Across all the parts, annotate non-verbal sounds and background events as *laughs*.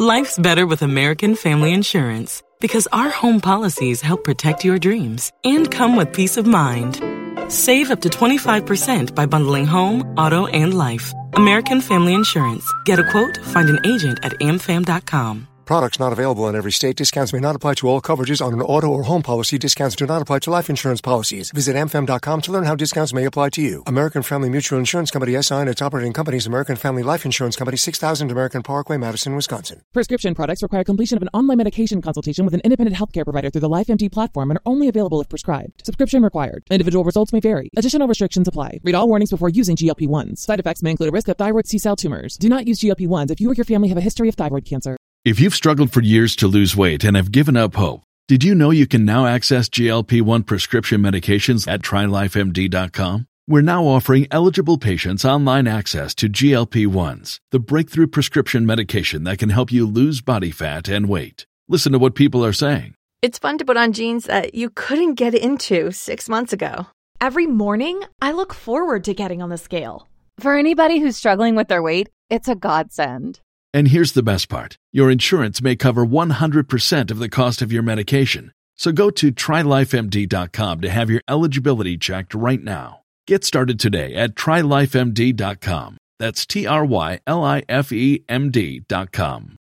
Life's better with American Family Insurance because our home policies help protect your dreams and come with peace of mind. Save up to 25% by bundling home, auto, and life. American Family Insurance. Get a quote, find an agent at amfam.com. Products not available in every state. Discounts may not apply to all coverages on an auto or home policy. Discounts do not apply to life insurance policies. Visit mfm.com to learn how discounts may apply to you. American Family Mutual Insurance Company SI and its operating companies American Family Life Insurance Company 6000 American Parkway, Madison, Wisconsin. Prescription products require completion of an online medication consultation with an independent healthcare provider through the LifeMD platform and are only available if prescribed. Subscription required. Individual results may vary. Additional restrictions apply. Read all warnings before using GLP-1s. Side effects may include a risk of thyroid C-cell tumors. Do not use GLP-1s if you or your family have a history of thyroid cancer. If you've struggled for years to lose weight and have given up hope, did you know you can now access GLP 1 prescription medications at trylifemd.com? We're now offering eligible patients online access to GLP 1s, the breakthrough prescription medication that can help you lose body fat and weight. Listen to what people are saying. It's fun to put on jeans that you couldn't get into six months ago. Every morning, I look forward to getting on the scale. For anybody who's struggling with their weight, it's a godsend. And here's the best part your insurance may cover 100% of the cost of your medication. So go to trylifemd.com to have your eligibility checked right now. Get started today at trylifemd.com. That's T R Y L I F E M D.com.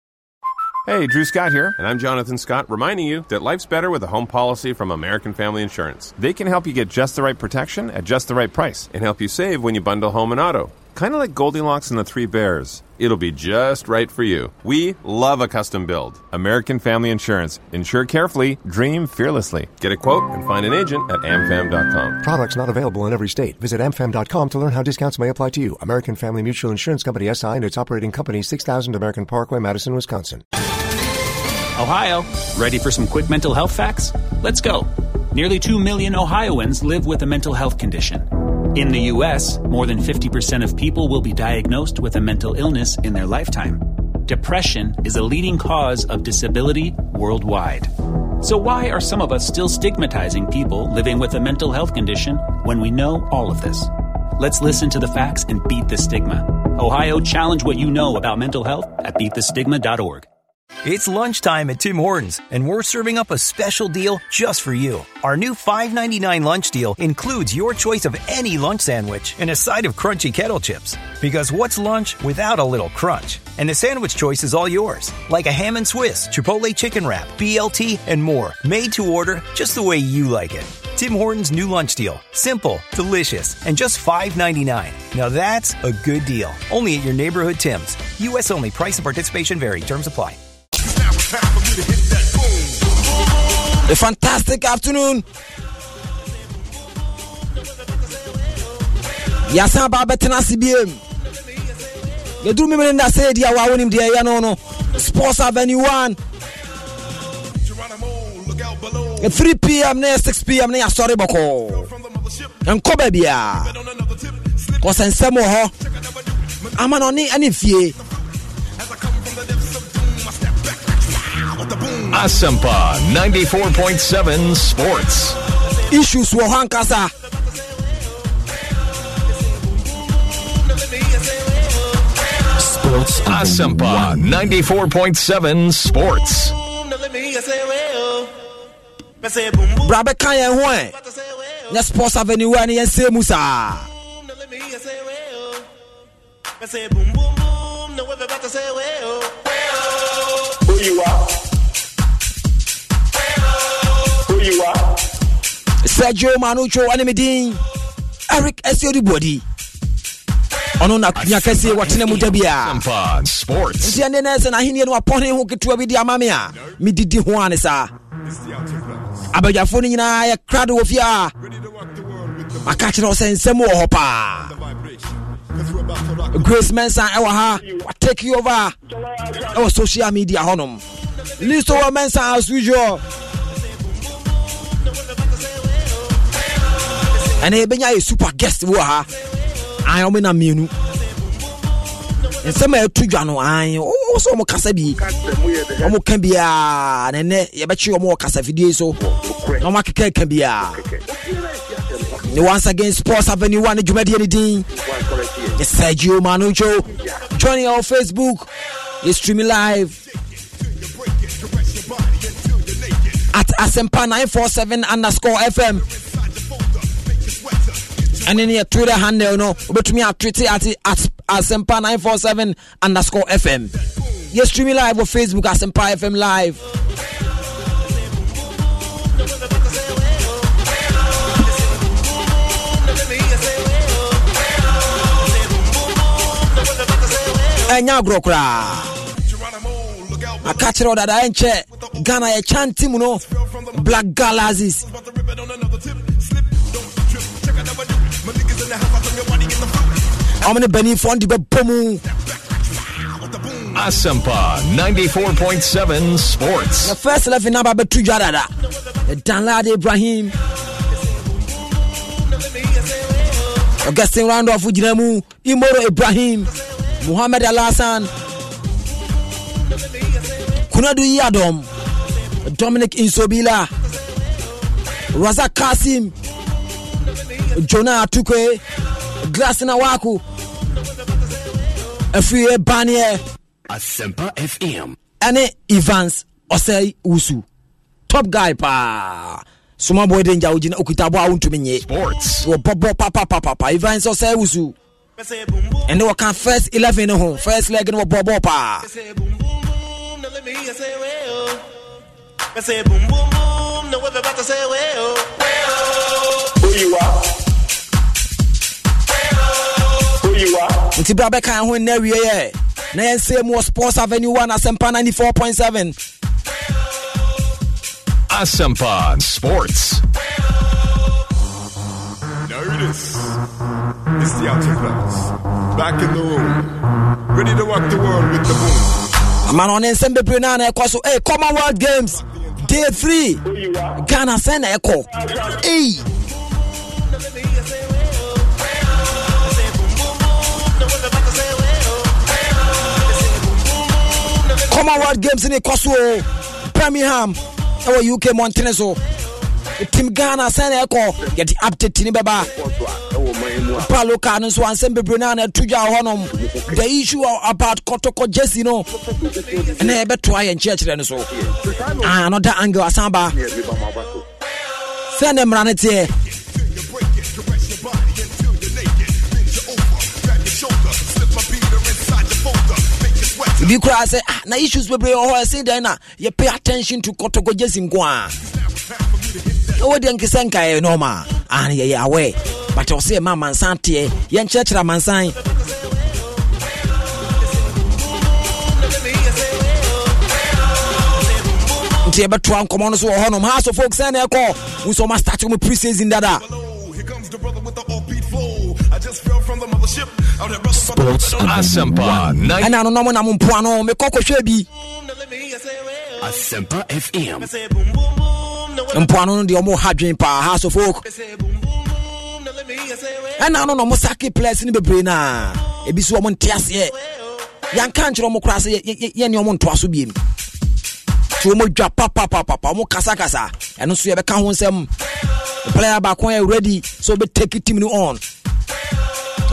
Hey, Drew Scott here, and I'm Jonathan Scott, reminding you that life's better with a home policy from American Family Insurance. They can help you get just the right protection at just the right price and help you save when you bundle home and auto. Kind of like Goldilocks and the Three Bears It'll be just right for you. We love a custom build. American Family Insurance. Insure carefully, dream fearlessly. Get a quote and find an agent at amfam.com. Products not available in every state. Visit amfam.com to learn how discounts may apply to you. American Family Mutual Insurance Company SI and its operating company 6000 American Parkway, Madison, Wisconsin. Ohio, ready for some quick mental health facts? Let's go. Nearly 2 million Ohioans live with a mental health condition. In the US, more than 50% of people will be diagnosed with a mental illness in their lifetime. Depression is a leading cause of disability worldwide. So, why are some of us still stigmatizing people living with a mental health condition when we know all of this? Let's listen to the facts and beat the stigma. Ohio, challenge what you know about mental health at beatthestigma.org. It's lunchtime at Tim Hortons, and we're serving up a special deal just for you. Our new $5.99 lunch deal includes your choice of any lunch sandwich and a side of crunchy kettle chips. Because what's lunch without a little crunch? And the sandwich choice is all yours, like a ham and Swiss, Chipotle chicken wrap, BLT, and more, made to order just the way you like it. Tim Hortons' new lunch deal. Simple, delicious, and just $5.99. Now that's a good deal. Only at your neighborhood Tim's. U.S. only. Price and participation vary. Terms apply. a fantastic afternoon. yasa ba bɛtena ase biem yɛduru memene nda sɛ ɛdi a wawonim deɛ ɛyɛ no no sports avenue 1 At 3 pm ne yɛ 6 pm ne yɛasɔre bɔkɔɔ ɛnkɔ baabiaa I'm wɔ hɔ ama na ɔne ɛne fie Asempa 94.7 Sports. Issues wo hɔ ankasa. Sports Asempa 94.7 Sports. Bra bɛka yɛn ho ɛ nyɛ sports avenue wɔ ne yɛnsɛ mu saa. Who you are? you are. Sergio Manucho, Animedin, Eric Esiodibodi. ɔno nakua kɛseɛ wɔtena mu da bia nti ɛne nɛ sɛ nahenniɛ no wapɔne ho ketewa bi de ama me a medidi ho ane saa abadwafoɔ no nyinaa yɛkra de wɔ fie a maka kyerɛ wo sɛ nsɛm wɔ hɔ paa grace mensan ɛwɔ ha watake over ɛwɔ social media hɔnom listo wɔ mensan as usual ɛnna yɛbɛnya yɛ super guest wɔ ha ayi ɔmo na mmienu nsɛm a ɛtu dwa no ayi ɔmo sɛ ɔmo kasa bi ɔmo ka biara na yɛbɛkye ɔmo wɔ kasa fidie so na ɔmo akeka ka biara ne once again sports avenue one dwumadie ne din ne sergio manucho join yɛ wɔ facebook yɛ streaming live at asempa nine four seven underscore fm. And ne your twitter handle you know, no at atwete at asɛmpa 947 underscore fm You yɛ streaming live on facebook at asɛmpa fm live ɛnyɛ agorɔ koraa aka kyerɛ wo dada Check ghana chant yɛkya You know, black galaxes ɔmne banifoɔ bɛbɔ mu Asempa 94.7 Sports. The first 11 number by Tujarada. Danlad Ibrahim. Augustine Randolph Ujinamu. Imoro Ibrahim. Muhammad Alassan. Kunadu Yadom. Dominic Insobila. Razak Kasim. Jonah atukwe Glasina Waku ɛfiri ɛbaneɛ asɛmpa fm ɛne evans ɔsɛe wusu top guy paa soma boy danger wogyina okuta boa wontumi nye wɔbɔbɔ papapapapa evans ɔsɛe wusu ɛne wɔka first 11 no ho first leg no wɔbɔbɔ paa Say boom boom boom, we about to say Who you are? nti bra bɛka ho nnɛ wieɛ na yɛnsɛ mu wɔ sports avenue 1 asɛmpa 94.7 Asempa Sports. Now it is. It's the outer Back in the room. Ready to rock the world with the boom. I'm on Ensemble Brunana Echo. Hey, Commonwealth Games. Day three. Ghana Send Echo. Hey. commonwealth games ne ɛkɔ o birmingham ɛwɔ uk mɔntene so tim ghana sɛne ɛkɔ yɛde update ne bɛba pa local no nso ansɛm bebree no ana ɛto dwa hɔnom the issue about kɔtɔkɔ Jesse no ɛnɛ yɛbɛtoa yɛ nkyerɛkyerɛ no so another angle asan ba sɛne mmara no teɛ ebi koraa sɛ ah, na issues bebree wɔ hɔ ɛsɛn dan na yɛ pay attention to kɔtɔkɔ gyesi nko a na wɔdeɛ nkesɛ nkaeɛ nɔɔma ah na yɛyɛ aware but ɔsɛ ɛma amansan teɛ yɛnkyerɛkyerɛ amansan nti yɛbɛtoa nkɔmmɔ no so wɔ hɔnom ha so folk sɛ ne ɛkɔ wo sɛ ɔma start pre season dada ɛna no nɔmo nam mpoa no mekɔ kɔhwɛ bi mpoa no no deɛ ɔmo ha dwen paa house of oak ɛna no na ɔmo sake plɛs no bebree naa ebi so ɔmo nte aseɛ yɛnka nkyerɛ ɔmo koraa sɛ yɛne ɔmo ntoa so biemu nti ɔmo dwa papapapapa ɔmo kasakasa ɛno nso yɛbɛka ho nsɛm player baako yɛ ready so ɔbɛtake team no on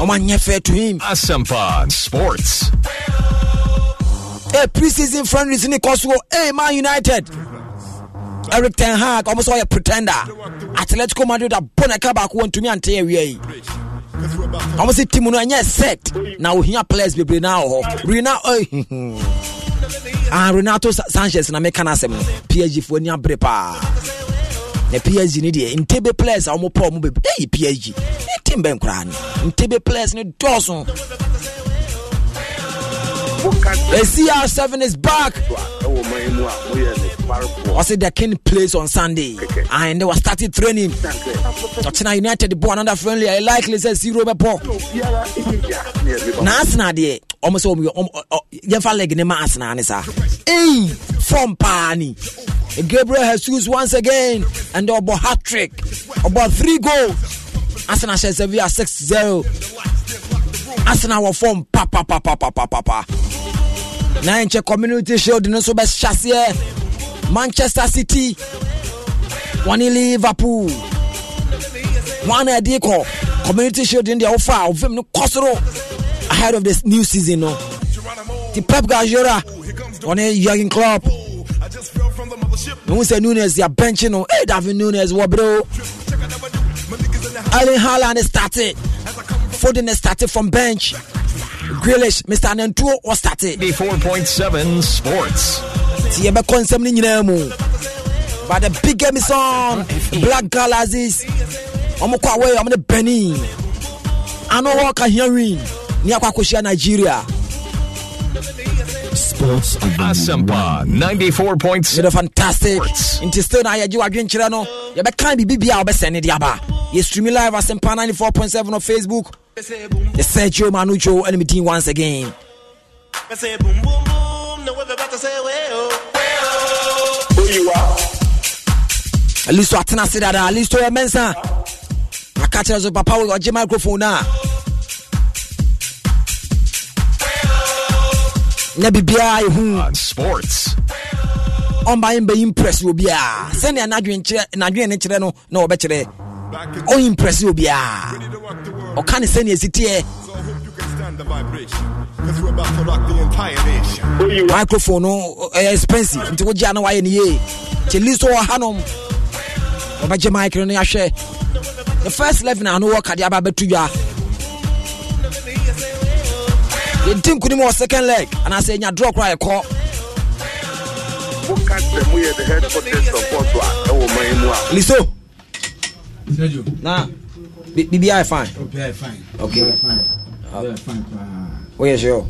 A anyẹ fẹ to him. asempa sports. A pre pre-season is in kọ so eh, man united. Eric Ten Hag almost sọ a pretender Atletico Madrid abọ na a baako wọn to ante ẹwia yi ọmọ sọ timu no ẹnyẹ set na a players bebree na ọhọ oh. Rina eh. *laughs* ah Renato Sanchez na mẹka na asẹm PSG fo ni abere na psg ne deɛ ntebe players a wɔpɔ wɔn baabi ɛyɛ psg ne team bɛn koraa no ntebe players ne dɔɔso esi r seven is back. ɔsi the king plays on sunday ah, and they were started training ɔkyena united bɔ another friendly I likely sɛ zero bɛ bɔ na asena deɛ ɔmo sɛ ɔmo yɛfa leg in the asena ne saa ee fɔm paa ni gabriel jesus once again and about hat trick about three goals asena hyɛ sevilla six zero asena wɔ fɔm papapapapapa na nkyɛ community shield no so best hyɛ aseɛ. Manchester City one in Liverpool one na ɛde community shield in the ɔfa of ɔfam no kɔ ahead of the new season no the Pep Guardiola wɔne Jurgen Klopp one sɛ Nunes yɛ bɛnkye no ee David Nunes what bro? o Erling Haaland started Foden started from bench Grealish Mr. Nantuo was started. 4.7 Sports nti yɛbɛkɔ nsɛm no nyinaa mu but the bigger mison black galazis ɔmo kɔ away ɔmo ne beni ano wɔ kahiawin ne akɔ akɔhyia nigeria Sports Asempa 94.6 You're fantastic Nti still na yɛgye wadwenkyerɛ no yɛbɛkan biribibia a wobɛsɛne de aba yɛstreami live asempa 94.7 on facebook yɛsɛ kyio ma no dwo ɛne medin once again know what they're about to say. Well, well. Oh. Who you are? At least I tena papa with a microphone now. na biribiaa ɛhu ɔmba yɛ mbɛyi impress obiaa sɛnea n'adwene ne kyerɛ no na wɔbɛkyerɛ ɔyimpress obiaa ɔka ne sɛnea ɛsiteɛ microphone no oh, ɛyɛ eh, eh, expensive nti wogye ana wayɛ no yie kyɛ list wɔ hanom wɔbɛgye micro no ahwɛ the first level na ano wɔ kadeɛ aba bɛto dwa yɛdi nkonim wɔ second leg anaasɛ ɛnya drɔ koraa yɛkɔ liso na biribiaa yɛ fine okay. Oh yeah, sure.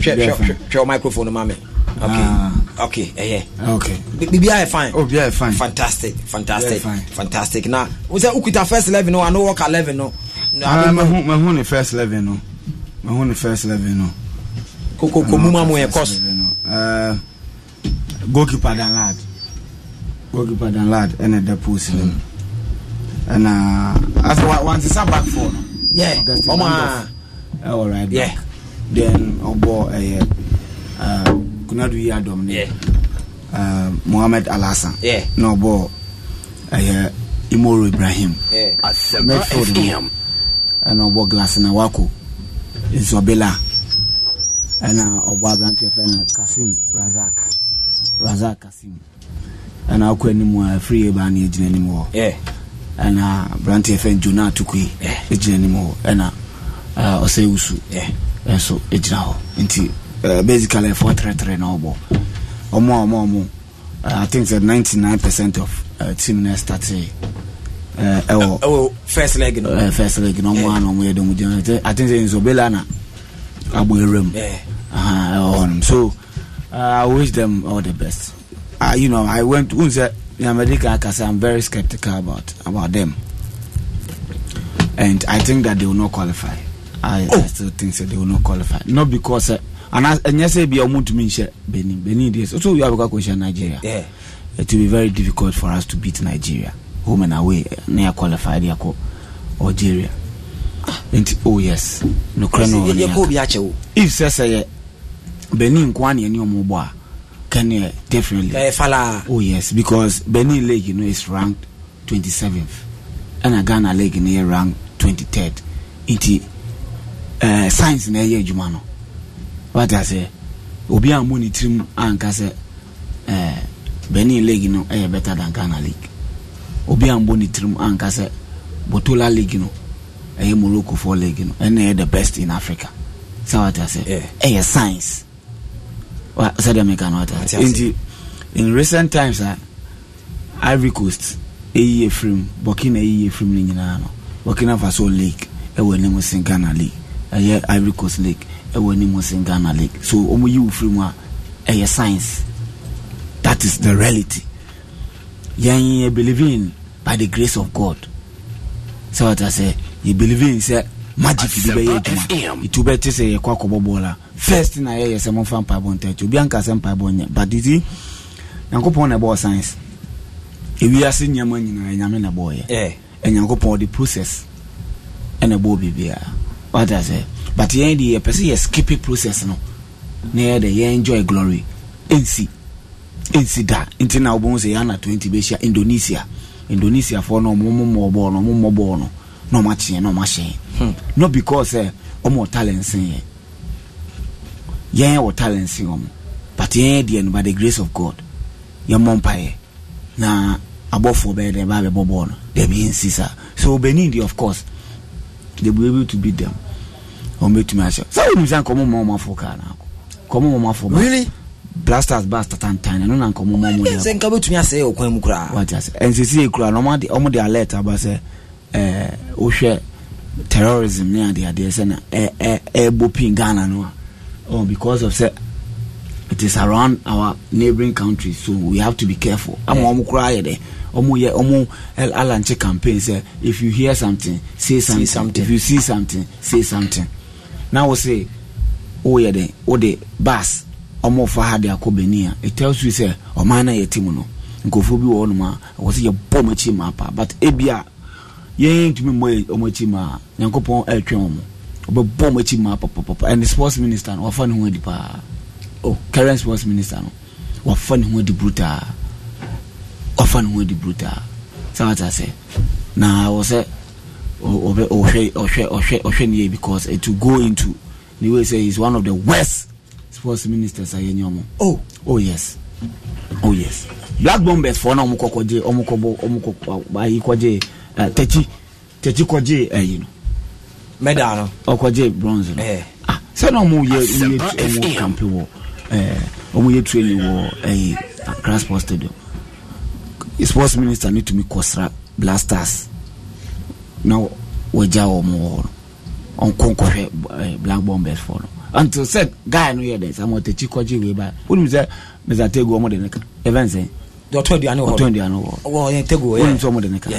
Sure. Sure. Sure. microphone ma me okay Yeah. okay eh, eh. biribiara I fine oh biribiara yɛ fine fantastic fantastic fine. fantastic na o sɛ okuta first eleven no ano wɔka eleven no. mahu mahu ne first eleven no mahu ne first eleven no. koko ko muma mu yɛ kɔs. goalkeeper dan lad goalkeeper dan lad ɛna ɛda post no ɛna asɛ wanti sa back four no. yɛ ɔmo ɛwɔ right back then ɔbɔ ɛyɛ eh, uh, kunadu yi adɔm ne uh, mohammed alasan na eh, ɔbɔ ɛyɛ imoro ibrahim medford mu ɛna ɔbɔ glass na wako nsobela ɛna ɔbɔ uh, aberanteɛ fɛ na kasim razak razak kasim ɛna akɔ anim a afiri yɛ baa ne agyina anim hɔ ɛna aberanteɛ fɛ jona atukui agyina anim hɔ ɛna ɔsɛ ah, wusu ɛnso eh, gyina hɔ nti eh, basically ɛfoɔ trɛtrɛ na ɔbɔ ɔmo a ɔmo ɔmo i think sɛ ninety nine percent of uh, team na start ɛwɔ ɛwɔ oh, oh, first leg no ɛɛ first leg no ɔmo a na ɔmo yɛ dɔm gyina i think sɛ nsobela na abɔ ewuram ɛwɔ hɔnom so ah, i wish them all the best uh, you know i went n sɛ yamadika akasa i'm very skeptical about about them and i think that they will not qualify. I, oh. I still think so they will not qualify. Not because uh, and as and yes, be a mutumi nhyɛ Benin. Benin is also you have a question Nigeria. Yeah. It will be very difficult for us to beat Nigeria home and away. Near qualified yako Algeria. Ah. Nti oh yes. No kreno. If sɛ sɛ Benin nko ani ani ɔmo bɔ a Kenya definitely. Ɛɛ eh, fala. Oh yes because Benin league you know is ranked twenty seventh ɛna Ghana league you ranked twenty third. Nti. Eh, science na ɛyɛ adwuma no wate aseɛ obi a mo ne tirim anka sɛ eh, benin league no ɛyɛ better than ghana league obi a mo ne tirim anka sɛ botola league no ɛyɛ morocco four league no ɛna ɛyɛ the best in africa sɛ wate aseɛ ɛyɛ science wa sɛdeɛ meka no wate aseɛ nti in recent times a ivory coast ɛyi efirim burkina ɛyi efirim ne nyinaa no burkina faso league ɛwɔ anim sin ghana league ɛyɛ ivory coast Lake, ɛwɔ ne mu sin ghana league so wɔn yi wo firi mu a ɛyɛ science that is the reality yɛn yɛ believe in by the grace of god sɛ wata sɛ yɛ believe in sɛ magic bi bɛyɛ adwuma etu bɛ te sɛ yɛkɔ akɔbɔ bɔɔla first na yɛyɛ sɛ mɔfa mpaebɔ tu obi anka sɛ mpaebɔ nyɛ but iti nyankopɔn na ɛbɔɔ science ewiase nneɛma nyinaa nyame na ɛbɔɔ yɛ eh. ɛnyankopɔn ɔde process ɛna ɛbɔɔ biribiara What does it? but yɛn de yɛpɛ sɛ yɛ skipi process no Near the de enjoy glory nsi nsi da nti na wɔbɛn sɛ yɛn ana twenty bɛhyia indonesia indonesia for no more more bɔɔl no more born bɔɔl no na no machine. na ɔmo ahyɛn hmm. no because sɛ eh, ɔmo talent sen yɛ yɛn talents in sen but yɛn deɛ no by the grace of god yɛn mɔ mpa Now na for bɛyɛ dɛ ɛbɛ abɛbɔ bɔɔl no dɛbi nsi so benin of course they will be able to beat them wọn bɛ tumi ahyɛ sáwọn onimisa nkɔmɔ mɔ ɔmɔ afɔ kaa n'akɔ kɔmɔ mɔ afɔ ba really blasters bas tatantan ɛno na nkɔmɔ mɔ ɔmɔ yɛ sɛ nka bɛ tumi asɛ ɔkwan mu kura wati asɛ nsisi yɛ kura na ɔmɔ de alert aba sɛ ɛɛ ohwɛ terrorism ne adeɛ adeɛ sɛ na ɛɛ ɛɛ ɛɛbɔ pin ghana no oh, a because of sɛ it is around our neighboring countries so we have to be careful ama ɔmo kura yɛ dɛ ɔmo yɛ ɔmo alanche campaign sɛ if you hear something say something, say something. if you see something say something na wo say wo yɛ dɛ wo de bus ɔmo fa ha de akɔ benin a it tells you sɛ ɔman na yɛ ti mu no nkurɔfoɔ bi wɔ hɔnom a wɔ sɛ yɛbɔ ɔmo akyi mu apa but ebi a yɛn tumi mmɔ ɔmo akyi mu a nyankopɔn ɛretwɛn ɔmo ɔbɛbɔ ɔmo akyi mu apa pɔpɔpɔ and the sports minister no wafa ne ho adi paa oh, current sports minister no wafa ne ho adi brutaa wafa ne ho adi brutaa sɛ wata sɛ na wɔ sɛ ɔhwɛ ɔhwɛ ɔhwɛ ɔhwɛ ne yɛ because uh, to go into the way say he is one of the worst sports ministers a yɛ nye ɔmo oh oh yes oh yes black bombers fɔ na ɔmo kɔ kɔgye ɔmo kɔ bɔ ɔmo kɔ ayi kɔgye ɛ tɛkyi tɛkyi kɔgye ɛyi no. medal no oh, ɔkɔgye bronze no eh. ah sɛ na ɔmo yɛ yɛ ɔmo kampe wɔ wɔmoyɛ training wɔ ɛyi accra sports stadium sports minister ne tumi kɔsra blasters na wɔagya wɔ mo wɔ hɔ no ɔnkɔ nkɔhwɛ black bombers fɔ no until sɛ guy no yɛ dɛ sɛ ma ɔtakyi kɔgye wei ba wonim sɛ mr tego ɔmɔde ne ka ɛvɛn sɛ ɔtɔ aduane wɔ ɔtɔ aduane wɔ wɔyɛ tego yɛ wonim sɛ ɔmɔde ne ka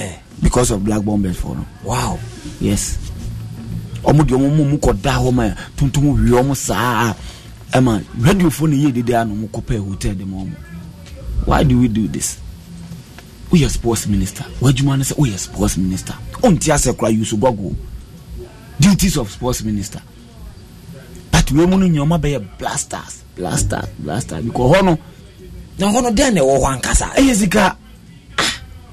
because of black bombers fɔ wow yes ɔmo deɛ ɔmo mu kɔ da hɔ ma tuntum wie ɔmo saa ɛma radiofoɔ no yie dede ano mu kɔpɛ hotel de ma ɔmo why do we do this woyɛ sports minister w'adwuma no sɛ woyɛ sports minister wonte asɛ kora yusu gɔgo duties of sports minister but wei mu no nyɛ bɛyɛ blasters blasters blasters because hɔ no na hɔ no dɛn na ɛwɔ hɔ ankasa ɛyɛ sika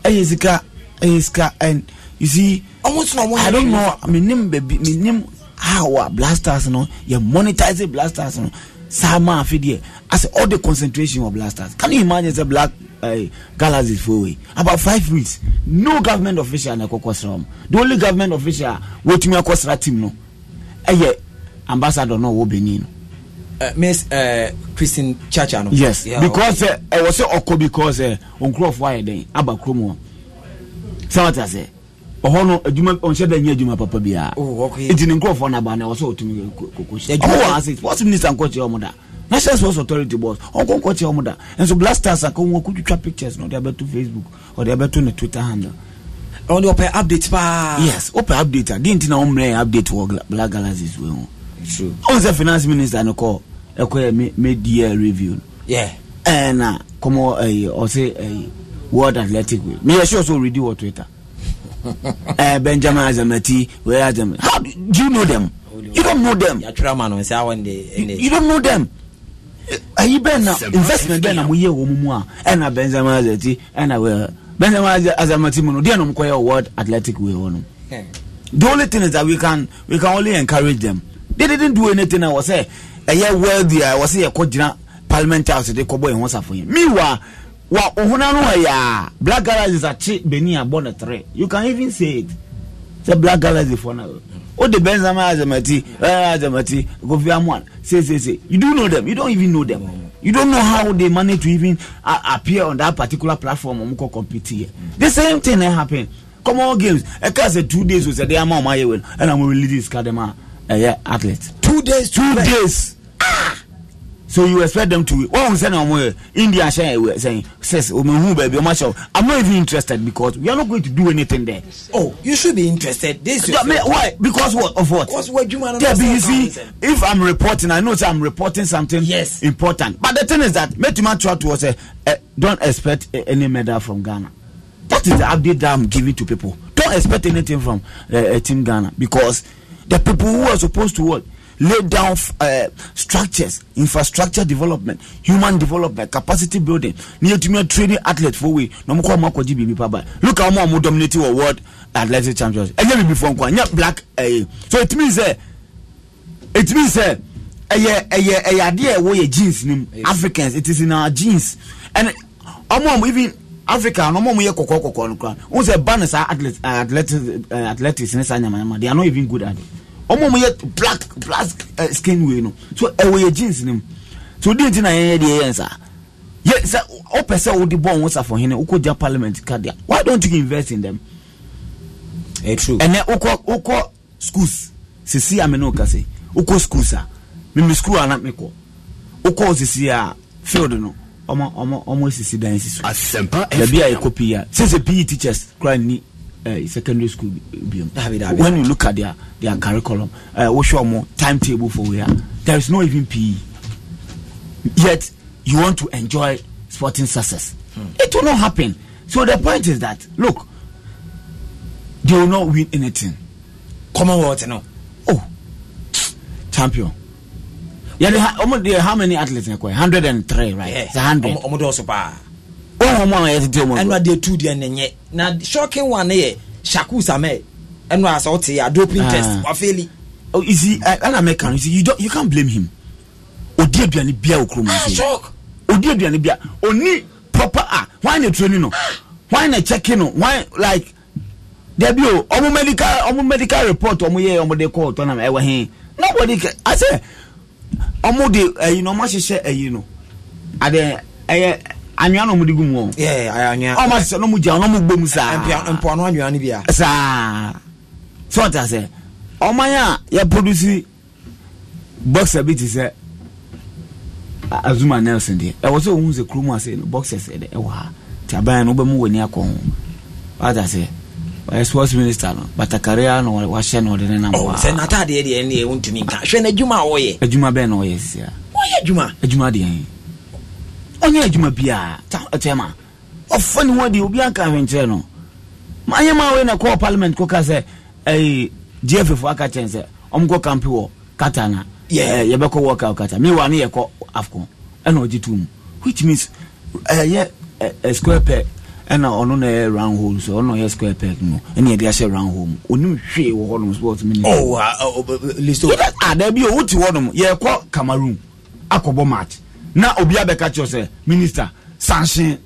ɛyɛ sika ɛyɛ sika and you see almost no one i don't know menim baabi menim our blasters you no know, yɛ monetize blasters you no know, saa maa fi deɛ as all the concentration of blasters can you imagine say black uh, galaxies for wey about five weeks no government official na ɛkɔ kɔsra wɔn the only government official wotumi akɔsra team no ɛyɛ eh, ambassador no wɔ benin no. Uh, miss uh, christine chacha no. yes yeah, because ɛwɔ sɛ ɔkɔ because nkurɔfoɔ ayɛ den aba kurom hɔ sɛ wɔn ti ase ɔhɔ no adwuma ɔnhyɛ da nyɛ adwuma papa biara nti ne nkurɔfoɔ no aba na ɛwɔ sɛ ɔtumi kɔkɔhyɛ sports minister nkɔkyerɛ ɔmo da national sports authority boss ɔnkɔnkɔkyerɛ ɔmo da nso blasters akɔwɔ kɔtwitwa pictures na ɔde abɛto facebook ɔde abɛto ne twitter handle ɔde ɔpɛ update paa yes ɔpɛ update a deɛ nti na ɔmmerɛ update wɔ black galaxies wei ho ɔn sɛ finance minister no kɔ ɛkɔyɛ media review no ɛna kɔmɔ ɔse world athletic wei meyɛ sure sɛ ɔredi wɔ twitter uh, *laughs* Benjamin Azamati, where are them? How do you know them? You don't know them. You, you don't know them. ayi bɛn na investment bɛn na mo ye wɔn mu a ɛna benzema azati ɛna wɛ benzema azamati mu no deɛ nom kɔyɛ world athletic way hɔ no the only thing is that we can we can only encourage them they didn't do anything na wɔ sɛ ɛyɛ world a wɔ sɛ yɛ kɔ gyina parliament house de kɔbɔ yɛn ho safo yɛn meanwhile wa ohuna no ya black galaxy akyi benin abɔ ne tere you can even say it Say black galaxy fo na o de benzema azamati azamati kofi amuan say say say you do know them you don't even know them you don't know how they manage to even uh, appear on that particular platform ɔmo kɔ compete here the same thing na happen on, games ɛka sɛ two days o sɛ de ama ɔmo ayɛ wɛl ɛna mo release kadema ɛyɛ athlete two days two days ah so you expect them to win wọn sẹ na wọn india ṣe ẹ sẹyin says ọmọ ehun bẹẹbi ọmọ ṣe i'm not even interested because we are not going to do anything there. oh you should be interested this your yeah, why because what of what. because what you man. debi you see eh? if i'm reporting i know say i'm reporting something. yes important but the thing is that metima try to say uh, eh, eh, don't expect uh, any medal from ghana that is the update that i'm giving to people don't expect anything from uh, uh, team ghana because the people who are supposed to work. Uh, lay down uh, structures infrastructure development human development capacity building ní etumi training athlete for we. No more, kọ ọmọ akọji biribi look how ọmọ dominate wọ world athletic champions ẹ nye biribi fọ nkọ black ẹ eh. so it means ẹ eh, it means ẹ ɛyɛ ɛyɛ ɛyɛ adeɛ ɛwɔ yɛ jeans nim africans it is in our jeans and ɔmo ɔmo even africa no more, ɔmo ɔmo yɛ kɔkɔɔ kɔkɔɔ no kora n sɛ ban ah, saa ah, athletics athletics ne saa nyamanyama they are not even good at it ɔmo mo yɛ black black uh, skin wei no so ɛwɔ yɛ jeans nim so odi nti na yɛn yɛ deɛ yɛn saa yɛ sɛ ɔpɛ sɛ ɔde bɔ ɔmo safo hene ɔkɔ gya parliament kadia why don't you invest in them. ɛ eh, true ɛnɛ ɔkɔ ɔkɔ schools sisi ame na ɔkase ɔkɔ schools a mímí school ana mi kɔ ɔkɔ sisi a field no ɔmo ɔmo ɔmo sisi dan sisi. asempa fm dabi a yɛ kɔ pii a sisi pii e teachers kura ni uh, secondary school biom when you look at their their curriculum uh, eh, what's your more timetable for where there is no even PE yet you want to enjoy sporting success hmm. it will not happen so the point is that look they will not win anything commonwealth no oh champion yeah, they ha- how many athletes? hundred and three, right? Yeah. It's 100. Um, um, wọn mu a yɛtete wɔn ɛnu adeɛ shocking one yɛ shaku samɛ ɛnu asa ɔte yɛ doping test ah. wafeli. Oh, you see, ɛna mɛ you don't you can't blame him odi aduane ah, bia oni proper a ah, why na turo no why na check no why like debi o oh, medical ɔmo medical report ɔmo yɛ ɔmo de kɔ ɔtɔ na ɛwɔ hɛn nobody ka ase ɔmo de ɛyi na ɔmo ahyehyɛ ɛyi no ade ɛyɛ anwea na ɔmode gu mu ɔma sɛ no mu gya ɔno mu gbɔ mu saampoano anwea no bia saa sɛ ɔta sɛ ɔman a yɛproduce boxer bi te sɛ azuma nelson deɛ ɛwɔ sɛ ɔhu sɛ kurom ase no boxers ɛdɛ ɛwɔ ha nti aban no wobɛmu w'ani akɔ ho ɔta sɛ ɔyɛ sports minister no batakaria na wahyɛ na ɔde ne nam oh, sɛ natadeɛ deɛ neɛ wontumi nka hwɛ no adwuma a wɔyɛ adwuma bɛn na ɔyɛ sisia wɔyɛ adwuma adwuma deɛ ɔnyɛ adwuma biaa tɛma ɔfa ne ho adeɛ obi anka ahwenkyerɛ no ma wei na kɔɔ parliament kɔka sɛ eh, aka kyɛn sɛ ɔmkɔ kampe wɔ kata na yɛbɛkɔ eh, kata mewa ne yɛkɔ afcon ɛna ɔgye which means ɛyɛ eh, eh, square peg ɛna ɔno na ɛyɛ round hole so ɔno yɛ square no ɛna yɛde ahyɛ round hole mu onim hwee wɔ hɔnom sports ɔwɔ a listo. o wote hɔnom Cameroon akɔbɔ match. na obi abɛka kyerɛ sɛ minister sanction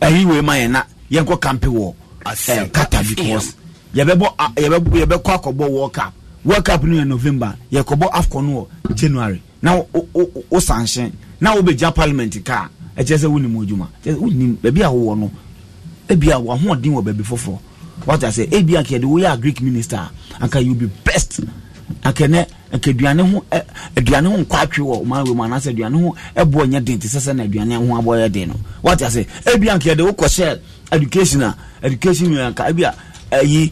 ɛyi wei ma yɛn na yɛnkɔ kampe wɔ kata because yɛbɛkɔ akɔbɔ world cup world cup no yɛ november yɛkɔbɔ afcon no wɔ january na wo sanction na wobɛgya parliament kaa ɛkyerɛ sɛ wonim adwuma wonim baabi a wowɔ no ebia wahoɔden wɔ baabi foforɔ wata sɛ ebia kɛde woyɛ a greek minister anka you be best akɛnɛ akaduane ho aduane ho nkɔ atwe wɔ ɔman wɛmu anaasɛ aduane ho ɛboɔ nyɛ den te sɛ na aduane ho abɔ yɛ den no ase ebi wokɔ hyɛ education a education yɛ anka ebi a ɛyi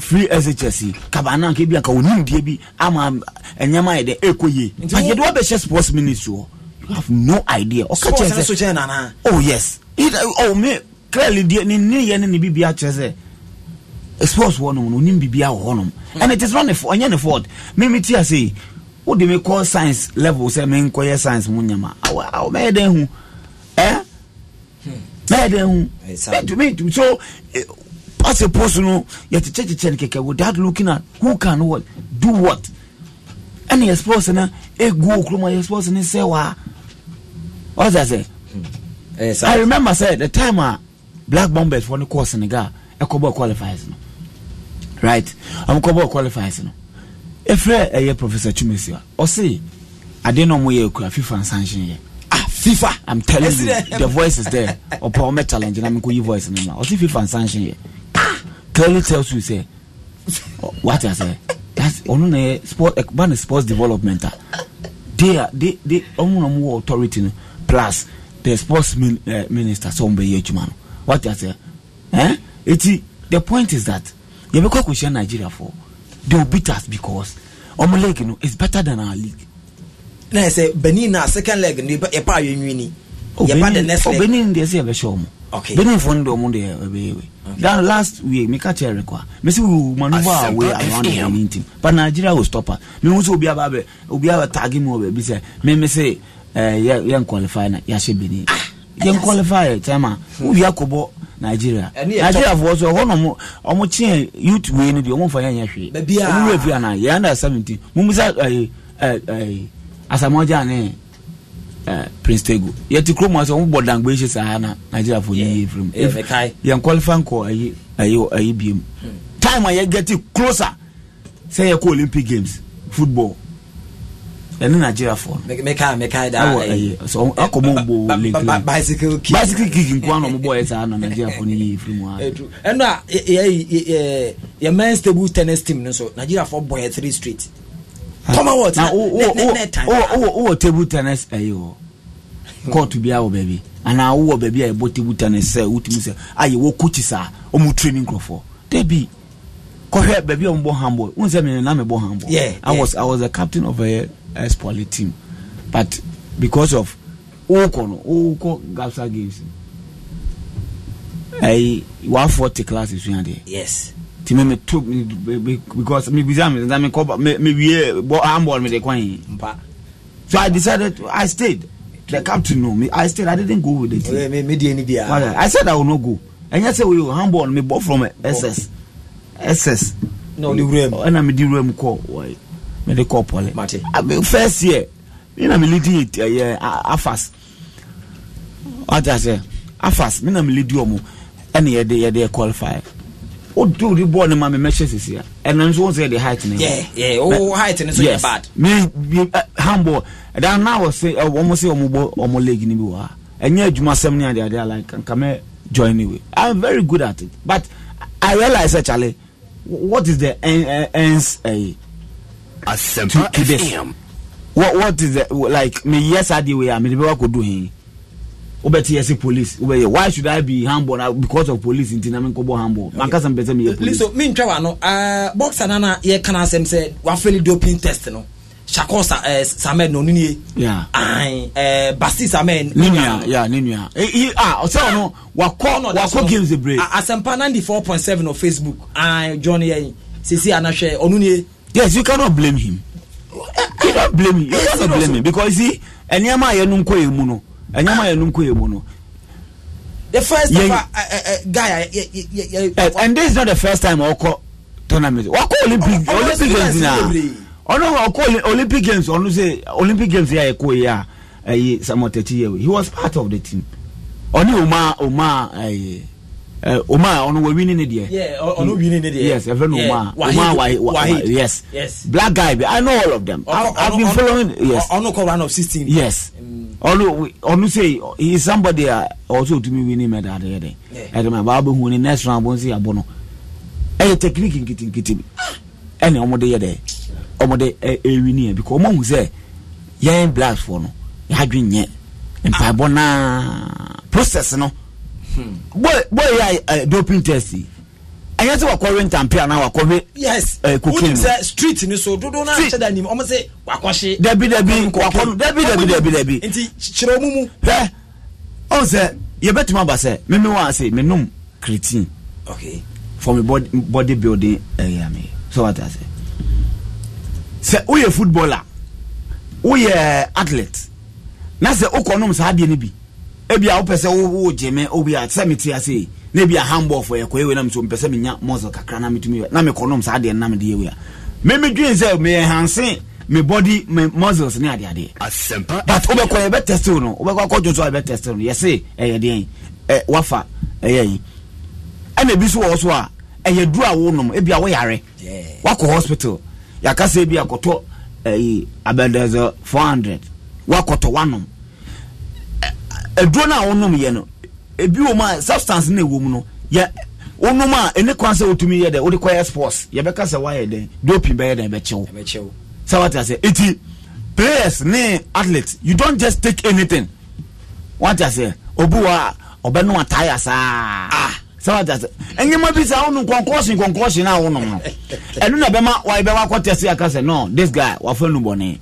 free shs kaba ebi anka onim die bi ama ɛnyɛma yɛ dɛ yie yɛde sports ministry wɔ you have no idea ɔka kyerɛ sɛ sports kyɛn nana oh yes oh yɛ ne bi bi akyerɛ sports wɔ nom no onim biribia wɔ hɔnom and it is not ɔnyɛ ne fault meme ti ase yi wode me kɔ science level sɛ menkɔyɛ science mu nyama mɛyɛ dɛn hu ɛ eh? mɛyɛ dɛn hu mentumi ntumi so ase eh, post no yɛkyekyɛkyekyɛ no kɛkɛ without looking at who can what do what ɛne yɛ sports no ɛgu okurom a yɛ sports no sɛ waa ɔsɛ sɛ i remember sɛ the time a black bombers fɔ no kɔɔ senegal ɛkɔbɔ qualifiers no right ɔmo kɔ bɔɔl qualifiers no efirɛ ɛyɛ professor chumesia ɔsi ade na ɔmo yɛ ekura fifa nsanhyɛn yɛ ah fifa i'm telling you the voice is there ɔpɔ *laughs* ɔmɛ challenge na mi ko yi voice ne ma ɔsi fifa nsanhyɛn yɛ ah clearly tells you say what i say that's ɔno na yɛ sport ban sports development a they are they they ɔmo na ɔmo wɔ authority no plus the sports min, uh, minister sɛ ɔmo bɛ yɛ adwuma no what i say eh eti the point is that yɛbɛkɔ akɔhyia nigeriafoɔ they will beat us because ɔmo league no is better than our league na yɛ sɛ benin na second leg no yɛpa awɛ nwini yɛpa the next oh, leg benin deɛ sɛ yɛbɛhyɛ ɔmo okay benin fɔ no deɛ ɔmo deɛ ɛbɛyɛ wɛ that last week meka kyerɛ rekɔ a mesi we manoeuvre our way around the benin team but nigeria will stop us mehu sɛ obiaba bɛ obiaba taage mu wɔ baabi sɛ meme sɛ eh, yɛn qualify na yɛahyɛ benin ah yɛn qualify tɛma hmm. wowie akɔbɔ nigeria nigeria fo so ɛhɔ nom ɔmo kyeɛ youth wei no deɛ ɔmo fa yɛnyɛ hwee ɔmo wura fi anaa yɛ under seventeen mumu sa asamɔgya ne prince tego yɛte kurom ase ɔmo bɔ dangbe hyɛ saa na nigeria fo yɛyɛ firi mu yɛn qualify nkɔ ayi ayi ayi biem time a yɛ get closer sɛ yɛ kɔ olympic games football ɛne nigeriafoɔ akɔmɔ bo bicycle kick nkoa na ɔmobɔyɛ saa na nigeriafoɔ no yɛyɛ firi mu ɛno a yɛman stable tennis team no so nigeriafoɔ bɔyɛ three straight ah. wowɔ table tennis ɛyi eh, hɔ court bia wɔ baabi anaa wowɔ baabi a yɛbɔ table tennis sɛ wotumi sɛ ayɛwɔ coach saa ɔmu training nkurɔfoɔ dabi kɔhwɛ baabi a mbɔ handball n sɛ mi na mi bɔ handball yeah, i yeah. was i was the captain of a ex poly team but because of owokɔ no owokɔ gapsa games ɛyi wa forty class esu yan deɛ yes ti mi mi to because mi bisa mi mi kɔ mi mi wie bɔ handball mi de kɔn yin so i decided i stayed the captain no me i stayed i didn't go with the team oh, i said i will not go ɛnyɛ sɛ o ye handball mi bɔ from ss. Oh. ss ɛna mede wura mu kɔ mede kɔ pɔle first year mena meledi ɛyɛ uh, uh, uh, afas watasɛ afas mena meledi ɔmo ɛne yɛde yɛde qualify wodo de ne ma me mɛhyɛ sisi a ɛnam nso wɔn sɛ yɛde height ne oh, yɛ height so bad me handball na wɔ se se wɔn bɔ leg ne bi wɔ ha ɛnyɛ adwuma sɛm ne join ne we very good at it but i realize actually. what is the ends uh, eh, Asempa to, to this? What what is the like me yes I did way I mean what could do him. wobɛte yɛ se police wobɛyɛ why should i be humble now because of police nti na menkɔbɔ humble mankasa mpɛ sɛ meyɛ police so mentwa wa no uh, boxer nana yɛka no asɛm sɛ wafeli doping test no shakon sa, eh, samen no nini yeah. an eh, basi samen ninia ya ninia ah ọsẹ ọno wakọ wakọ games bebree asempa ninety four point seven on facebook an john yẹn sisi anahwẹ ọnu nie. yes you cannot blame him you cannot blame him you cannot blame him because see ẹnìyẹn a yẹnu nkọ yẹn mu no ẹnìyẹn a yẹnu nkọ yẹn mu no. the first time guy. Uh, yeah, yeah, and this is not the first time ọkọ tournament wakọ olympic olympic games na ɔno ɔkɔ olympic games ɔno sɛ olympic games yɛ ɛkɔ yi a ɛyi samuel tɛti he was part of the team ɔne ɔma ɔma ɛyɛ ɛ ɔma ɔno wɔ wini ne winning ɔno wini yes ɛfɛ no ɔma ɔma wahid yes yes black guy bi i know all of them i been following yes ɔno kɔ round of sixteen yes ɔno ɔno sɛ he is somebody a ɔsɛ otumi winning medal deɛ de ɛdɛm a baa bɛ hu ni next round bɔ n se abɔ no ɛyɛ technique nkitikiti bi ɛna ɔmo de yɛ deɛ ɔmo de ɛwi ne yɛ bi kɔ ɔmo ahu sɛ yɛn blacks foɔ no yɛadwi nyɛ mpaebɔ ah. naa process no hmm. boy boy yɛ doping test yi ɛyɛ sɛ wakɔwe ntampea na wakɔwe yes uh, cocaine sɛ street ni so dodo na akyɛ da nim ɔmo sɛ wakɔhye dabi dabi wakɔ dabi dabi dabi dabi nti kyerɛ mu mu hɛ ɔn sɛ yɛbɛtumi aba sɛ mimi wa ase mi num creatine okay for mi body body building ɛyɛ uh, yeah, mi so wa ta se sɛ woyɛ footballer woyɛ athlete na sɛ wokɔnom saa adeɛ no bi ebia wopɛ sɛ wogyeme obia sɛ mete ase na ebia handball fo yɛkɔ ewe na mso mpɛ sɛ menya muscle kakra na metumi na mekɔnom saa adeɛ no na mede yɛwe a memedwen sɛ meyɛhanse me body me muscles ne adeadeɛ but wobɛkɔ yɛbɛtest wo no wobɛkɔ akɔdwo so a yɛbɛtest wo no yɛse ɛyɛ deɛn wafa ɛyɛ yi ɛna ebi so wɔ so a ɛyɛ duro a wonom ebia woyare wakɔ hospital yɛakasa bi akɔtɔ ayi eh, abɛdɛsɛ four hundred wakɔtɔ wanom aduro eh, no a wonom yɛ no ebi wɔ mu a substance no ɛwɔ mu no yɛ wonom a ɛne kwan sɛ wotumi yɛ dɛ wode kɔyɛ sports yɛbɛka sɛ woayɛ dɛn dopi bɛyɛ dɛn bɛkyew sɛ wate aseɛ eti players ne athletes you don't just take anything wate aseɛ obi wɔ a ɔbɛnom ataaeɛ saa ah sábàtà sẹ ẹnyẹmọ bi sẹ àwọn nkọnkọọsìn nkọnkọọsìn náà wọn nọ ẹnu náà bẹẹ ma wàá bẹẹ wà kọ tẹsí akasẹ this guy wà fẹ nu bọ ni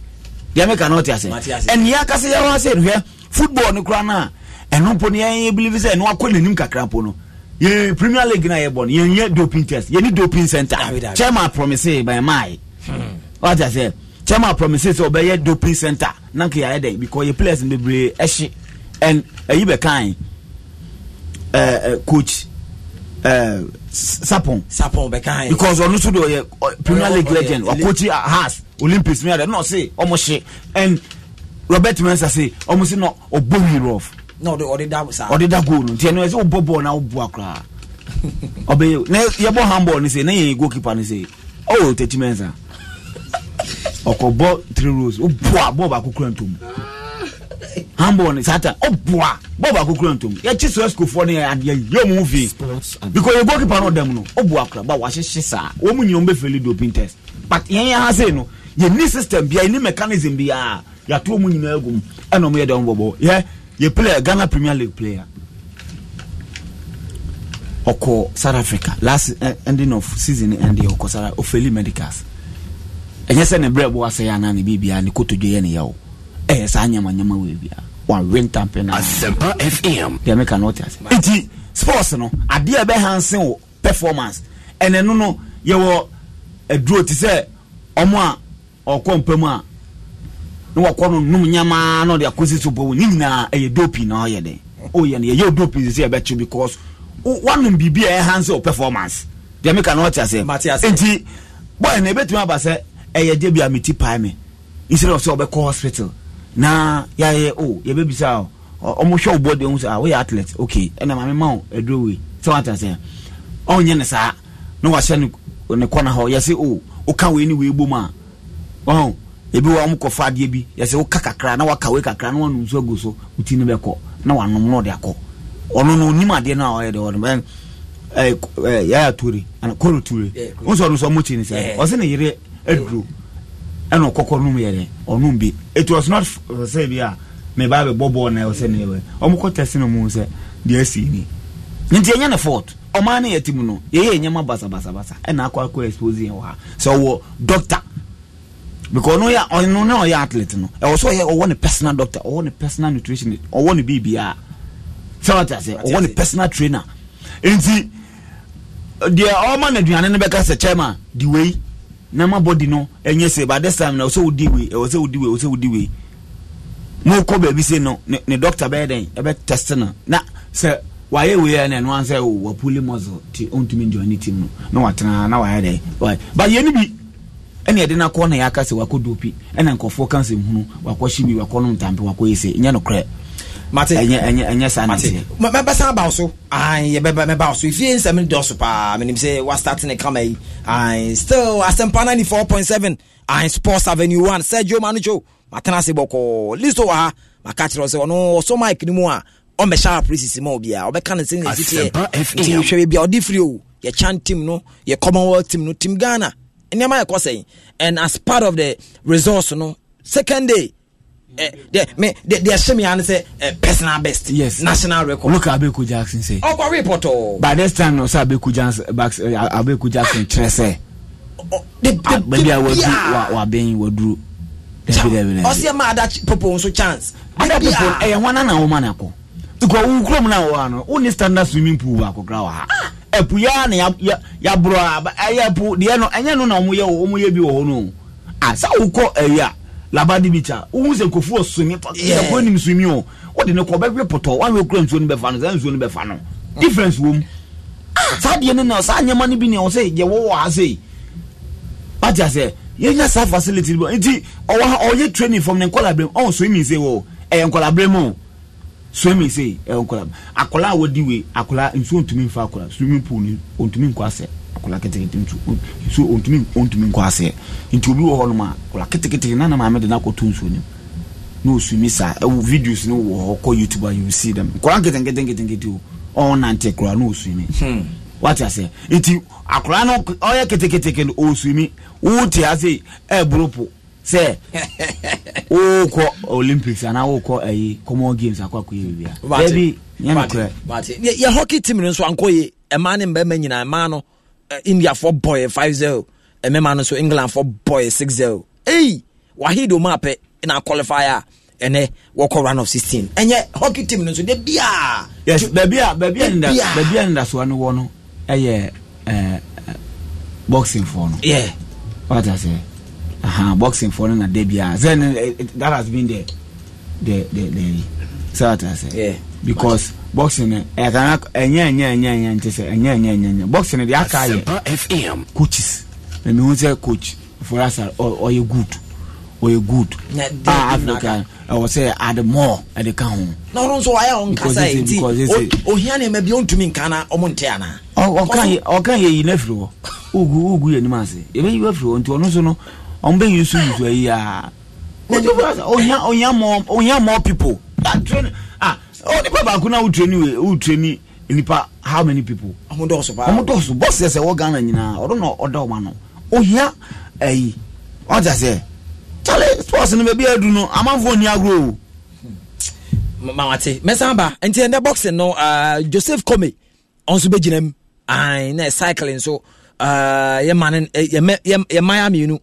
yẹmi kà náà tẹsí ẹnìyẹ akasẹ yẹ wá sẹ ẹnuhẹ football ni kura náà ẹnu mpo ni yẹn bilibi sẹ ẹnu akọ n'anim kakra mpo no yẹn premier league náà yẹ bọ ni yẹn doping test yẹn doping center chairman promise bẹẹ maa yi wàá tẹ sẹ chairman promise sẹ ọbẹ doping center nankin yà because yẹ players bebree ẹhyẹ ẹn ẹyi bẹ kàn ẹ coach. Eh, sapon sapon bɛka hàn because ɔno so de ɔyɛ premier league legend ɔkochi ah, Hearts Olympics mi adi na ɔsi ɔmo hye and Robert Mensa say ɔmo si na ɔbɔ wheel off na ɔde ɔde da saa ɔde da goal no tiɛ no ɛsɛ ɔbɔ ball na ɔbɔ akora Ne. na yɛbɔ handball ni sɛ na yɛn goalkeeper ni sɛ ɔwɔ tɛti Mensah ɔkɔ bɔ three rows ɔbɔ a ball baako kura ntom hamborn sata ɔboa bɔɔl baako kura ntom yɛkyi so ɛsukufoɔ no yɛ adeɛ yɛ ɔmo oh, fi because yɛ goalkeeper no dɛm no ɔboa kura ba wahyehyɛ saa wɔn mu nyinaa wɔn bɛ fɛli doping test but yɛn yɛn ha sei no yɛn ni system bia yɛn ni mechanism bia yɛato wɔn nyinaa egum ɛna wɔn yɛ dɛm bɔbɔ yɛ yɛ player ghana premier league player ɔkɔ south africa last eh, ending of season ɛndi ɔkɔ south Africa. ofeli medicals ɛnyɛ sɛ ne brɛ bɔ asɛ yɛ anaa ne biribia ne kotodwe yɛ ne yɛ o ɛyɛ saa nyamanyama wei biara wɔawe ntampe no asɛmpa fm deɛ meka no wote ase nti sports no adeɛ ɛbɛhanse wo performance ɛnɛ e, no no yɛwɔ aduro te sɛ ɔmo a ɔkɔ mpa mu a na wɔkɔ no nom nyamaa na ɔde akɔsi so bɔ ne nyinaa ɛyɛ dopi na ɔyɛ den ɔyɛ no yɛyɛ dopi sɛ yɛbɛkye because woanom biribi a e, ɛhanse wo performance deɛ meka no wote ase nti bɔyɛ no ɛbɛtumi aba sɛ ɛyɛ e, deɛ bi a meti pae me instead of sɛ ɔbɛkɔ hospital na yɛayɛ oh, oh, ah, oh, o yɛbɛbisa ɔmo hwɛ wo bɔde ɔmo sɛ woyɛ athlete okay ɛna maame ma ọ aduro sɛ wata ɔnyɛ ne saa na wahyɛ ne kɔna hɔ yɛsɛ o woka wei ne wei bom a ɔn ebi wa ɔmo adeɛ bi yɛsɛ woka kakra na waka wei kakra na wɔnum nsuo gu so wuti ne bɛkɔ na wanom na ɔde akɔ ɔno no onim adeɛ no a ɔyɛ de ɔno bɛn ɛɛ ɛɛ ture ana ɛna ɔkɔkɔ nom yɛ dɛ ɔnom bi it was not uh, sɛ bi a meba bɛbɔ bɔɔl na ɛwɔsɛ ne yɛwɛ ɔmokɔ tɛse no mu sɛ deɛ asi ni nti ɛnyɛ ne fault ɔmaa ne yɛtim no yɛyɛ nyɛma basabasabasa ɛna akɔ akɔ expose yɛ wɔ ha sɛ ɔwɔ doctor because ɔno yɛ ɔno ne ɔyɛ athlete no ɛwɔ sɛ ɔyɛ ɔwɔ ne personal doctor ɔwɔ ne personal nutrition ɔwɔ ne biribiaa sɛ wɔte ase ɔwɔ ne personal trainer nti deɛ ɔma no aduane no bɛka sɛ chairman de wei na ma body no ɛnyɛ sɛ by this time na ɔsɛ wodi wei ɛwɔ sɛ wodi wei ɔsɛ wodi wei na ɔkɔ baabi sɛ no ne, ne doctor bɛyɛ dɛn ɛbɛ test no na sɛ wayɛ wei ɛna ɛno ansɛ o wapuli muscle ti ɔntumi join ne team no na watena na wayɛ dɛn wayɛ but yɛn bi ɛna yɛde nakɔ na yɛaka sɛ wakɔ dopi ɛna nkɔfoɔ kansa hunu wakɔ hyi bi wakɔ nom tampe wakɔ yɛ sɛ ɛnyɛ nokorɛ mate ɛnyɛ ɛnyɛ ɛnyɛ saa nante mɛ bɛ san so ayi yɛ bɛ bɛ baw so ife nsɛm ni dɔso paa mɛ wa start ne kama yi ayi still asempa ninety four point seven ayi sports avenue one sergio manucho matena se bɔkɔ listo wa ha maka kyerɛ sɛ ɔno ɔsɔ mic ni mu ah. a ɔmbɛhyɛ apresisi ma obiara ɔbɛka ne sɛnea ɛsi teɛ nti hwɛ baabi a ɔde firi o yɛ chan team no yɛ commonwealth team no team ghana nneɛma yɛ kɔ sɛn and as part of the resource no second day Eh, deɛ ɛhyɛ me ane sɛ eh, personal best yes national record look at abeku jackson say ɔkɔ report o oh. by this time no sir, abeku jackson eh, abeku jackson kyerɛ sɛ baabi a wadu wabɛn waduro ɔsɛ ma ada popo nso chance ada popo ɛyɛ hɔ na na wɔma na kɔ nkɔ wo kurom na wɔ ha no wone standard swimming pool baako kora wɔ ha ɛpu ah. ya na yaboro a ah, ɛyɛ ɛpu deɛ no ɛnyɛ no na wɔn yɛ wɔn yɛ bi wɔ hɔ no a sɛ wokɔ ɛyɛ a labadi bi kya wohu sɛ kofu ɔsumi ɛkɔ nim sumi o wode ne kɔ bɛhwe potɔ wawe kura nsuo no bɛfa no saa nsuo no bɛfa no difference wom saa deɛ no na saa nneɛma no bi ne ɔ sɛ yɛwɔ wɔ ha sei wate sɛ saa facility bi nti ɔwɔ ha ɔyɛ training from ne nkɔla berɛ mu ɔwɔ swimming sei wɔ ɛyɛ e, nkɔla berɛ mu swimming sei ɛyɛ e, nkɔla akɔla a wɔdi wei akɔla nsuo ntumi mfa akɔla swimming pool ni ɔntumi nkɔ asɛ akwadaa ketekete nso so ontumi ontumi nkɔ aseɛ nti obi wɔ hɔnom a akwadaa ketekete nana maame de n'akɔto nsuo nim na osumi saa ɛwɔ videos no wɔ hɔ kɔ youtube a you see them akwadaa nketenkete nketenkete o ɔnante akwadaa na osumi hmm. wate aseɛ nti akwadaa no ɔyɛ ketekete no osumi wote ase ɛburo po sɛ *laughs* wokɔ olympics anaa wokɔ ayi common games akɔ akɔyɛ biribiaa baabi nyɛ nokorɛ yɛ hockey team no nso ankɔ ye ɛmaa ne mbɛma nyinaa ɛmaa no Eh, India indiafoɔ bɔyɛ five zero eh, mmarima no England englandfoɔ bɔyɛ six zero eyi wahidi omo apɛ na qualify a eh, ɛnɛ wɔkɔ round of sixteen ɛnyɛ hockey team no nso de bia. yes baabi a baabi a nda baabi a ndasoa no wɔ no ɛyɛ ɛɛ boxing foɔ no. yeah wata sɛ uh -huh, boxing foɔ no na de bia then uh, that has been the the the the. sata sɛ yeah. because boxing ɛkana ɛnyɛ ɛnyɛ ɛnyɛ ɛnyɛ nti sɛ ɛnyɛ boxing de aka coaches na mi hu coach for us good good a ah, africa ɛwɔ sɛ ade more ɛde ka ho. na ɔno nso wayɛ ti ohia ni ɛmɛ bi nkana ɔmo nte ana. ɔka ɔka yɛ yi n'afiri hɔ ogu ogu yɛ nimu ase ebe yi nti ọ no yi nso yi ohia oh, oh, more people ah, ah, onipa oh, baako na wotrani eh, wotrani nipa how many people ɔmo dɔɔso paa ɔmo dɔɔso bɔsi ɛsɛ eh, wɔ ghana nyinaa ɔdo na ɔda ɔmo ano ohia ɛyi ɔja sɛ kyale sports no baabi eh, adu no amanfoɔ ni agorɔ o. Hmm. mamate mɛsan ba nti ɛnɛ boxing no uh, joseph kome ɔnso bɛgyina mu ayi na cycling nso uh, yɛ ma ne yɛ mmaa mmienu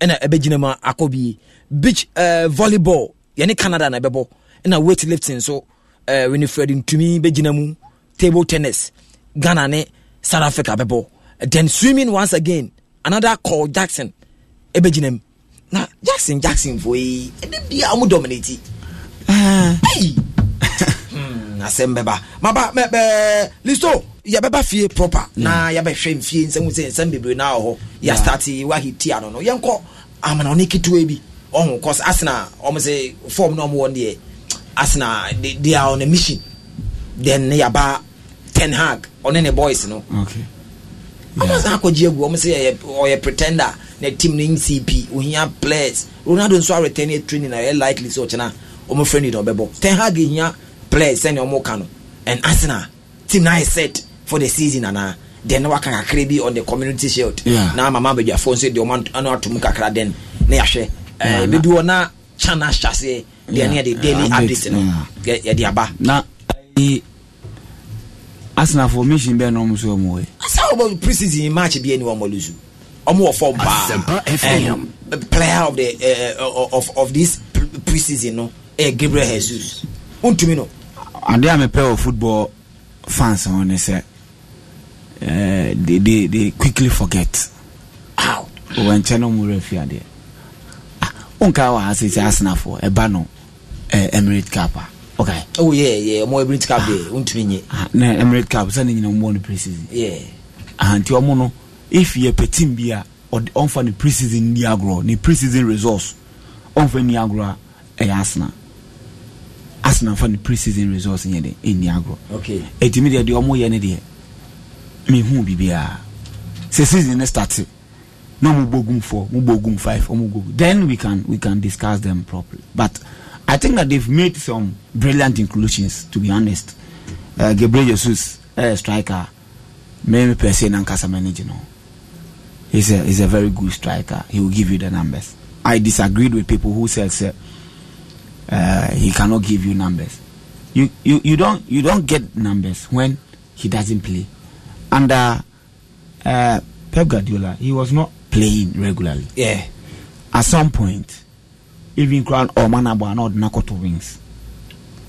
ɛna ɛbɛgyina mu akɔ bie beach uh, volleyball yɛne canada na ɛbɛbɔ ɛna weight lifting so uh, winifred ntumi bɛgyina mu table tennis ghana ne south africa bɛbɔ then swimming once again another call jackson ɛbɛgyina e mu na jackson jackson fo yi e ɛne bia ɔmo dominate asɛm ah. hmm, bɛba maba mɛbɛ listo yɛbɛba fie proper hmm. na yɛbɛhwɛ mfie nsɛm sɛ nsɛm bebree na wɔ hɔ yɛastarte wahiti ano no yɛnkɔ amana ɔne ketewa bi ɔho cause asena ɔmo sɛ form na ɔmo wɔn deɛ asena they, they are on a mission then ne yaba ten hag ɔne ne boys no okay. yeah. ɔmo sɛ akɔgye agu ɔmo sɛ ɔyɛ pretender na team ne ncp ohia players ronaldo nso aretɛn ne training na ɛyɛ likely sɛ ɔkyena ɔmo fɛ ne na ɔbɛbɔ ten hag ehia players sɛnea ɔmo ka no and asena team na ayɛ set for the season ana then na waka kakra bi on the community shield yeah. na mama abadwafoɔ nso de ɔmo ano ato mu kakra then na yɛahwɛ bɛbi eh, wɔ na kyan ahyɛ aseɛ deɛ ne daily update no yɛde aba na mission bɛɛ na so ɔmo wɛ asa wɔbɔ preseason match bi ɛni wɔn lose ɔmo wɔ fɔm eh, player of the uh, of of this preseason no ɛyɛ gabriel jesus ntumi no. ade a mepɛ wɔ football fans ho ne sɛ they they they quickly forget. Ow. Wɔn nkyɛn no mu refi adeɛ wonka wɔ ha sɛsi asenafoɔ ɛba no eh, emirate cap a okay. oh, yeah, yeah. ɔmɔ emirate cap deɛ wontumi ah. nye ah, na emirate cap sɛne ni mmoɔ no preseason yeah. Ah, nti ɔmo no if yɛpɛ team bi a ɔmfa ne preseason ni agro, ni preseason resource ɔmfa ni agorɔ a ɛyɛ asena asena fa ne preseason resource yɛ de ɛni e agorɔ ɛtumi e deɛ deɛ ɔmo yɛ ne deɛ mehu biribiara sɛ season ne starte no mubogum four mubogum five or then we can we can discuss them properly but i think that they've made some brilliant inclusions to be honest uh, gabriel jesus uh, striker maybe per se casa manager no he's a he's a very good striker he will give you the numbers i disagreed with people who said uh, he cannot give you numbers you, you you don't you don't get numbers when he doesn't play under uh, Pep Guardiola he was not playing regularly. Yeah. At some point, even Crown or oh, Manabo are not Nakoto wings.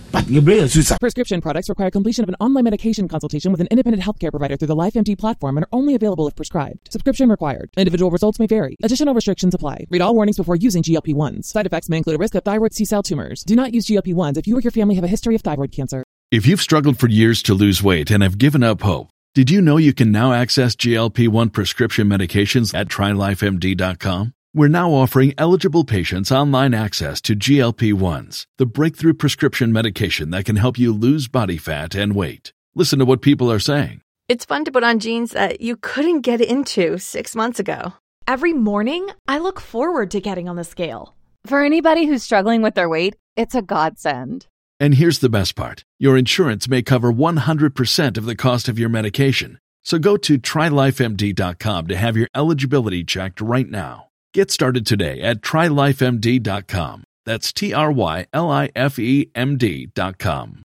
But Gabriel Sousa. Prescription products require completion of an online medication consultation with an independent healthcare provider through the LifeMD platform and are only available if prescribed. Subscription required. Individual results may vary. Additional restrictions apply. Read all warnings before using GLP 1s. Side effects may include a risk of thyroid C cell tumors. Do not use GLP 1s if you or your family have a history of thyroid cancer. If you've struggled for years to lose weight and have given up hope, did you know you can now access GLP 1 prescription medications at trylifemd.com? We're now offering eligible patients online access to GLP 1s, the breakthrough prescription medication that can help you lose body fat and weight. Listen to what people are saying. It's fun to put on jeans that you couldn't get into six months ago. Every morning, I look forward to getting on the scale. For anybody who's struggling with their weight, it's a godsend. And here's the best part your insurance may cover 100% of the cost of your medication. So go to trylifemd.com to have your eligibility checked right now. Get started today at trylifemd.com. That's T R Y L I F E M D.com.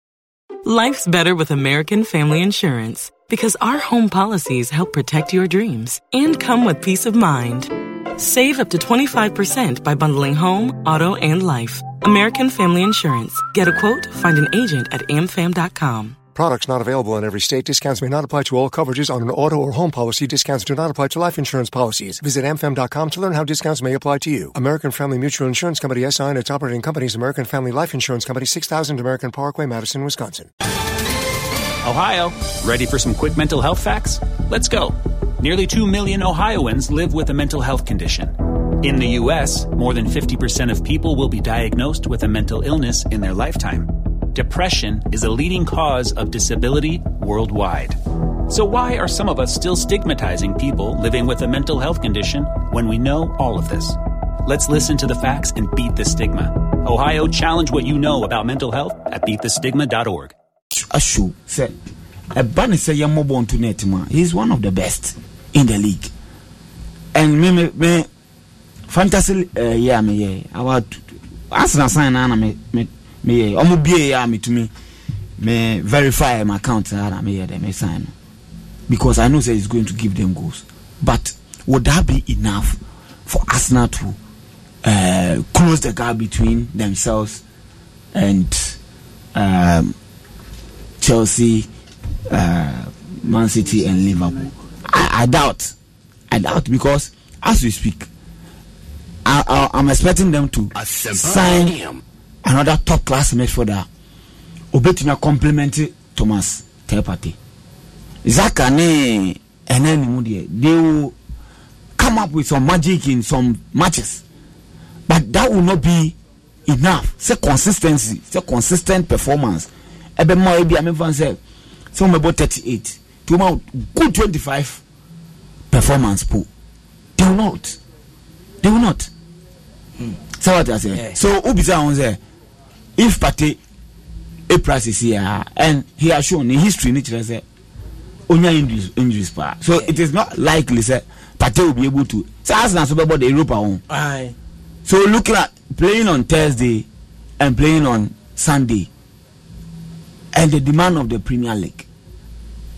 Life's better with American Family Insurance because our home policies help protect your dreams and come with peace of mind. Save up to 25% by bundling home, auto, and life. American Family Insurance. Get a quote, find an agent at amfam.com. Products not available in every state. Discounts may not apply to all coverages on an auto or home policy. Discounts do not apply to life insurance policies. Visit amfam.com to learn how discounts may apply to you. American Family Mutual Insurance Company SI and its operating companies, American Family Life Insurance Company, 6000 American Parkway, Madison, Wisconsin. Ohio, ready for some quick mental health facts? Let's go. Nearly 2 million Ohioans live with a mental health condition. In the U.S., more than 50% of people will be diagnosed with a mental illness in their lifetime. Depression is a leading cause of disability worldwide. So, why are some of us still stigmatizing people living with a mental health condition when we know all of this? Let's listen to the facts and beat the stigma. Ohio, challenge what you know about mental health at beatthestigma.org. ɛba ne sɛ yɛmmɔbɔ nto net mu he is one of the best in the league and me me me fantasy eh, yeah, me. a meyɛ awa arsenal sign na na me me meyɛ ɔmo bie yɛ a to me Me verify my account na na me. dɛ me sign because i know say it's going to give them goals but would that be enough for arsenal to uh, close the gap between themselves and um, chelsea uh, Man City and Liverpool. I, I doubt. I doubt because as we speak, I, I, I'm expecting them to sign another top class midfielder. Obetina complement Thomas Tepati. Zaka and ɛnɛ they will come up with some magic in some matches but that will not be enough sɛ consistency sɛ consistent performance ɛbɛ mma ebi amefa nsɛ sɛ wɔn bɛbɔ thirty eight tí ma good twenty five performance po they will not they will not sɛ wɔn ti ase so obi sɛ àwọn sɛ if pate price is here and he has shown in history ni kyerɛ sɛ onya injuries injuries paa so yeah. it is not likely sɛ pate will be able to sɛ arsenal so bɛbɔ the europa wɔn so looking at playing on thursday and playing on sunday and the demand of the premier league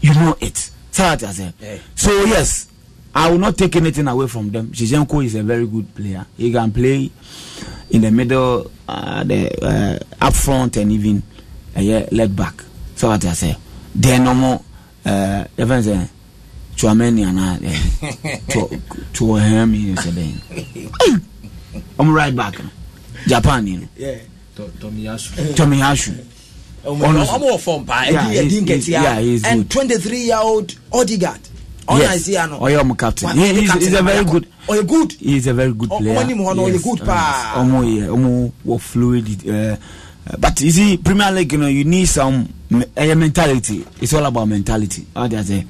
you know it yeah. so yes i will not take anything away from them shizenko is a very good player he can play in the middle uh, the uh, up front and even uh, yeah, left back So what sarah ase then omo defense. Uh, tuamani ana tuohem yi sɛ dɛn I'm right back no japan yi no tomiyasu ọmọ fọm paa ẹdi ẹdi and twenty three year old odigard ọ̀nà yes. àìsí àná. ọyọ ọmọ captain he is oh, a very good. ọyọ he is a very good player. ọmọ nimu hàn ọyọ fluid. Uh, but you see premier league you know you need some uh, mentality it's all about mentality how do i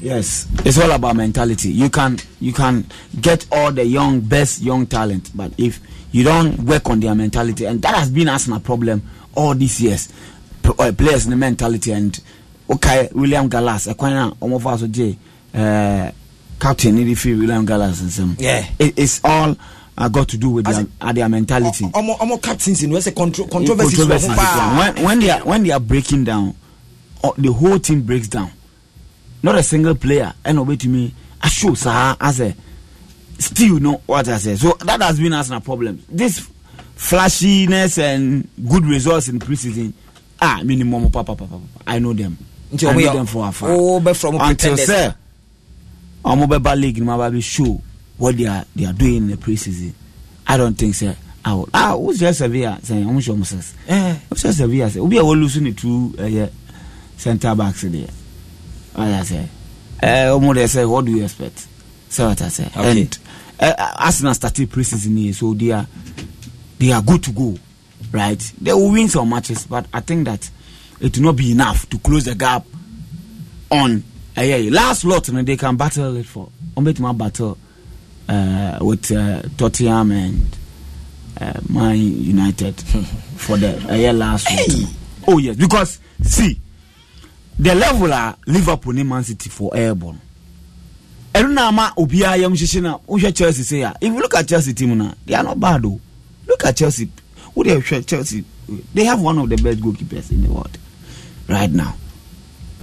yes it's all about mentality you can you can get all the young best young talent but if you don't work on their mentality and that has been arsenal problem all these years Oh, players the mentality and okay, william gallas ɛkwan a ɔmɔfa so gye uh, eh, captain ne de fi william gallas nsɛm yeah. it, it's all uh, got to do with their, uh, their mentality ɔmɔ ɔmɔ captains in wɛsɛ contro controversy ah. when when they are when they are breaking down uh, the whole team breaks down not a single player to me, I show aso as a still know what i say so that has been us na problem this flashiness and good results in pre-season ah me ni papa papa papa. i know them nti ɔmo yɛ Oh, bɛ from pretenders until sɛ ɔmo bɛ ba league nim aba bi show what they are they are doing in the preseason. i don't think sɛ awo ah who's just a sɛ ɔmo sɛ ɔmo sɛ o Who's just a sɛ obi a wɔlu so ne eh, tu ɛyɛ centre backs deɛ ɔyɛ sɛ ɛɛ ɔmo deɛ sɛ what do you expect sɛ ɔta sɛ and uh, arsenal started pre-season yɛ so they are they are good to go right? They will win some matches, but I think that it will not be enough to close the gap on uh, yeah, last lot. And they can battle it for Ombetima battle uh, with uh, Tottenham and uh, Man United *laughs* for the uh, yeah, last lot. Hey. Oh, yes, because see, the level are Liverpool and Man City for airborne. ɛno na ama obiara na wohwɛ chelsea sɛ a ah, if you look at chelsea team na they are not bad o oh. look at chelsea Who they have Chelsea they have one of the best goalkeepers in the world right now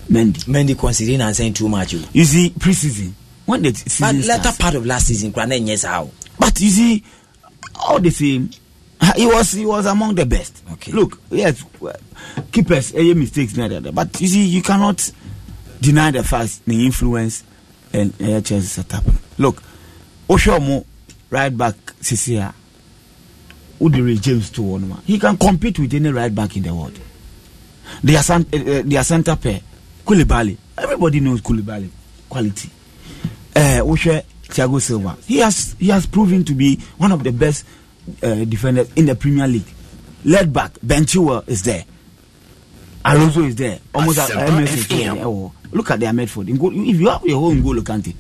Mendy. Mendy considering and saying too much. You, oh. you see preseason. season when the season but latter starts, part of last season kura ne nye but you see all the same he was he was among the best. okay look yes well, keepers eye mistakes na there but you see you cannot deny the fact the influence and uh, Chelsea setup look o ṣe right back sisi ah. Udire James to one man. He can compete with any right back in the world. Their, uh, their center pair, Koulibaly. Everybody knows Koulibaly. Quality. Uh, Thiago Silva. He has, he has proven to be one of the best uh, defenders in the Premier League. Led back, Ben Chua is there. Alonso is there. Almost as Emerson. Oh, look at their midfield. If you have your whole N'Golo Kante,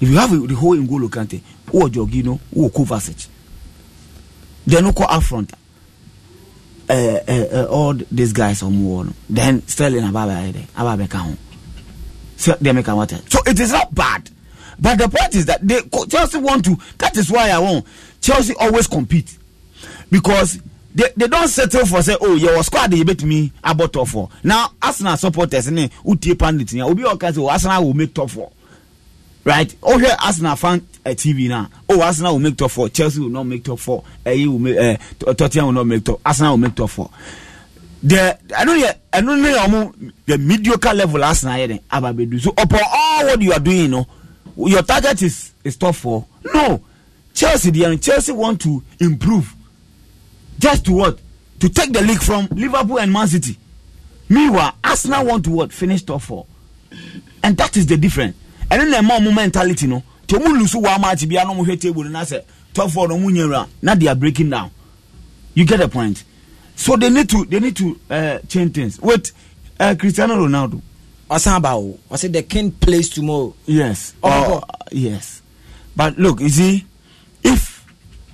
if you have the whole N'Golo Kante, who are Jorginho, who are Kovacic, then wokɔ affront uh, eh, uh, eh, uh, eh, all these guys on wɔ then sterling ababayɛ dɛ ababɛka ho so they make a matter. so it is not bad but the point is that they chelsea want to that is why i want chelsea always compete because they they don't settle for say oh your squad dey bet me abo top four now arsenal supporters ne utie pandit yan obi okan say oh arsenal will make top four right ɔhwɛ oh, arsenal fan uh, eh, tv na oh arsenal will make top four chelsea will not make top four ɛyi eh, will make uh, tottenham will not make top arsenal will make top four the ɛno yɛ ɛno ne yɛ ɔmo the mediocre level arsenal yɛ dɛ ababedu so upon all what you are doing you know, your target is is top four no chelsea deɛ chelsea want to improve just to what to take the league from liverpool and man city meanwhile arsenal want to what finish top four and that is the difference ɛno na ɛma ɔmo mentality no nti ɔmo lusu wɔn ama ati bi anam hwɛ table no n'asɛ twelve four na ɔmo nyɛ na they are breaking down you get the point so they need to they need to uh, change things wait uh, cristiano ronaldo. ɔsan ba o ɔsi the king plays tomorrow. yes ɔkɔ oh, uh, yes but look you see if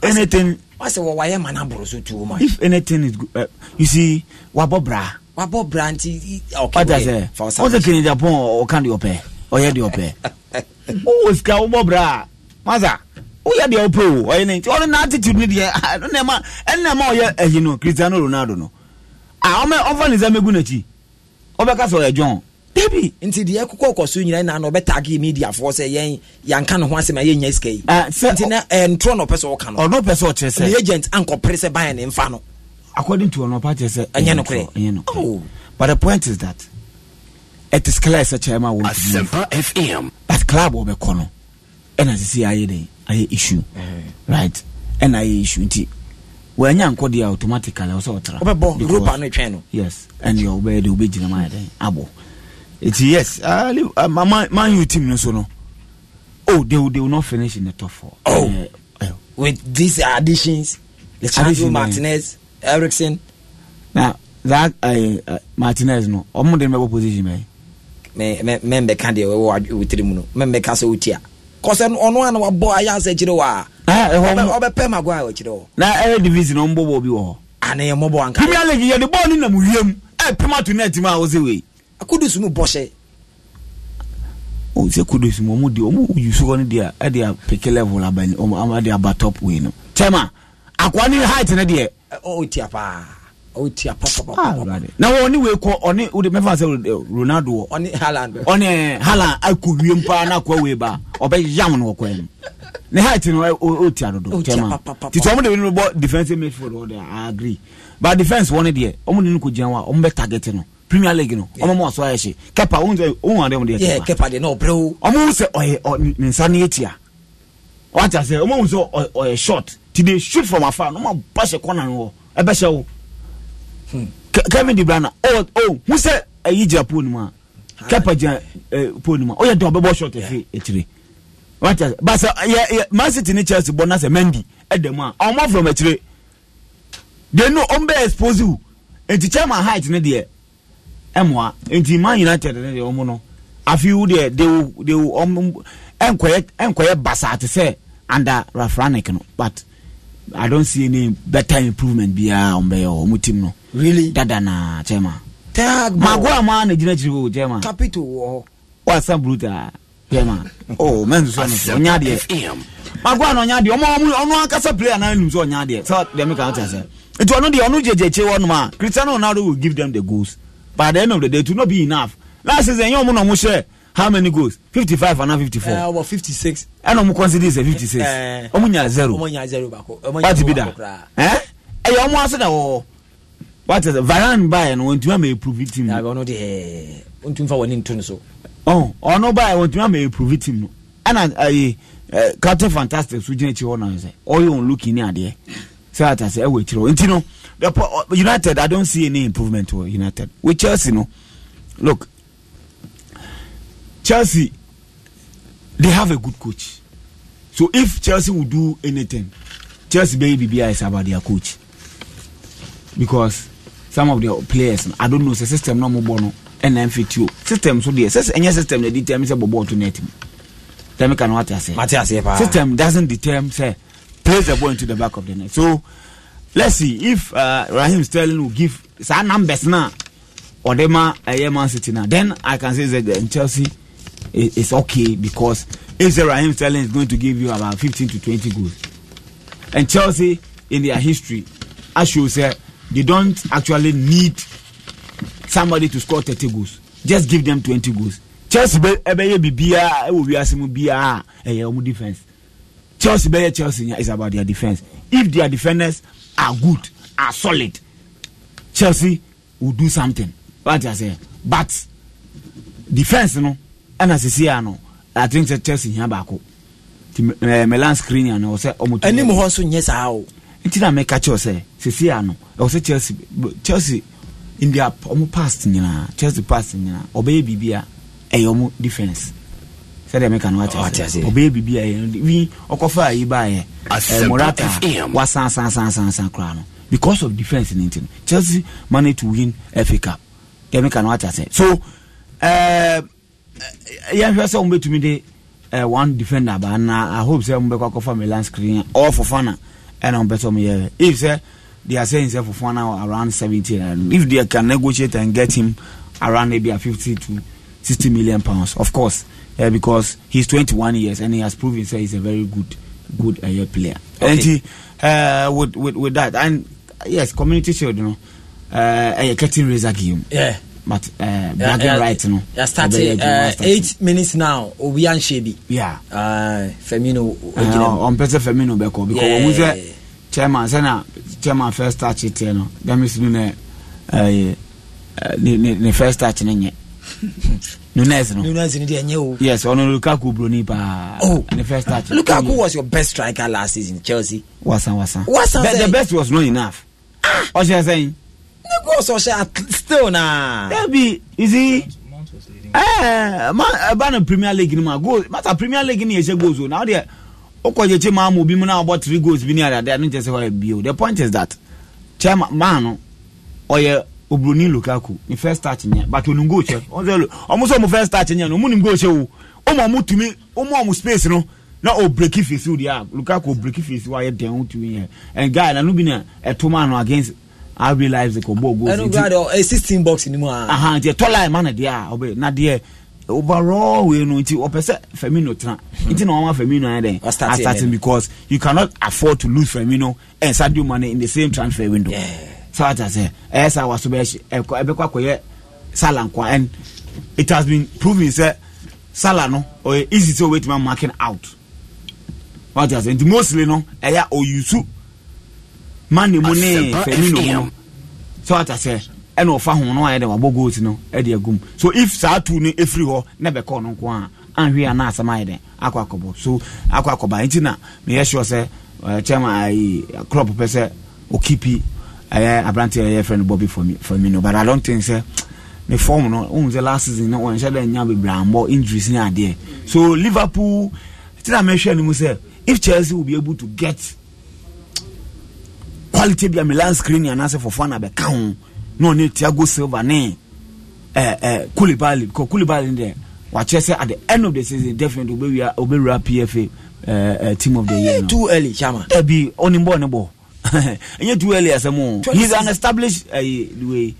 anything. ɔsi wɔ wayɛ mana boro so tu o ma. if anything is uh, you see wabɔ bra. wabɔ bra nti. ɔkè wɛ fa ɔsan. ɔsè kìnìjà pɔn ɔkan de ɔpɛ ɔyɛ deɛ oh, ɔpɛ wowɔ sika wobɔ brɛ a masa woyɛ deɛ wopɛ o ɔyɛ ne nti ɔno n'attitude no deɛ ɛnɛma ɛnɛma ɔyɛ ayi no cristiano ronaldo no a ɔmɛ ɔmfa ne nsa mɛgu n'akyi ɔbɛka sɛ ɔyɛ john dabi nti deɛ eh, ɛkokɔ kɔ so nyina na na ɔbɛtage mediafoɔ sɛ yɛn yɛnka ne ho asɛm a yɛnya sika yi nti na ɛntorɔ eh, na ɔpɛ sɛ wɔka no ɔno pɛ sɛ ɔkyerɛ sɛ ne agent ankɔpere sɛ ban ne mfa no according to ɔnɔpa kyerɛ sɛ ɛnyɛ nokorɛ but the point is that it is clear kyɛn ma wɔn fm but club wɔbɛkɔ no ɛna sisi ayɛ de ayɛ issue mm-hmm. right ɛna ayɛ issue nti wɔanya nkɔ deɛ automatically ɔsɛ ɔtra wɔbɛbɔ europa no twɛn no yes ɛne ɔbɛyɛ de wɔbɛgyina uh, ma ayɛ de. abɔ nti yes uh, man, man u team no so no oh they they will not finish in the top four oh uh, uh, with these additions Lechandro Martinez Ericsson na that uh, uh, Martinez no ɔmo de mbɛbɔ position bɛyɛ eh? membɛka deɛ wɔ wotiri mu no membɛka sɛ wotia kɔsɛ ɔno a na wabɔ ayɛ asɛ kyerɛ wɔ a ah, ɔbɛpɛ ma goa wɔkyerɛ wɔ na ɛyɛ division ɔmbɔbɔ bi wɔ hɔ ane yɛmmɔbɔ anka premier league yɛde bɔɔ no nam wiem ɛpem ato no atim a wo sɛ wei akudus mu bɔhyɛ sɛ kudus mu ɔmu de ɔmu yusu hɔ no deɛ ɛde apeke level abɛde aba top wei no kyɛma akoa ne height no deɛ ɔtia paa ɔtia papapapa na ɔne wei kɔ ɔne wode mɛfa sɛ ronaldo ɔne haland ɔne haland eh, akɔ wiem paa na akɔa wei ba ɔbɛyam no wɔkɔa no eh, ne height no ɔtia dodo tɛma nti ɔmode bɔ defensive midfield ɔde but defense wɔne deɛ ɔmode no kɔgyina a ɔmbɛ target no premier league no kepa sɛ kepa deɛ de no eh, wo e kevin de bruyne ɔ ɔ hu sɛ ɛyi gyina pool mu a kepa gyina ɛ pool mu a ɔyɛ dɔn ɔbɛbɔ short efi ekyire wata basa yɛ yɛ man city ne chelsea bɔ n'asɛ mendy ɛda eh, mu a ɔmo afɔm ekyire de no ɔmo bɛ expose wu nti chairman height ne deɛ eh, ɛmoa nti man united ne deɛ ɔmo no afi wu deɛ de wo de wo ɔmo ɛnkɔyɛ ɛnkɔyɛ basa ate sɛ under rafranik no but i don see any better improvement biara ɔmo bɛyɛ ɔmo team no really dada na Jema. tag mago a maa na gyina akyiri o chairman capital wɔ hɔ wasan bruta chairman oh mɛn nso no ɔnya adeɛ mago a na ɔnya omo ɔmo ɔmo ɔno ankasa player na ɛnum sɛ ɔnya adeɛ sɛ deɛ mi kan te ase nti ɔno deɛ ɔno gyegye akyi hɔ nom a cristiano ronaldo will give them the goals but at the end of the day it will not be enough last season yɛn ɔmo na ɔmo hyɛ how many goals fifty five and now fifty four. ɛɛ eh, ɔbɔ fifty six. ɛna ɔmo consider sɛ fifty six. ɛɛ eh, ɔmo nya zero. ɔmo nya zero baako. ɔmo nya zero baako kura. ɛɛ eh? ɛyɛ ɔmo ase na wɔwɔ what is varan baɛ no wɔntumi ama ɛprove tim ɔno deɛ ɔntumi fa wɔne nto no so ɔno baɛ wɔntumi ama ɛprove tim no ɛna ayi captain fantastic so gyina akyi hɔ no sɛ ɔyɛ on look ne adeɛ sɛ ata sɛ ɛwɔ akyirɛ nti no the oh, united i don't see any improvement wɔ united with chelsea no look chelsea they have a good coach so if chelsea will do anything chelsea bɛyɛ biribiaa is about their coach because some of the players i don't know sɛ system no mobɔ no ɛna mfiti o system so deɛ sɛ ɛnyɛ system na determine sɛ bɔbɔ to net mu tɛmi ka no wate aseɛ wate aseɛ paa system doesn't determine Say place the ball into the back of the net so let's see if uh, Raheem Sterling will give saa numbers na ɔde ma ɛyɛ uh, Man City na then i can say that uh, Chelsea is, okay because if say Raheem Sterling is going to give you about fifteen to twenty goals and Chelsea in their history as you say they don't actually need somebody to score thirty goals just give them twenty goals chelsea bɛ ɛbɛyɛ bi biara ɛwɔ wiase mu biara ah, ɛyɛ ɔmo defence chelsea bɛyɛ chelsea nya is about their defence if their defenders are good are solid chelsea will do something what i say but defence no ɛna sisi ano i think say chelsea nya baako ti ɛɛ eh, melan screen yan no ɔsɛ ɔmo. ɛnimu hɔ nso nyɛ saa o nti na meka kyerɛ sɛ sesie ano ɛwɔ sɛ chelsea chelsea in their ɔmo past nyinaa chelsea past nyinaa ɔbɛyɛ biribi a ɛyɛ ɔmo defence sɛdeɛ meka no wate ase ɔbɛyɛ biribi a ɛyɛ wi ɔkɔfa a yi baayɛ ɛɛ eh, morata wasan san san san koraa no because of defence ne nti no chelsea managed to win fa cup deɛ meka no wate ase so ɛɛ eh, eh, yɛnhwɛ sɛ ɔmo bɛtumi de ɛɛ one defender ba na i hope sɛ ɔmo bɛkɔ akɔfa milan screen ɔɔ fofana ɛna wɔn pɛsɛ wɔn yɛ if sɛ they are saying sɛ fufuo na around seventeen, and uh, if they can negotiate and get him around maybe a fifty to sixty million pounds of course uh, because he's twenty-one years and he has proven say he's a very good good uh, player. Okay. and he, uh, with, with with that and yes community shield you know, uh, a uh, curtain razor game. Yeah but uh, eh, bragging uh, uh, right no. Yeah, starting uh, eight minutes now. Obi and Shebi. Yeah. Uh, Femino. Ah, on pese Femino beko because yeah. we say chairman sana chairman first touch it you no. That means no ne the eh, ne first touch ne nye. *laughs* Nunez no. Nunez ni dia Yes, ono Lukaku bro ni pa. Oh, The first touch. Lukaku was your best striker last season Chelsea. Wasan wasan. Wasan. The, the best was not enough. Ah. What you saying? ne goals ɔhyɛ still na. dabi isi ɛɛ ma ɛba eh, na premier league ni ma goals mata premier league ni yɛ hyɛ goals o na ɔdeɛ okɔ gyekye maa mu obi mu na ɔbɔ three goals bi ni adaade ano kyerɛ sɛ ɔyɛ bio the point is that kyɛ maa no ɔyɛ obroni lukaku ne first touch nyɛ but onim goal kyɛ ɔmo sɛ ɔmo first touch nyɛ no ɔmo nim goal kyɛ o ɔmo ɔmo tumi ɔmo ɔmo space no. na o breki face o de a lukaku o breki face wa yɛ dɛn o tumi yɛ and guy na no bi na ɛto eh, maa no against rb lives kɔmbɔ goals ɛnu gbaa de ɛ sixteen box ni mu aa ahan nti tɔla ɛma na deɛ a ɔbɛ na overall we know nti ɔpɛ sɛ Femino tena nti na wɔn ma Firmino ayɛ dɛ because you cannot afford to lose Femino and Sadio money in the same transfer window sáwà ta sɛ ɛyɛ sá wa so to be, ɛbɛkɔ akɔyɛ Salah nkwa and it has been proven sɛ Salano or oh, easy to wait ɔbɛtuma marking out What does it? nti mostly no ɛyɛ oyusu mane mu ne fani no mu so ata sɛ ɛna ɔfa ho no ayɛ dɛ wabɔ goals no ɛde agum so if saa tu no ɛfiri hɔ na bɛkɔɔ no nko a anhwe a na asɛm ayɛ dɛ akɔ akɔbɔ so akɔ akɔba nti na meyɛ sure sɛ kyɛma ayi club pɛ sɛ okipi ɛyɛ aberanteɛ ɛyɛ fɛ no bɔbi no. but i don't think sɛ ne form no ohun sɛ last season no wɔnhyɛ dɛ nya bebree ambɔ injuries ne adeɛ so liverpool ti na mehwɛ no mu sɛ if chelsea will be able to get quality bi a milan screen anaasɛ fofana bɛka ho na ɔne tiago silva ne ɛɛ eh, ɛɛ eh, kulibali kɔ kulibali ne deɛ sɛ at the end of the season definitely obewia obewura pfa ɛɛ eh, ɛɛ team of the year no too early chama ɛbi ɔni bɔ ne bɔ too early asɛm o he is an established ɛɛ the way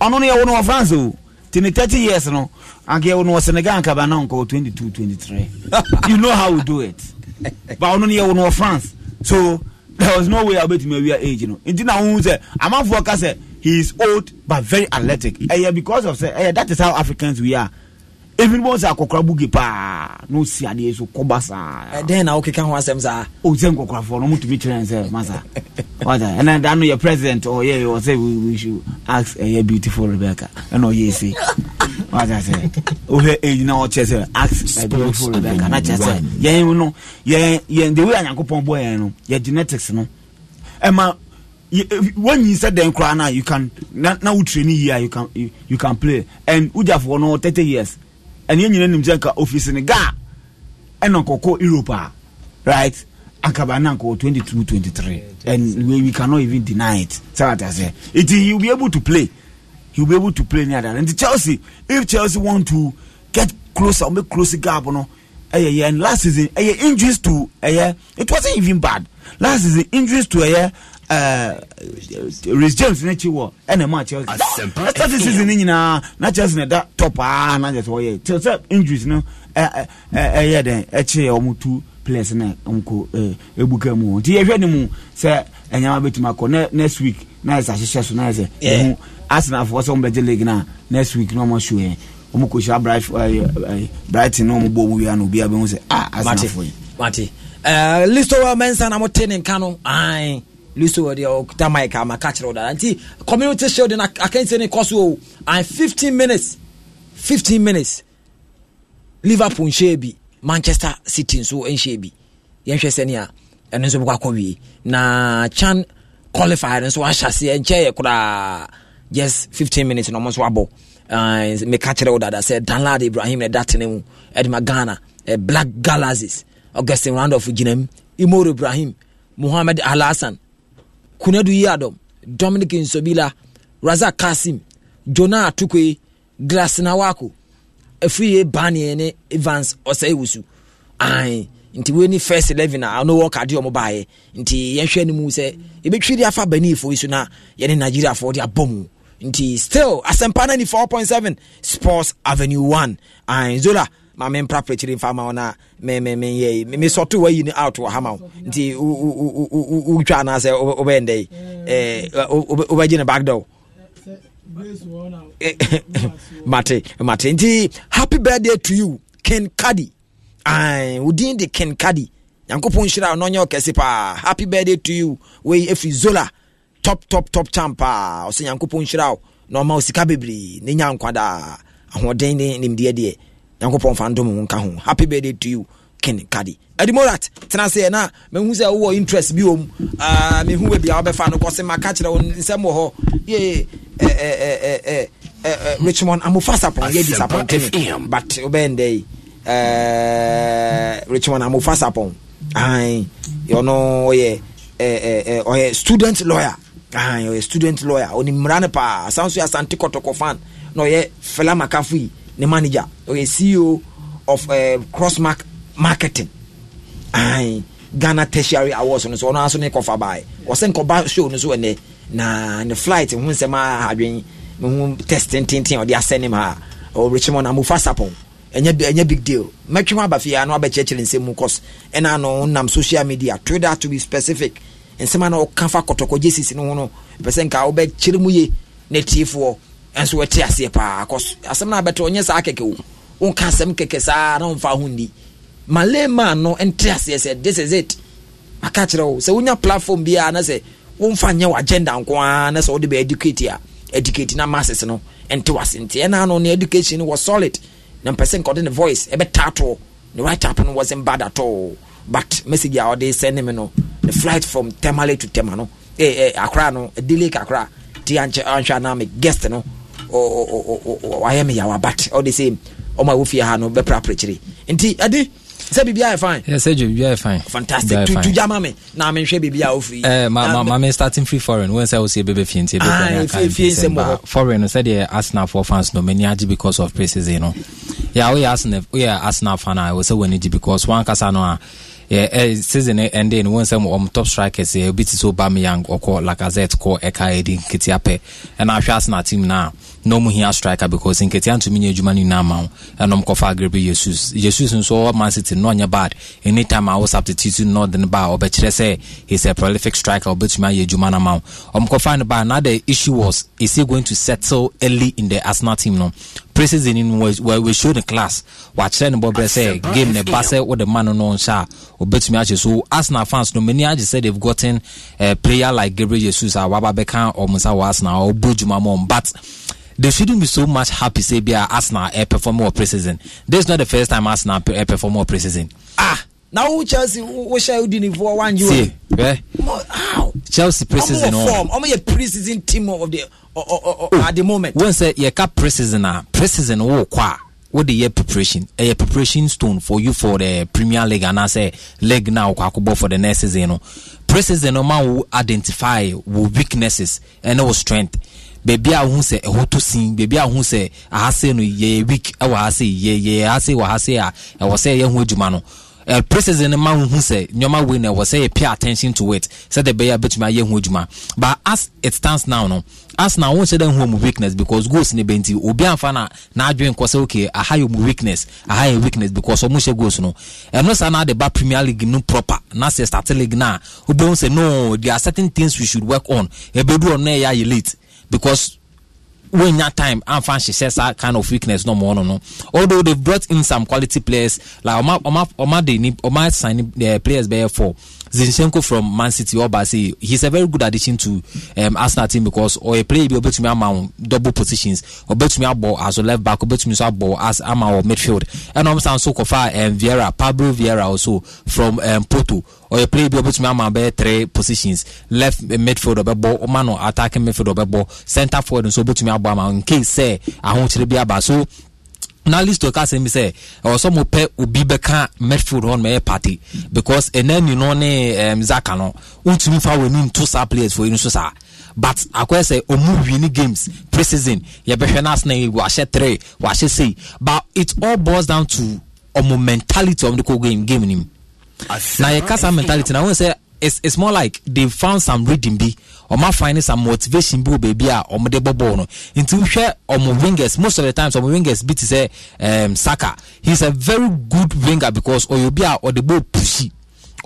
ɔno no yɛ wɔn wɔ france o tini thirty years no anka yɛ wɔn wɔ senegal nkaba na nkɔ twenty two twenty three *laughs* you know how we do it but ɔno no yɛ wɔn wɔ france so there was no way abetumi awia age You know, na ohun sɛ amanfoɔ ka he is old but very athletic eh, Yeah, because of say, ɛyɛ eh, that is how africans we are even bɔ sɛ akɔkora buge paa na ɔsi adeɛ so kɔba saa ɛdɛn na wokeka ho asɛm saa ɔsɛ nkɔkorafoɔ no mutumi kyerɛ sɛ masa *laughs* ɛna da no yɛ president ɔyɛ ɔsɛ we should ask ɛyɛ beautiful rebecca ɛna ɔyɛ se *laughs* wata sɛ wohwɛ ɛyi na ɔkyɛ sɛ ask beautiful rebecca na kyɛ sɛ yɛn no yɛn yɛn the way a nyankopɔn bɔ yɛn no yɛ genetics no ɛma wanyi sɛ dɛn koraa no you can na wotire no yie a you can you can play and wogyafoɔ no thirty years ɛne nyina nim sɛ nka office no ga ɛna nkɔkɔ europe a right akaba na nkɔkɔ 22 23 and we, we cannot even deny it sɛ what i say it he will be able to play he will be able to play near that and chelsea if chelsea want to get closer make closer gap no ɛyɛ yɛ and last season ɛyɛ eh, injuries to ɛyɛ eh, it wasn't even bad last season injuries to ɛyɛ eh, Eh, race james no akyi wɔ ɛna ɛma chelsea ɛsate eh, season no nyinaa na chelsea no ɛda tɔ paa na kyɛ sɛ ɔyɛ kyerɛ sɛ injuries no ɛyɛ dɛn ɛkyeɛ ɔmo tu players no nkɔ eh, ɛbuka mu hɔ nti yɛhwɛ ne mu sɛ ɛnyama bɛtumi akɔ next week na yɛ sɛ ahyehyɛ so na yɛ sɛ ɛhu asenafoɔ sɛ ɔmbɛgye league no a next week na ɔmahyo ɛ ɔmo kɔhyia brighton na ɔmo bɔ ɔmo wia no obiaa bɛhu sɛ a asenafoɔ yi listo mensa na mote ne nka no ae luso wɔ deɛ ɔkuta oh, mic ama ka kyerɛ wo dada nti community shielding akansie no kɔ so o oh. and fifteen minutes fifteen minutes liverpool nhyɛ bi manchester city nso nhyɛ bi yɛnhwɛ sɛnea ɛno nso bɛkɔ akɔ wie na chan qualifier nso ahyɛ aseɛ nkyɛ yɛ koraa just fifteen minutes na ɔmo nso abɔ meka kyerɛ wo dada sɛ danlad ibrahim eh, na ɛda tene mu ɛde ghana eh, black galaxies augustin randolph gyina mu imoro ibrahim muhammed alhassan kunadu yi dominic nsobila razak kasim jonah atukwe glasinawako efiye baniye ne evans ɔsɛewusu ahin nti wei ni first eleven a ɔno wɔ kadeɛ ɔmo baayɛ nti yɛhwɛ no mu sɛ ebetwi de afa banifoɔ yi so na yɛne nigeriafoɔ de abɔ mu nti still asɛmpa 94.7 sports avenue One, ahin zola ma me mpra prakyiri mfa ma wo na memeyɛ mesɔto wayi no out wɔ hama wo nti wotwa anaasɛ wobɛyɛ ndɛ wobɛgye ne backdow mate mate nti happy birthday to you ken cadi wo din de ken cadi nyankopɔn nhyira wo na ɔnyɛ ɔkɛse paa happy birthday to you wei ɛfiri zola top top top champ paa ɔsɛ nyankopɔn nhyira wo na ɔma wo sika bebree ne nya nkwa daa ahoɔden ne nimdeɛ deɛ nyankopɔn fa ndom nka ho happy birthday to you ken kadi adimorat tena sɛ na mehu sɛ wowɔ interest bi om ah, mehu wɔ bia wobɛfa no kɔse maka kyerɛ wo nsɛm wɔ hɔ ye eh, eh, eh, uh, Richmond Amufasa pon ye disappointing but obend uh, Richmond Amufasa pon ai you know ye eh eh eh student lawyer ai student lawyer oni mrane pa sounds you asante kotoko fan no ye fela makafu ne manager ɔyɛ ceo of uh, eh, crossmark marketing ayi ghana tertiary awards no so ɔno aso ne kɔfa baa ɔsɛ nkɔba show no so ɛnɛ na ne flight ho nsɛm a adwen ne ho test tententen ɔde asɛ ne mu a ɔrekyem na mofa sapɔn ɛnyɛ ɛnyɛ big deal mɛtwe aba fie ano abɛkyerɛkyerɛ nsɛm mu cause ɛna ano nam social media twitter to be specific nsɛm a na ɔka fa kɔtɔkɔ gye sisi no ho no ɛpɛ sɛ nka wobɛkyerɛ mu ye ne tiefoɔ nso wɔte aseɛ paa kɔs asɛm no abɛtɔ ɔnyɛ saa kɛkɛ wo wonka asɛm kɛkɛ saa na womfa ho nni malay man no nte aseɛ sɛ this is it maka kyerɛ wo sɛ wonya platform bia na sɛ womfa nyɛ wo agenda nko ara na sɛ wode bɛ educate a educate na masses no nte wase nti ɛna no ne education no wɔ solid na mpɛ sɛ nkɔde ne voice ɛbɛtatoɔ ne write up no wasn't bad at all but message a ɔde send me no the flight from temale to tema no eh, eh, akra no delay akra ti anhwɛ anhwɛ anaa me guest no wayɛ me yawa but ɔde sɛ ɔma a wofie ha no bɛpraprɛ kyire nti Adi, sɛ biribiaa yɛ fine sɛ dwa biribiaa yɛ fine fantastic tutu gya ma me na menhwɛ biribiaa wofiri eh, ma, ma, ma me starting free foreign wo sɛ wosie bɛbɛ fie nti bɛfie ah, nsɛm wɔ foreign no sɛdeɛ arsenalfoɔ fans no m'ani agye because of praises no yɛ woyɛ arsenal woyɛ arsenal fan a ɛwɔ sɛ w'ani gye because woankasa no a yeah, eh, season e- ending. no wɔn nsɛm top strikers eh, obi ti sɛ Aubameyang ɔkɔ Lacazette kɔ ɛka ɛdi nketeapɛ ɛna ahwɛ Arsenal team now na ɔmo hia striker because nketea ntumi nyɛ adwuma no nyinaa ma, wo ɛna ɔmkɔfa agrebe jesus jesus nso man city no ɔnyɛ bad anytime a wo substitute no ɔde no ba a ɔbɛkyerɛ sɛ he's a prolific striker ɔbɛtumi ayɛ adwuma no ma. wo ɔmkɔfa no ba another issue was is he going to settle early in the arsenal team no preseason in was where we show the class wakyerɛ no bɔbrɛ sɛ game ne ba sɛ wode ma no no nhyɛ a ɔbɛtumi akyɛ so arsenal fans no mani agye sɛ they've gotten a player like gabriel jesus a waba bɛka ɔmo nsa wɔ arsenal ɔbɔ dwuma ma ɔm but they shouldn't be so much happy say bia Arsenal air perform or preseason. This is not the first time Arsenal air perform or preseason. Ah, now who Chelsea who shall do for one you? See, eh? How? Chelsea preseason form. How many preseason team of the or, or, oh. at the oh, moment? When say your cap preseason ah preseason oh, wo qua. What the year preparation? A preparation stone for you for the Premier League and I say leg now for the next season. You oh. know. Preseason, no man will identify with weaknesses and our strength baabi a ho sɛ ɛho to sin baabi a ho sɛ ahase no yɛyɛ week ɛwɔ ahase yɛyɛ ahase wɔ ahase a ɛwɔ sɛ yɛho adwuma no uh, process no ma ho sɛ nneɛma wei na ɛwɔ sɛ yɛ pay attention to it sɛdeɛ ɛbɛyɛ a bɛtumi ayɛ ho adwuma but as it stands now no as na wɔn hyɛ dɛ ho mu weakness because goals ne bɛ nti obi anfa na n'adwene nkɔ sɛ okay aha yɛ mu weakness aha yɛ weakness because wɔn hyɛ goals no ɛno saa na de ba premier league no proper na sɛ start league na obɛn sɛ no there are certain things we should work on ebedu ɔno na ɛyɛ ayɛ late because when that time I'm She says that kind of weakness no more no no. Although they brought in some quality players like Oma Oma Oma they need Oma signing uh, players there for zinchenko from man city ọba say he's a very good addition to um, arsenal team because or ọyẹ player bi ọbẹtumi ama wọn double positions be ọbẹtumi abọ as a left back be ọbẹtumi nso abọ as ama wọn midfield ẹnna wọn san so kọfa um, vieira pablo vieira also from um, porto ɔyɛ player bi ɔbɛtumi ama bɛyɛ three positions left uh, midfield or ɔbɛbɔ man or attacking midfield or ɔbɛbɔ centre forward and so nso ɔbɛtumi abɔ ama in case say eh, want to bi aba so na list ɔka asɛm bi sɛ ɛwɔ sɛ mopɛ obi bɛka medfield hɔ nomɛyɛ party because ɛnani no ne um, zaka no wontumi fa w'ani nto saa players for yi no so saa but akɔyɛ sɛ ɔmu win games preseason yɛbɛhwɛ no asena wahyɛ 3 wahyɛ sei but it all boils down to ɔmo mentality ɔmo de kɔ game game nim na yɛka saa mentality na wohu sɛ it's it's more like they found some reading bi ma find some motivation bi wọ beebi a ọmọ de bọ bọọlù no nti hwẹ ọmọ wingers most of the times ọmọ wingers bi ti sẹ um, saka he is a very good winger because ọyọ bi a ọde bọọlụ pushi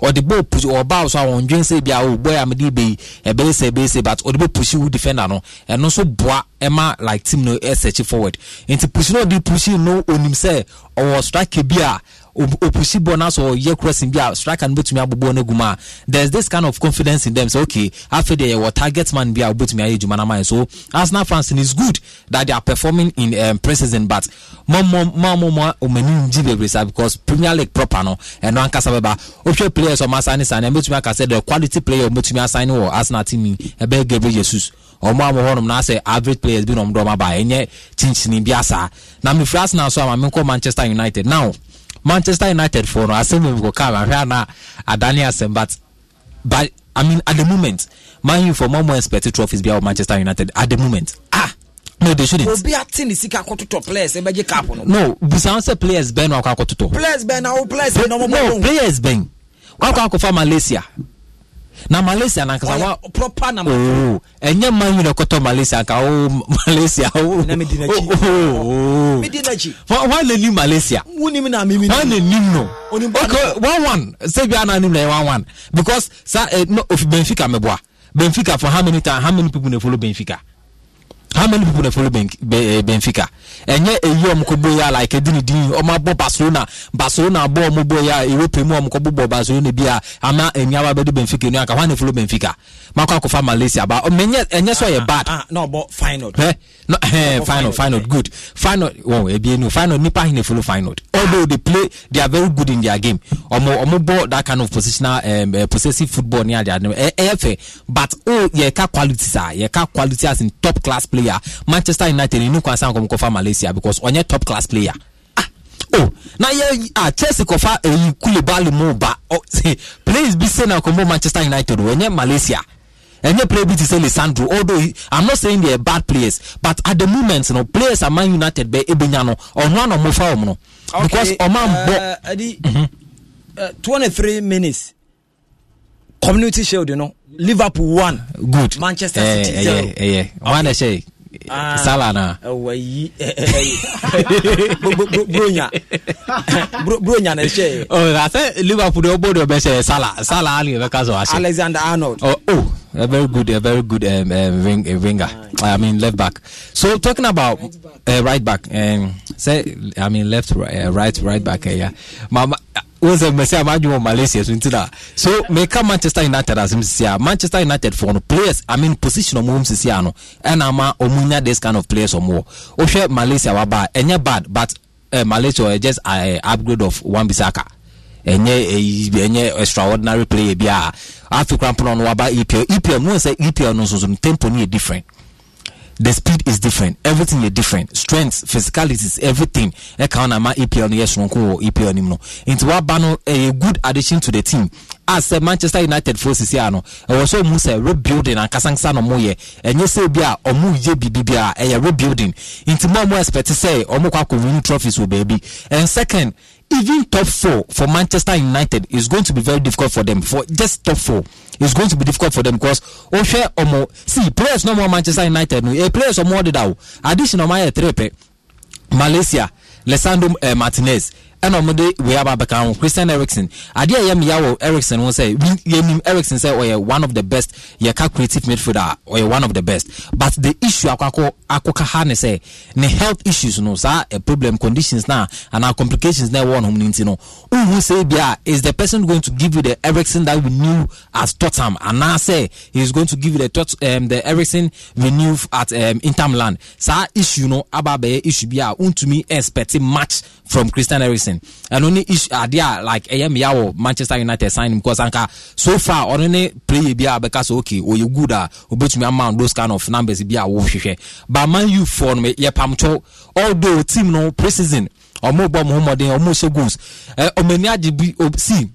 ɔde bɔ pusi ɔba so a wɔn dwen sɛ bi a o bɔ yam de bɛ yi ɛbɛyɛ sɛ ɛbɛyɛ sɛ but ɔde bɔ pusi wo defender no ɛno nso boa ɛma like team no ɛsɛkyi forward nti pusi no ɔde pusi no onim sɛ ɔwɔ striker bi a opusi bɔ n'asɔ ɔyɛ crossing bi a striker no betumi abobɔ no egum a there is this kind of confidence in them say so, okay afei de yɛwɔ target man bi a obetumi ayɛ edwuma n'ama yɛ so arsenal fans and is good that they are performing in um, pre-season but mɔmɔ mɔmɔ ɔmɛni ngyi bebree sa because premier league proper no ɛno ankasa bɛba ohwɛ players ɔmo asane sane ɛmɛtumi akasɛ the quality player ɔmɛtumi asane wɔ arsenal team yi ɛbɛyɛ gabriel jesus ɔmo a mo hɔnom na asɛ average players bi na ɔmo dɔm aba ɛnyɛ kyinkyin bi asa na mefiri arsenal so a maame nkɔ manchester united now manchester united fo no asɛm mu kɔ kaa ahwɛ ana adane asɛm but but i mean at the moment man you for more more expected trophies bi a wɔ manchester united at the moment ah no they shouldn't. obi ati ni sika akototo players ebe je cap no. no busan sɛ players bɛn na wakɔ akototo. players bɛn na o players bɛn na ɔmo bɔ no players bɛn wakɔ akɔfa malaysia na malaysia na nkasa wa proper na oo ɛnyɛ man yi na ɛkɔtɔ malaysia nka o malaysia o o o wa na nim malaysia wa na nim no okay one one sebi a na nim one one because sa ɛ eh, no benfica mɛ bɔ a benfica for how many time how many people na follow benfica how many people na follow ben, ben, eh, benfica ɛnyɛ eyi ɔmo ko bo ya like edi ni din ɔmo abɔ barcelona barcelona abɔ ɔmo bo ya europe mu ɔmo ko bo bɔ barcelona bi a ama enyiaba bɛ di benfica enu aka wɔn na follow benfica mako akɔfa malaysia ba ɔmo ɛnyɛ ɛnyɛ sɔ yɛ bad. na ɔbɔ final. ɛ no ɛɛ final final good final wɔn ebi enu final nipa hin na follow final although they play they are very good in their game ɔmo ɔmo bɔ that kind of positional um, uh, possessive football ni adi adi ɛyɛ fɛ but o oh, yɛ ka quality sa yɛ ka quality as in top class play player manchester united nínú kwan sáà kọ́mọkọ́fà malaysia because ọ̀nyẹ́ top class player ah, oh now yeah, a chelsea kɔfa eyi eh, kulibali mu ba oh, players bi se na kɔmɔ manchester united o ɛnyɛ malaysia ɛnyɛ player bi to say lisandro although i'm not saying they're bad players but at the moment no players are aman united bɛ ebenya no one ana ɔmo fa ɔmo no. okay because ɔman uh, bɔ. ɛdi mhm. uh, twenty three minutes community shield you know? liverpool won. good manchester eh, city eh, eh zero. ɛyɛ ɛyɛ one ɛhyɛ sala na. ɛwɔ eh, yi bronya bronya na ɛhyɛ. ɔ asɛ liverpool de o bɔ de o bɛ sɛ sala sala ali bɛ ka sɔn a se. alexander arnold. ɔ oh, o. Oh a very good, a very good um, um, ring, uh, ringer. I mean, left back. So talking about uh, right back, um, say, I mean, left, right, uh, right, right back. Uh, yeah, Mama. Was a message I'm arguing Malaysia so into that. So make Manchester United as him Manchester United for players. I mean position of Mum Sisiano and Ama Omunya this kind of players or more. Oshe Malaysia waba bad and bad, but uh, Malaysia uh, just uh, upgrade of one Bisaka ɛnyɛ ɛyi e, ɛnyɛ extraordinary player bi a afi kura pono no waba EPL EPL mo n sɛ EPL no nsoso tempo no yɛ e different the speed is different everything yɛ different strength physicalities everything ɛka e ɔna ma EPL no yɛ soronko wɔ EPL no mu no nti waba no ɛyɛ good addition to the team as sɛ uh, Manchester United fo sisi ano ɛwɔ sɛ ɔmu sɛ rebuilding ankasankasa na ɔmo yɛ ɛnyɛ sɛ bi a ɔmo yɛ bibi bi a ɛyɛ rebuilding nti mo ɔmo expect sɛ ɔmo kɔ akɔ win trophies wɔ baabi and second even top four for Manchester United is going to be very difficult for them. For just top four, it's going to be difficult for them because Oshe oh, Omo, oh, see players no more Manchester United, no eh, players no oh, more the Additional my eh, three eh, Malaysia, Lesandro eh, Martinez ɛna ɔmo de wei aba abɛka ho christian erickson adeɛ a ɛyɛ mmea wɔ erickson ho sɛ yɛnim erickson sɛ ɔyɛ one of the best yɛka creative midfielder a ɔyɛ one of the best but the issue akɔkɔ akɔka ha ne sɛ ne health issues no saa a problem conditions na anaa complications na ɛwɔ ne ho ne nti no wohu sɛ bia is the person going to give you the erickson that we knew at tottenham anaasɛ he is going to give you the tot um, the erickson we knew at um, inter milan saa issue no aba abɛyɛ issue bi a wontumi expect match from Christian Eriksen and only issue adeɛ a like a mmea wɔ Manchester United sign him because anka so far ɔno ne player bi a bɛka sɛ okay ɔyɛ good a obetumi amount, those kind of numbers bi a wɔhwehwɛ but man you for no yɛ pamtɔ although team no pre-season ɔmo bɔ home, homɔden ɔmo hyɛ goals ɛ ɔmo ani agye see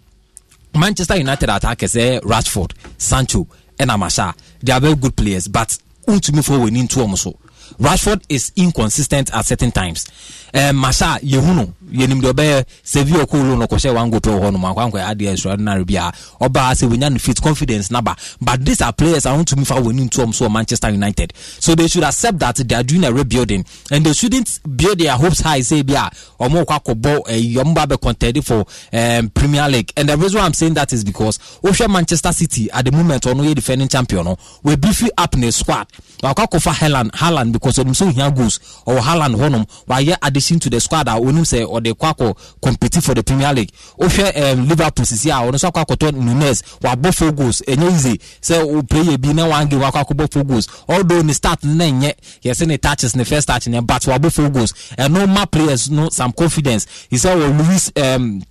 Manchester United attackers ɛ Rashford Sancho ɛna Masha they are very good players but ntumi fo wɔ ni ntu ɔmo so. Rashford is inconsistent at certain times. Um, eh, Masha Yehuno yɛnim deɛ ɔbɛyɛ sɛ vi ɔkɔ loan ɔkɔhyɛ one goal to hɔ nom akwankɔ adeɛ extraordinary bi a sɛ wɔnya no fit confidence naba but these are players a wontumi fa wɔni nto ɔm so manchester united so they should accept that they are doing a rebuilding and they shouldn't build their hopes high sɛ bi a ɔmo kɔ akɔbɔ ɛyi ɔmo eh, ba bɛ contend for um, premier league and the reason why i'm saying that is because wohwɛ manchester city at the moment ɔno yɛ defending champion no wɔabi fi up ne squad wakɔ akɔfa haaland haaland because ɔnim sɛ ohia goals ɔwɔ haaland hɔnom wayɛ addition to the squad a ɔnim sɛ ɔde kɔ akɔ compete for the premier league wohwɛ um, liverpool sisi a ɔno nso akɔ akɔtɔ nunes wabɔ four goals ɛnyɛ easy sɛ o player bi na one game wakɔ akɔbɔ four goals although ne start ne nyɛ yɛsɛ ne touches ne first touch ne but wabɔ four goals ɛno ma players no some confidence he sɛ wɔ louis um,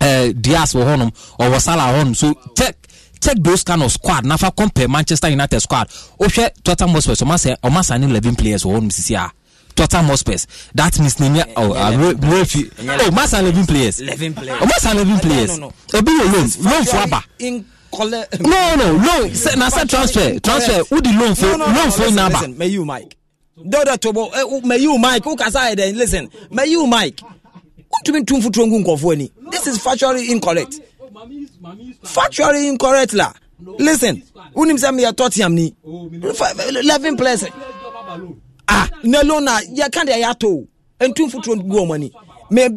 uh, diaz wɔ hɔnom ɔwɔ salah hɔnom so check check those kind of squad nafa compare manchester united squad wohwɛ tottenham hotspur ɔma sane eleven players wɔ hɔnom sisi a Tottenham Hotspurs. That means Nene oh, Murphy. Oh, Mas are 11 players. 11 players. Mas are 11 players. No, no. loan, loan for Abba. No, no, loan. Na say transfer, transfer. Who the loan for? Loan for Naba. May you, Mike. Dodo Tobo. Eh, may you, Mike. Who can say then? Listen. May you, Mike. Wotumi tun futu ngu nkɔfoɔ ni. This is factually incorrect. Factually incorrect la. Listen. Wunim sɛ mi yɛ Tottenham ni. Oh, eleven players ah Nelo na loan na yɛka deɛ yɛatɔ o ɛntu mfoturo gu wɔn ani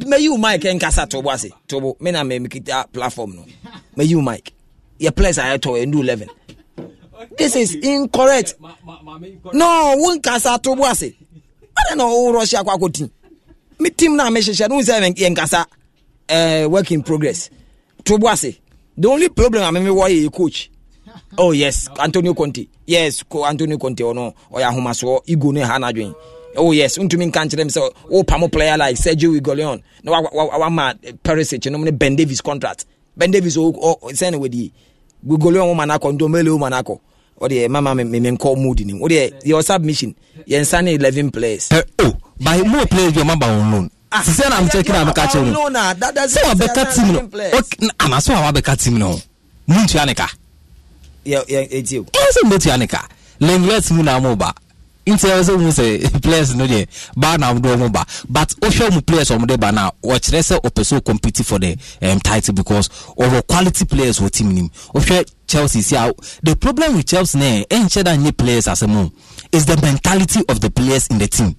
mɛyi wo mic nkasa tobo ase tobo me na mɛmekita platform no mɛyi wo mic yɛ place a yɛtɔ ɛndu 11 this is incorrect no wo nkasa tobo ase adɛ na ɔwo rɔhyɛ akɔ akɔtim me team na a mehyehyɛ no wo sɛ yɛnkasa uh, eh, work in progress tobo ase the only problem a memewɔ yɛ yɛ coach oh yes antonio conte yes ko antony conte ɔno ɔyɛ ahomasoɔ ego no ɛha n'adwen oh yes ntumi nka nkyerɛ mi sɛ wopamo player like sergio igolion na wama perisic nom ne ben davis contract ben davis sɛne wɔdie igolion woma no akɔ ndomele woma no akɔ ɔde mama memenkɔ mood nim wodeɛ yɛwɔ submission yɛnsa ne 11 players uh, oh, by more players bi ɔma ba wɔn loan sisɛ na mkyɛ kira meka kyɛ no sɛ wabɛka tim no anaasɛ wawabɛka tim no ho muntua ne ka ɛtie ɛsɛ mbɛtua ne ka lenglet mu na mo ba nti ɛwɔ sɛ mu sɛ players no deɛ baa na ɔmo mo ba but wohwɛ mu players ɔmo de ba na wɔkyerɛ sɛ ɔpɛ sɛ ɔcompete for the um, title because ɔwɔ quality players wɔ team nim wohwɛ chelsea si a the problem with chelsea ne ɛnkyɛ da nye players asɛm o is the mentality of the players in the team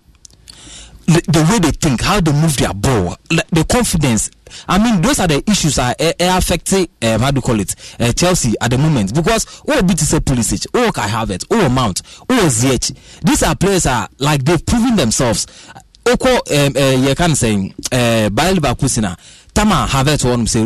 the, the way they think, how they move their ball, the confidence. I mean, those are the issues that are eh, eh, affecting, um, how do you call it, uh, Chelsea at the moment. Because, all oh, B T C say all oh, Kai Havertz, oh, Mount, oh, ZH. These are players that, like, they've proven themselves. Oko, um, uh, you can say, uh, Bayer Leverkusen, Tama Havertz, one say,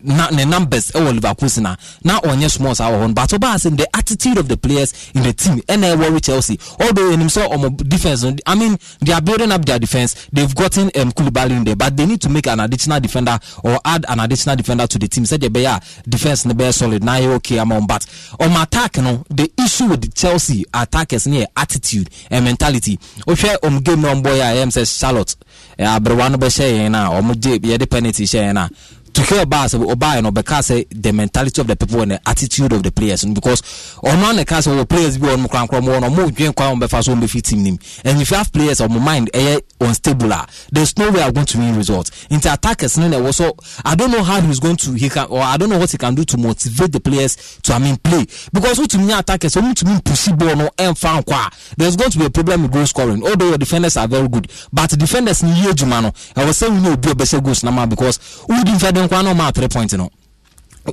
na ne numbers ɛwɔ liverpool na na ɔnyɛ small saa wɔ hɔ no but ɔbaa ase the attitude of the players in the team ɛna ɛwɔ with chelsea although enim sɛ ɔmo defence no i mean they are building up their defence they have gotten um, kulibali in there but they need to make an additional defender or add an additional defender to the team sɛdeɛ ɛbɛyɛ a defence no bɛyɛ solid na ayɛ okay ama ɔmo but ɔmo attack no the issue with chelsea attackers no yɛ attitude and mentality ohwɛ ɔmo game na ɔmo bɔ yɛ a ɛyɛ sɛ charlotte eh, abrewa no bɛhyɛ yɛn na ɔmo gye yɛde penalty hyɛ yɛn na. To hear Tuchel Bass Obaye no bɛka sɛ the mentality of the people and the attitude of the players no because ɔno ana ka sɛ ɔwɔ players bi wɔ ɔmo korankora mu wɔ no ɔmo dwen kwan ɔmo bɛfa so ɔmo bɛfi team nim and if you have players ɔmo mind ɛyɛ unstable a ah, there is no way I'm going to win result nti attackers no na ɛwɔ so I don't know how he is going to he can or I don't know what he can do to motivate the players to I mean play because wotumi nye attackers ɔmo tumi pusi ball no ɛnfa nkɔ a ah, there is going to be a problem with goal scoring although your defenders are very good but defenders ni yie adwuma no ɛwɔ sɛ wɔn ni obi ɔbɛsɛ goals na ma because wudi defend ne nkwa na ɔma three point no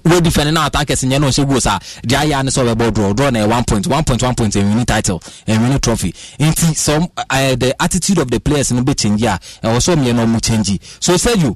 wo defend na attackers nyɛ na ɔhyɛ goals a deɛ ayɛ ne sɛ ɔbɛbɔ draw draw na one point one point one point ɛnwini title ɛnwini trophy nti some uh, the attitude of the players no bɛ change a ɛwɔ so mmienu ɔmo change so sɛdio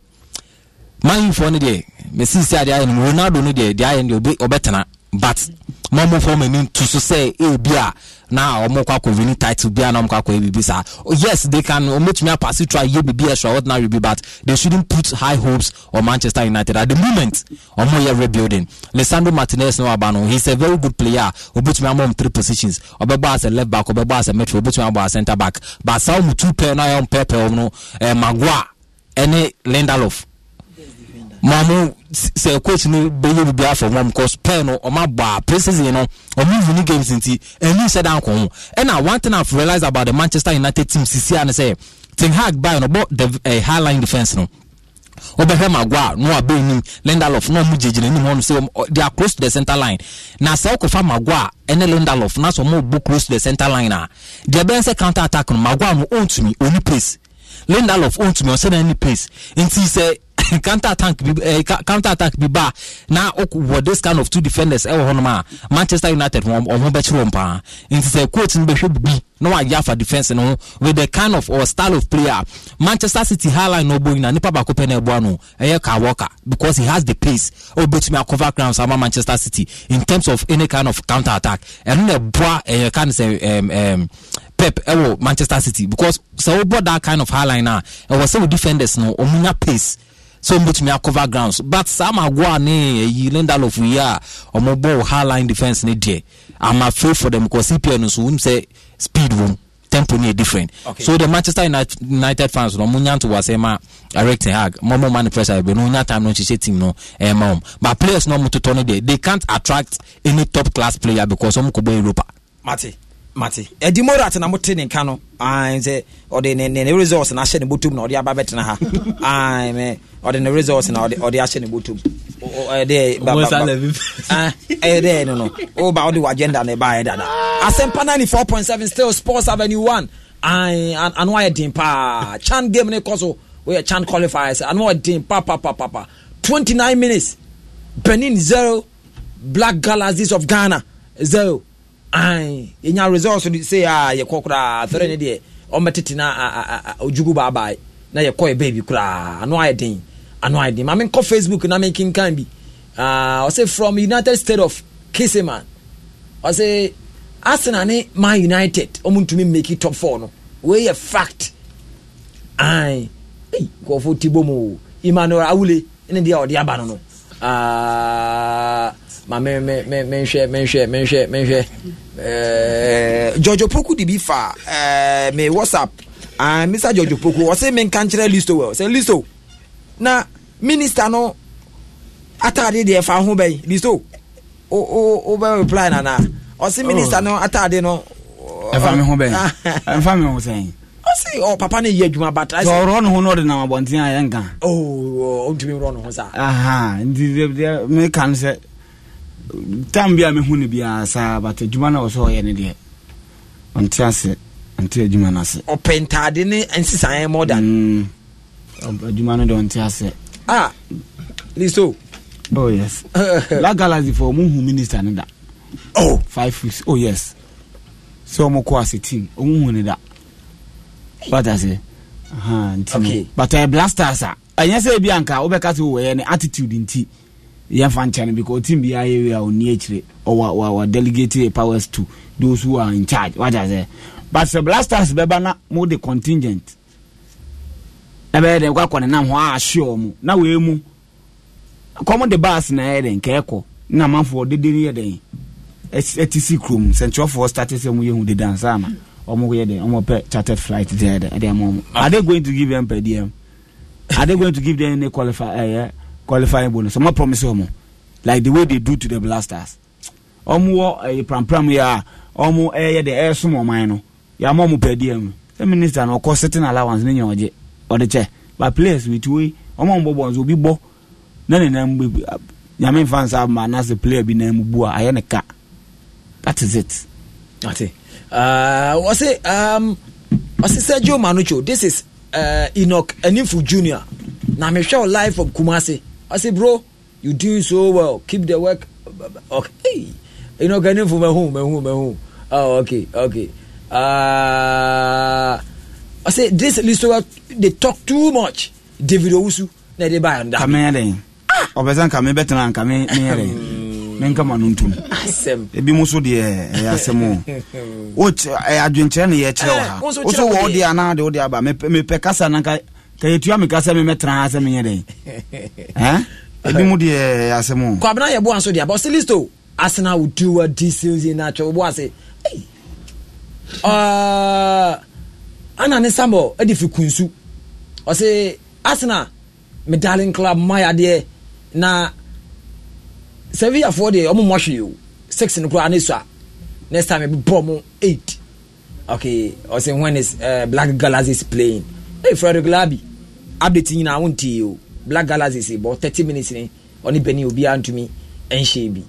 man u foɔ no deɛ mesi sɛ adeɛ ayɛ no ronaldo no deɛ deɛ ayɛ no deɛ ɔbɛtena but ma ɔmo fɔ ɔmo ani ntu so sɛ ebi a na ɔmo kɔ akɔ winning title bi a na ɔmo kɔ akɔ ebi bi saa oh, yes they can ɔmo tumi apasi try yɛ bibi extraordinary bi but they shouldn't put high hopes on manchester united at the moment ɔmo yɛ rebuilding lisandro martinez na waba no he is a very good player obetumi ama ɔmo three positions ɔbɛbɔ as a left back ɔbɛbɔ as a midfield obetumi abɔ as centre back but saa ɔmo two pair na yɛ ɔmo pair pair ɔmo eh, magua ɛne lindelof maamu sɛ coach ni bɛyɛ bibi afɔ wɔn because pen no ɔmo abɔ a preseason you know, no ɔmo winning games nti ɛnu sɛ dan kɔn ho ɛna one thing i've realised about the manchester united team sisi ano sɛ ten hag ban no bɔ the eh, high line defence no wobɛhwɛ magua no a nim lendalof na ɔmo gyegyina anim hɔ no sɛ um, they are close to the centre line na sɛ wokɔfa magua ɛne lendalof na sɛ ɔmo bɔ close to the centre line a deɛ bɛn sɛ counter attack no magua no ɔntumi ɔni place. lendalof ɔntumi ɔsɛ na ɛni pace nti sɛ *laughs* counter attack bi eh, counter attack bi ba na wɔ this kind of two defenders ɛwɔ eh, hɔnom a manchester united wɔn wɔn bɛkyerɛ wɔn paa nti sɛ coach no bɛhwɛ bibi na wayɛ afa defence no with the kind of or style of player manchester city highline na ɔbɔ nyina nipa baako pɛ na ɛboa no ɛyɛ car walker because he has the pace a ɔbɛtumi akɔfa ground sama manchester city in terms of any kind of counter attack ɛno na ɛboa ɛyɛ kan sɛ ɛm ɛm. pep ɛwɔ manchester city because sɛ wobɔ that kind of highline a ɛwɔ sɛ wo defenders no ɔmunya pace So sɛ ɔmo bɛtumi cover grounds but saa magoa ne ɛyi lindalof yi a ɔmo bɔ high line defence ne deɛ i'm afraid for them because cpl no so wɔn sɛ speed wɔm tempo ne yɛ different okay. so the manchester united, united fans no ɔmo nya nto wɔ asɛm a eric ten hag mo mo ma ne pressure ebe no nya time no nhyehyɛ team no ɛma eh, wɔn but players no ɔmo totɔ no deɛ they can't attract any top class player because ɔmo kɔ bɔ europa. mate mate ɛdi morat na mote ne nka no sɛ ah, ɔde ne ne results na ahyɛ ne bɔtɔm na ɔde aba bɛtena ha ɔde ne results na ɔde ahyɛ ne bɔtɔm ɛdɛ ba ba ɛdɛ *laughs* ah, eh, no no o ba ɔde wa agenda na ɛba e ayɛ eh, dada ah! asɛmpa ninety four point seven still sports avenue one ano ayɛ den paa chan game ne kɔ so oyɛ chan qualifiers ano ayɛ e den pa pa pa pa pa 29 minutes benin zero black galaxies of ghana zero. yɛnya resource no sei a yɛkɔ koraa fɛrɛ ne deɛ tete na ɔdwugu baabae na yɛkɔ yɛ baabi koraa ano ayɛ den ano ayɛ den maame nkɔ facebook na menkenkan bi ɔsɛ from united state of kiseman ɔsɛ arsenal ne man united ɔmo ntumi mmeki top four no wei yɛ fact ae nkɔɔfoɔ tibo mu emmanuel awule ne deɛ ɔde aba no no uh, ma me me me menhwɛ menhwɛ menhwɛ menhwɛ eh, ɛɛ jɔjɔ poku de bi fa ɛɛ eh, me whatsapp ɛɛ ah, mr jɔjɔ poku ɔsɛ mi nka nkyerɛ listo wɛ ɔsɛ listo na minister, no ataade deɛ fa ho bɛyi listo o o o bɛ reply nana ɔsɛ minister, oh. no ataade no. ɛfa mi ho bɛyi ɛfa mi ho sɛn ɔsi ɔ oh, papa ne yɛ adwuma bata. tɔ ɔrɔ ne ho na ɔde nam abɔnten a yɛ nka. ooo oh, oh, ɔntumi rɔ ne ho saa. nti deɛ mi kan sɛ tam bi a mi hu ne bi a bata adwuma na ɔsɔ ɔyɛ ne deɛ ɔnte ase ɔnte adwuma na ase. ɔpɛ ntaade ne nsisan yɛ mɔdan. adwuma mm. no deɛ ɔnte ase. ah liso. oh yes lagalazi *laughs* fɔ ɔmu hu minister ne da. oh five weeks oh yes sɛ ɔmu kɔ ase team ɔmu hu ne da. watase but uh, blasters a ɛnyɛ sɛ bi anka wobɛka sɛ wɔyɛ ne attitude nti yɛmfa nkyɛ no because team biaa yɛwie a ɔni akyire ɔwɔ delegated powers to those who are in charge watase but sɛ blasters bɛba na mode contingent ɛbɛyɛ dɛn kɔ akɔ ne nam hɔ ahye mu na wei mu kɔm de bas na ɛyɛ dɛn kɛɛkɔ na amanfoɔ dede no yɛ dɛn ɛti si kurom sɛnkyerɛfoɔ starte sɛ mu yɛhu dedansa ama ɔmo yɛ dɛ ɔmo pɛ chartered flight deɛ dɛ ɛdɛ ɔmo ɔmo are they going to give them per diem are they going to give them any qualify ɛyɛ eh, eh, qualifying bonus ɔmo promise ɔmo like the way they do to the blasters ɔmo wɔ ɛyɛ eh, prampram yɛ a ɔmo ɛyɛ dɛ ɛɛsom ɔman no yàmú ɔmo per diem sɛ minister na ɔkɔ certain allowance ne nyɛ ɔgye ɔde kyɛ but players with wey ɔmo ɔmo bɔbɔ nso obi bɔ na ne nan bu fans nfa nsa ama anase player bi nan mu bu a ayɛ ne ka that is it. That's it uh, wɔse um, wɔse sergio manucho this is uh, enoch enifu junior na mehwɛ o live from kumase wɔse bro you doing so well keep the work okay enoch enifu mehu mehu mehu oh okay okay uh, wɔse this listowa they talk too much david owusu na ɛde ba yɛ nda. kame yɛ dɛ ɔbɛsɛn kame bɛ tena kame yɛ menkama no ntom ebi mu e, e so deɛ ɛyɛ asɛm adwenkyerɛ ne yɛkyerɛ wɔ ha wo so wɔ wodeɛ anaa de wode aba mepɛ kasa nanka kayɛtua me kasa memɛtena sɛ menyɛ dɛn ebi mu deɛ ɛyɛ asɛm kwabena yɛboa so deɛ aba ɔse listo asena woduwa di silsi no atwɛ woboa se ana ne sambɔ ade fi kunsu ɔse asena medalin club mayɛ adeɛ na sevillafoɔ deɛ ɔmo mmɔhwe o six no koraa ne so a next time ebi bɔ ɔmo eight okay ɔsɛ when is uh, black galaxies playing hey frederick labi update nyinaa wɔn ti o black galaxies bɔ thirty minutes ni ɔne benin obiara ntumi nhyɛ bi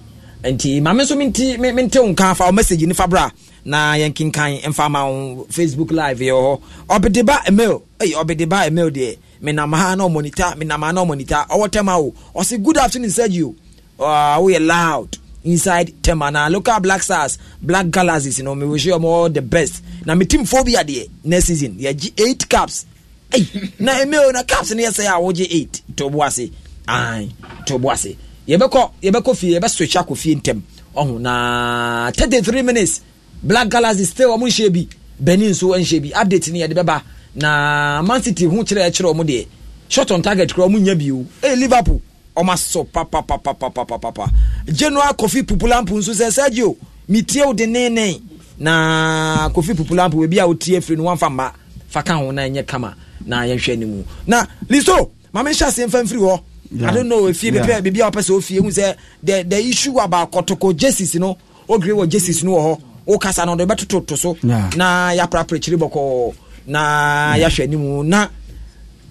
nti maame nso minti minti nka fa o message nifa bra na yɛn kinkan nfa ma o facebook live yɛ hɔ ɔbɛdeba email ɛyɛ ɔbɛdeba email deɛ menam ha na ɔmɔnita menam ha na ɔmɔnita ɔwɔ tɛm a o ɔsi good afternoon sergio. uh, we allowed inside Temana. at Black Stars, Black Galaxies, you know, me wish you all the best. Now, me team phobia the next season, yeah, eight caps. Hey, na email na caps ni say I would woje eight. Tobuase, aye, Tobuase. Yebeko, yebeko fi, yebe switch up with you in Tem. Oh, na 33 minutes. Black Galaxies still amun shebi. Benin so and shebi. Update near the baba. Na Man City hu kyerɛ kyerɛ ɔmo deɛ shot on target kora ɔmo Hey, Liverpool ɔmasɔ papapapapapapa general kofi pupulampu nso sɛ sergio metie wo denene na kofi pupulampu ebi a wotie firi no wamfa mba fa ka ho na ɛnyɛ kama na yɛhwɛ no mu na liso mame mehyɛ aseɛ mfa mfiri hɔ yeah. i don't know if efie yeah. biribi a wɔpɛ sɛ ofie hu sɛ the the issue about kɔtɔkɔ jesis no ogire wɔ jesis no wɔ hɔ wokasa no ɔde bɛtototo so yeah. na yɛaprapra kyiri bɔkɔɔ na yɛahwɛ animu na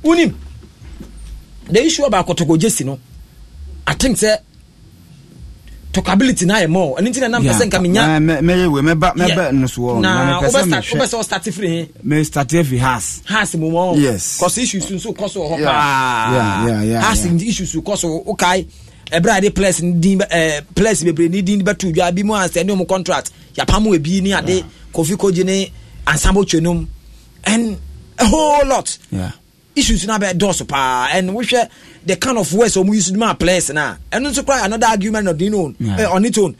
unim. the issue about kɔtɔkɔ jesis no i think sɛ talkability na ayɛ mɔ ɛni ti na nam pɛsɛ nka mi nya. mɛ mɛ yewe mɛ ba mɛ bɛ nusuwɔ na pɛsɛ mi hwɛ na wobɛ start firi hin. mɛ start firi house. house mu mɔ yes kɔsi issues nso kɔsɔ hɔ paa house issues kɔsɔ okay ɛbrɛ ade players din ɛɛ players bebree ni din bɛ eh, tu dwa bi mu ansa ɛni ɔmu contract yapamu ebi ni ade kofi koji ni ansambo twenum and a whole lot. Yeah issues na bɛ dɔɔso paa and wohwɛ the kind of words ɔmo use ma place na ɛno nso kora another argument on its own yeah. Eh, on its own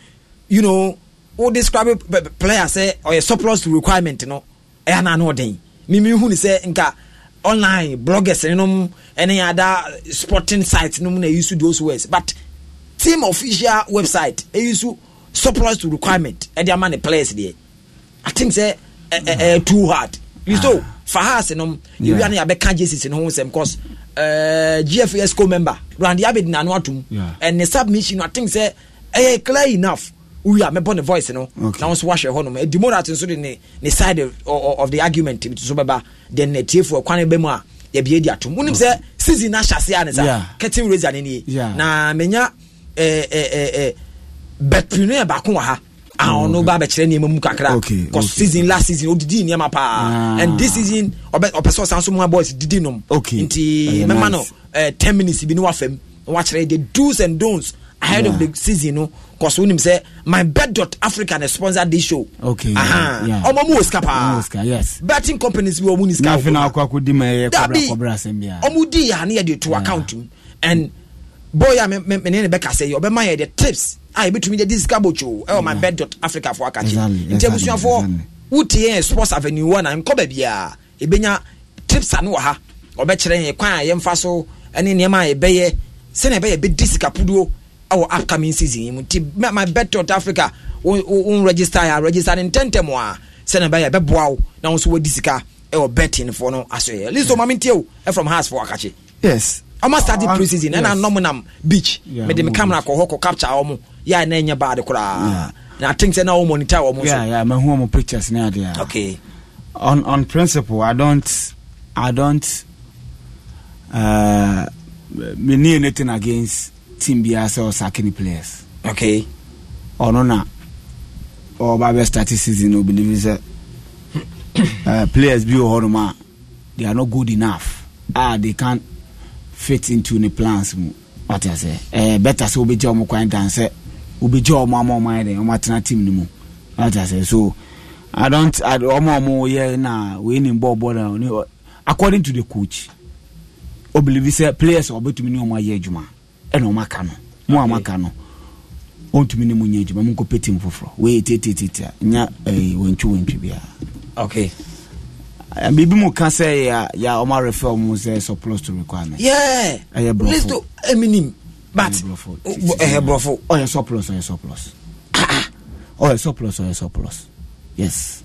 you know wo describe eh, player sɛ ɔyɛ surplus requirement eh, no ɛyɛ na ano ɔden mimi hu ni sɛ nka online bloggers nom ɛne ada sporting site nom na use those words but team official website use surplus requirement ɛde ama ne players deɛ i think sɛ ɛɛ too hard you know. Ah fa ha ase nom ewia no yɛabɛka jesus no ho nsɛm cause. uh, gfs e co member rande abɛdi nano atom and ne submission no atink sɛ ɛyɛ eh, clear enough wuya mɛbɔ ne voice no okay. na wọn nso wahwɛ hɔnom edimorat eh, nso de ne ne side of, the argument so bɛba then ne eh, tiefo kwan bɛ mu a yɛbie di atum wunim sɛ season na hyase a ne sa curtain raiser ne nie na menya Eh, eh, ɛɛ bɛtpreneur baako wɔ ha ahọ́n oh, no ba abẹ́kyerẹ́ nneɛma mu kakra kɔ season last season odidi nneɛma paa ah. and this season ɔbɛ ɔpɛ sɛ ɔsan so mu boys didi nom nti mɛma no ɛɛ ten minutes bi ne wa fam wakyerɛ the do's and don'ts ahead yeah. of the season no because wonim sɛ my bet dot africa na sponsor this show okay uh-huh. yeah, yeah. ɔmo mu wɔ sika paa yes betting companies bi wɔn mu ni sika wɔ dabi ɔmo di yɛ ani yɛ de to account mu and. Mm boy a mene ne bɛkasɛ yi ɔbɛma yɛ de tips a ah, yɛbɛtumi de de sika bɔtwo ɛwɔ eh, oh, ma bed dot africa foɔ akakye nti abusuafoɔ wotie yɛn sports avenue one a ah, nkɔ baabiaa ɛbɛnya tips ano wɔ ha ɔbɛkyerɛ yɛn kwan a yɛmfa so ne nneɛma a yɛbɛyɛ sɛnea ɛbɛyɛ bɛdi sika pudoɔ ɛwɔ upcoming season yi mu nti ma bed dot africa wo register yɛ a register ne ntɛntɛm a sɛnea ɛbɛyɛ ɛbɛboa wo na wo nso wɔdi sika ɛwɔ eh, betting foɔ no asɔyɛ listo ma mentie wo house eh, foɔ akakye yes ɔma start pre-season ɛna nnɔm nam beach mede me camera kɔ hɔ kɔ capture ɔmo yɛ a na ɛnyɛ baade koraa na I think sɛ na ɔmo monitor ɔmo so yeah ɔmo pictures ne okay on on principle I don't I don't uh, me ni anything against team biara sɛ ɔsake players okay ɔno na ɔba bɛ start season no believe sɛ uh, *coughs* uh, players bi wɔ hɔ nom a they are not good enough ah they can't fit into ne plans mu wate eh, sɛ ɛɛ better sɛ wobɛgya ɔmo kwan dan sɛ wobɛgya ɔmo ama ɔmo ayɛ dɛ ɔmo atena team no mu wate sɛ so i don't i ɔmo ɔmo yɛ na wei ne bɔɔl bɔɔl na according to the coach obìlìbi sɛ players ɔbɛtumi ne ɔmo ayɛ adwuma ɛna ɔmo aka no mo a mo aka no ɔntumi ne mo nyɛ adwuma mo nkɔ pɛ team foforɔ wei tetete nya ɛɛ eh, wɔntwi wɔntwi biara. okay. Eh, biribi mu ka sɛ yɛ yɛ ɔmo arefɛ ɔmo sɛ sɔ plus to requirement. yɛɛ ɛyɛ brɔfo listo eminim but ɛyɛ brɔfo. ɔyɛ sɔ plus ɔyɛ sɔ plus ah, ah. ɔyɛ sɔ plus ɔyɛ sɔ plus yes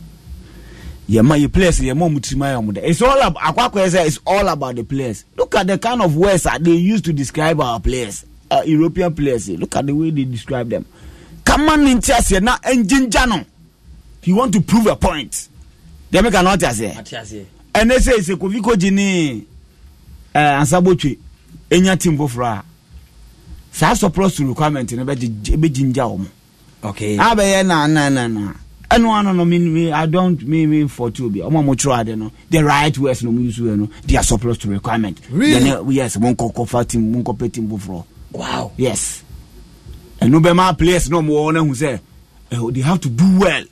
yɛ ma yɛ players yɛ ma ɔmo tiri ma yɛ ɔmo dɛ it's all about akɔ yɛ sɛ it's all about the players look at the kind of words that they use to describe our players uh, European players look at the way they describe them kama ne nti aseɛ na ɛngyengya no he want to prove a point deɛ meka na ɔte aseɛ ɛnɛ sɛ sɛ kofi kogye ne uh, ansabotwe ɛnya tim foforɔ a saa surplus requirement no bɛgyingya wɔ mu abɛyɛ nananana ɛno ano no me, me, i don't me me forty obi ɔmo mo twerɛ ade no the right words no mo use wɛ no they are surplus to requirement really yɛne yes mo nkɔ kɔfa team mo nkɔ pɛ team foforɔ wow yes ɛno bɛma players no mo wɔ no ahu they have to do well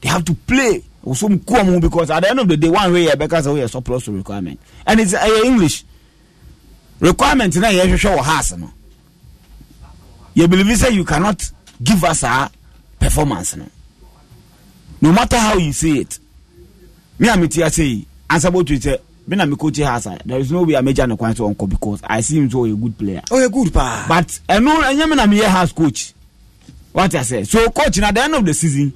they have to play wosom kuom ho because at the end of the day one way yɛ bɛka sɛ woyɛ surplus to requirement and it's ɛyɛ uh, english requirement na yɛhwehwɛ wɔ house no yɛ believe say you cannot give us our performance no no matter how you see it me a meti ase yi ansabo to sɛ me na me coach house there is no way a major no kwan sɛ ɔnkɔ because i see him so ɔyɛ good player ɔyɛ oh, good paa but ɛno eh, ɛnyɛ eh, me na meyɛ house coach what i say so coach na the end of the season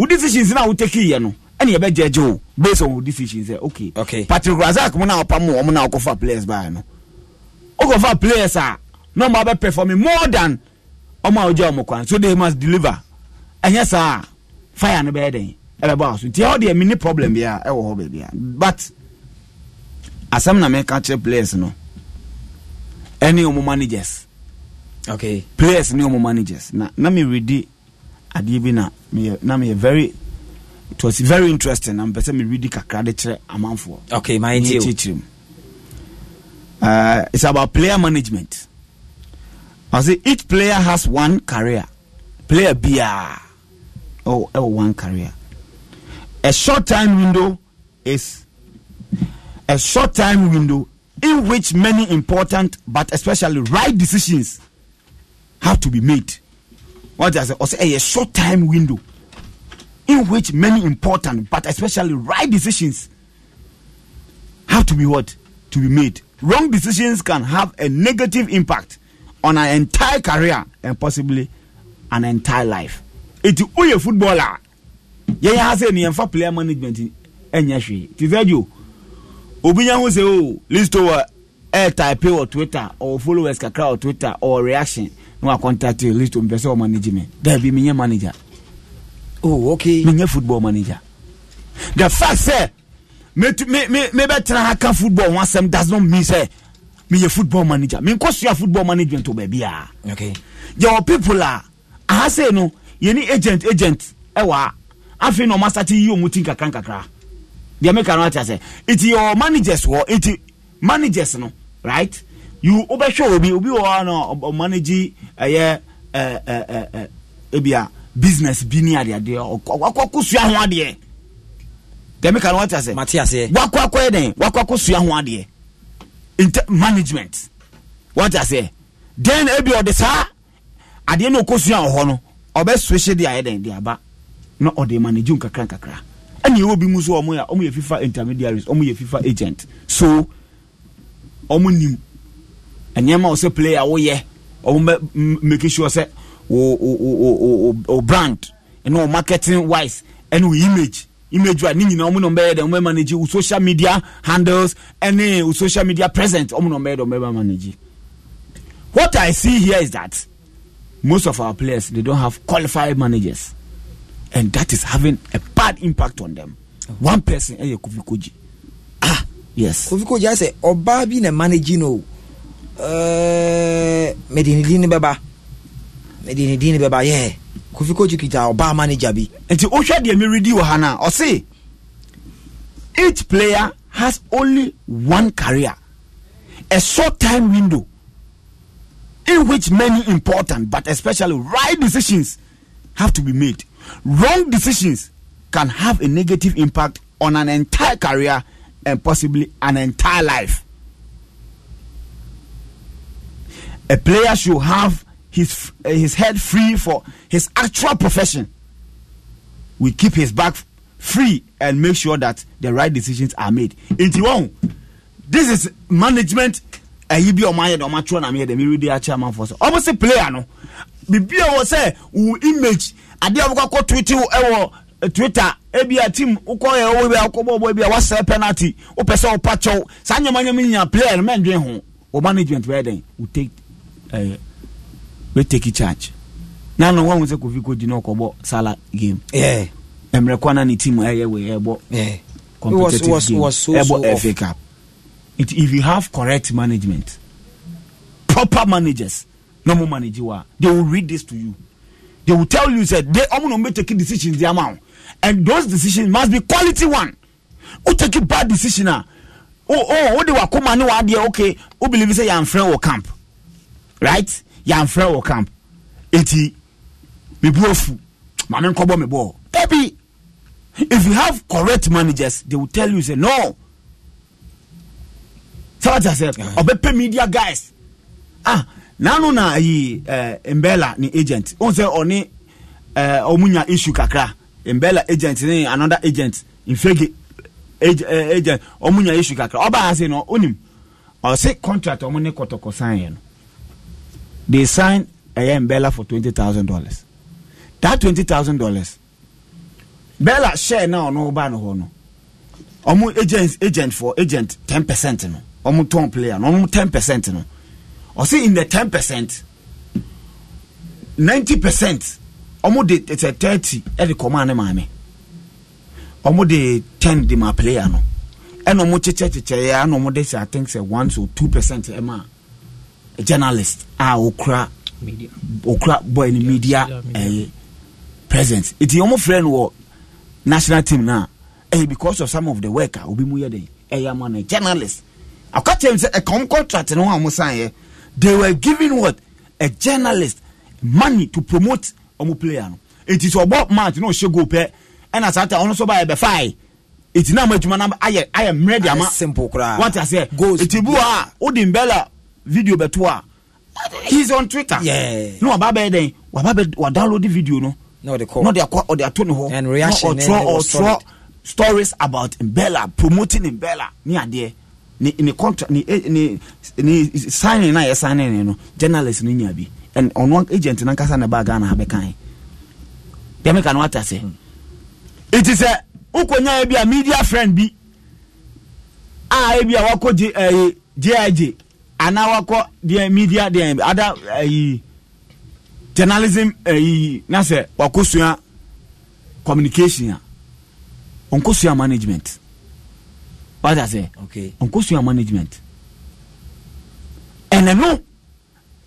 wo decisions na wo take yɛ no ɛna yɛbɛ gye gye o based on wo decisions ɛ okay. okay patrick razak mu na ɔpam wɔn na ɔkɔfa players baa no ɔkɔfa players a na ɔmo abɛ perform more than ɔmo a ɔgye ɔmo kwan so they must deliver ɛnyɛ saa fire no bɛyɛ den ɛbɛbɔ aso nti ɛwɔ deɛ mini problem bia ɛwɔ hɔ baabi a but asɛm na mɛka kyerɛ players no ɛne ɔmo managers okay players ne ɔmo managers na na mi ready adeɛ bi na meyɛ na meyɛ very it was very interesting na mpɛ sɛ meredi kakra de kyerɛ amanfoɔ okay my dear. kyerɛ uh, it's about player management i say each player has one career player biara oh, oh one career a short time window is a short time window in which many important but especially right decisions have to be made what I say, or say a short time window in which many important but especially right decisions have to be what to be made. Wrong decisions can have a negative impact on an entire career and possibly an entire life. Eti oye footballer yẹyẹ ha sẹ ni yẹn fa player management ẹ nya hwee ti sẹ di o obi nya ho sẹ o oh, listo wọ eh, ẹ taipe wọ twitter or followers kakra wọ twitter or reaction na wakɔntate listo mpɛ sɛ manager. me dabi menyɛ manager oh, okay. menyɛ football manager the fact sɛ mebɛtena ha ka football ho asɛm does not mean sɛ meyɛ football manager menkɔ sua football management wɔ baabiaa okay. yɛwɔ people a aha sei no yɛne agent agent ɛwɔ a afei na ɔmasate yi ɔmu ti nkakra nkakra deɛ meka no ate asɛ nti yɛwɔ managers wɔ iti managers no right you wobɛhwɛ obi obi wɔ hɔ no ɔmanage ɛyɛ a business bi ne adeadeɛ wakɔkɔ sua ho adeɛ dɛmi ka no wate asɛ mate aseɛ wakɔ akɔ yɛ den wakɔ akɔ sua ho adeɛ nta management wate aseɛ den ebi ɔde saa adeɛ na ɔkɔ sua wɔ hɔ no ɔbɛ switch de ayɛ den de aba na ɔde manage nkakra nkakra ɛna ɛwɔ bi mu so ɔmo yɛ ɔmo yɛ fifa intermediaries ɔmo yɛ fifa agent so ɔmo nim nneɛma ɔsɛ player woyɛ ɔmo make sure sɛ o o o o o brand ɛna o marketing wise ɛna o image image wa ne nyinaa ɔmo na ɔmo bɛyɛ dɛ ɔmo bɛ manage o social media handles ɛne o social media present ɔmo na ɔmo bɛyɛ dɛ ɔmo bɛ manage what i see here is that most of our players they don't have qualified managers and that is having a bad impact on them one person ɛyɛ eh, kofi koji ah yes. kofi koji ase ɔbaa bi na manage no o. Oh. Eh, mede ne din ne bɛba mede ne din ne bɛba yɛ kofi kogi kita ɔbaa manager bi. nti wohwɛ deɛ meredi wɔ ha no a ɔse each player has only one career a short time window in which many important but especially right decisions have to be made wrong decisions can have a negative impact on an entire career and possibly an entire life. a player should have his uh, his head free for his actual profession. We keep his back free and make sure that the right decisions are made. Nti wɔn this is management ɛyi bi ɔmo ayɛ dɛ ɔmo atwerɛ na mi yɛ dɛ mi redi akyɛ ama fɔ so ɔmo si player no bibi a wɔ sɛ wò image adeɛ a wɔkɔ kɔ tweet ɛwɔ eh, eh, twitter ebi a team wokɔ yɛ ɔwɔ bi a wokɔ bɔ ɔbɔ bi a wɔsɛ penalty wopɛ sɛ ɔpa kyɛw saa nyɛma nyɛma nyina player no mɛndwen ho wɔ management bɛyɛ dɛn wò take ɛɛ eh, we take charge nanu wɔn sɛ kofi ko di na ɔkɔbɔ sala game ɛmɛrɛ kwana ni team ɛyɛ wɛ ɛbɔ competitive game ɛbɔ eh, FA Cup if you have correct management proper managers na mo manage wa they will read this to you they will tell you say they ɔmu na ɔmu take decisions di amount and those decisions must be quality one o take bad decision ah o o o de wa ko ma ne wa adeɛ okay o believe say yan friend wɔ camp right yɛamfrɛ wɔ camp eti mebu afu maame nkɔbɔ me bɔɔ dabi if you have correct managers they will tell you say no sɛ wata sɛ ɔbɛpɛ media guys ah nano na ayi eh, mbɛla ni agent ɔn sɛ ɔne ɔmo eh, nya issue kakra mbɛla agent ni another agent nfege eh, agent ɔmo nya issue kakra ɔbaa ase no onim ɔse contract ɔmo ne kɔtɔkɔ san yɛ no they sign ẹyẹ n bella for twenty thousand dollars that twenty thousand dollars bella share now ọ̀nà ọba ni no ɔmo agent agent for agent ten percent no ɔmo turn player no ɔmo ten percent no see in the ten percent ninety percent ɔmo de a thirty every command ne maame ɔmo de ten de ma player no ɛna ɔmo kyekyɛ kyekyɛ yɛ ɛna ɔmo de sɛ i think say one to two percent Emma. Eh, journalist a okura okura boy ni media ɛyɛ eh, present nti wɔn friend no national team na Eh, because of some of the work a ah, obi mu yɛ den ɛyɛ ama no journalist akɔkyɛm sɛ ɛkɔm contract no ho a wɔn eh. sign yɛ they were giving what a journalist money to promote wɔn player no nti sɛ ɔbɔ match na ɔhyɛ goal pɛ ɛna saa ta ɔno nso ba yɛ bɛ faa ɛti na ɔmo adwuma na ayɛ ayɛ mmerɛ de ama simple koraa wɔte aseɛ goals eti bu a odi mbɛla video bɛto a he's on twitter yeah. na waba bɛyɛ dɛn waba bɛ wadownload video no na ɔde akɔ ɔde ato ne hɔ na ɔtrɔ ɔtrɔ stories about mbella promoting mbella ne adeɛ ne ne contract ne eh, ne ne signing na yɛ signing no journalist no nya bi and ɔno agent na nkasa na ba ghana ha bɛkan deɛ meka no wate It is a. wokɔnya ebi a media friend bi a ebi a wakɔ gye ɛɛ gye agye. Ana wakɔ deɛ media deɛ ada ayi eh, journalism ayi eh, na sɛ wakɔ sua communication a ɔnkɔ sua management wata sɛ ɔnkɔ sua management ɛnɛ no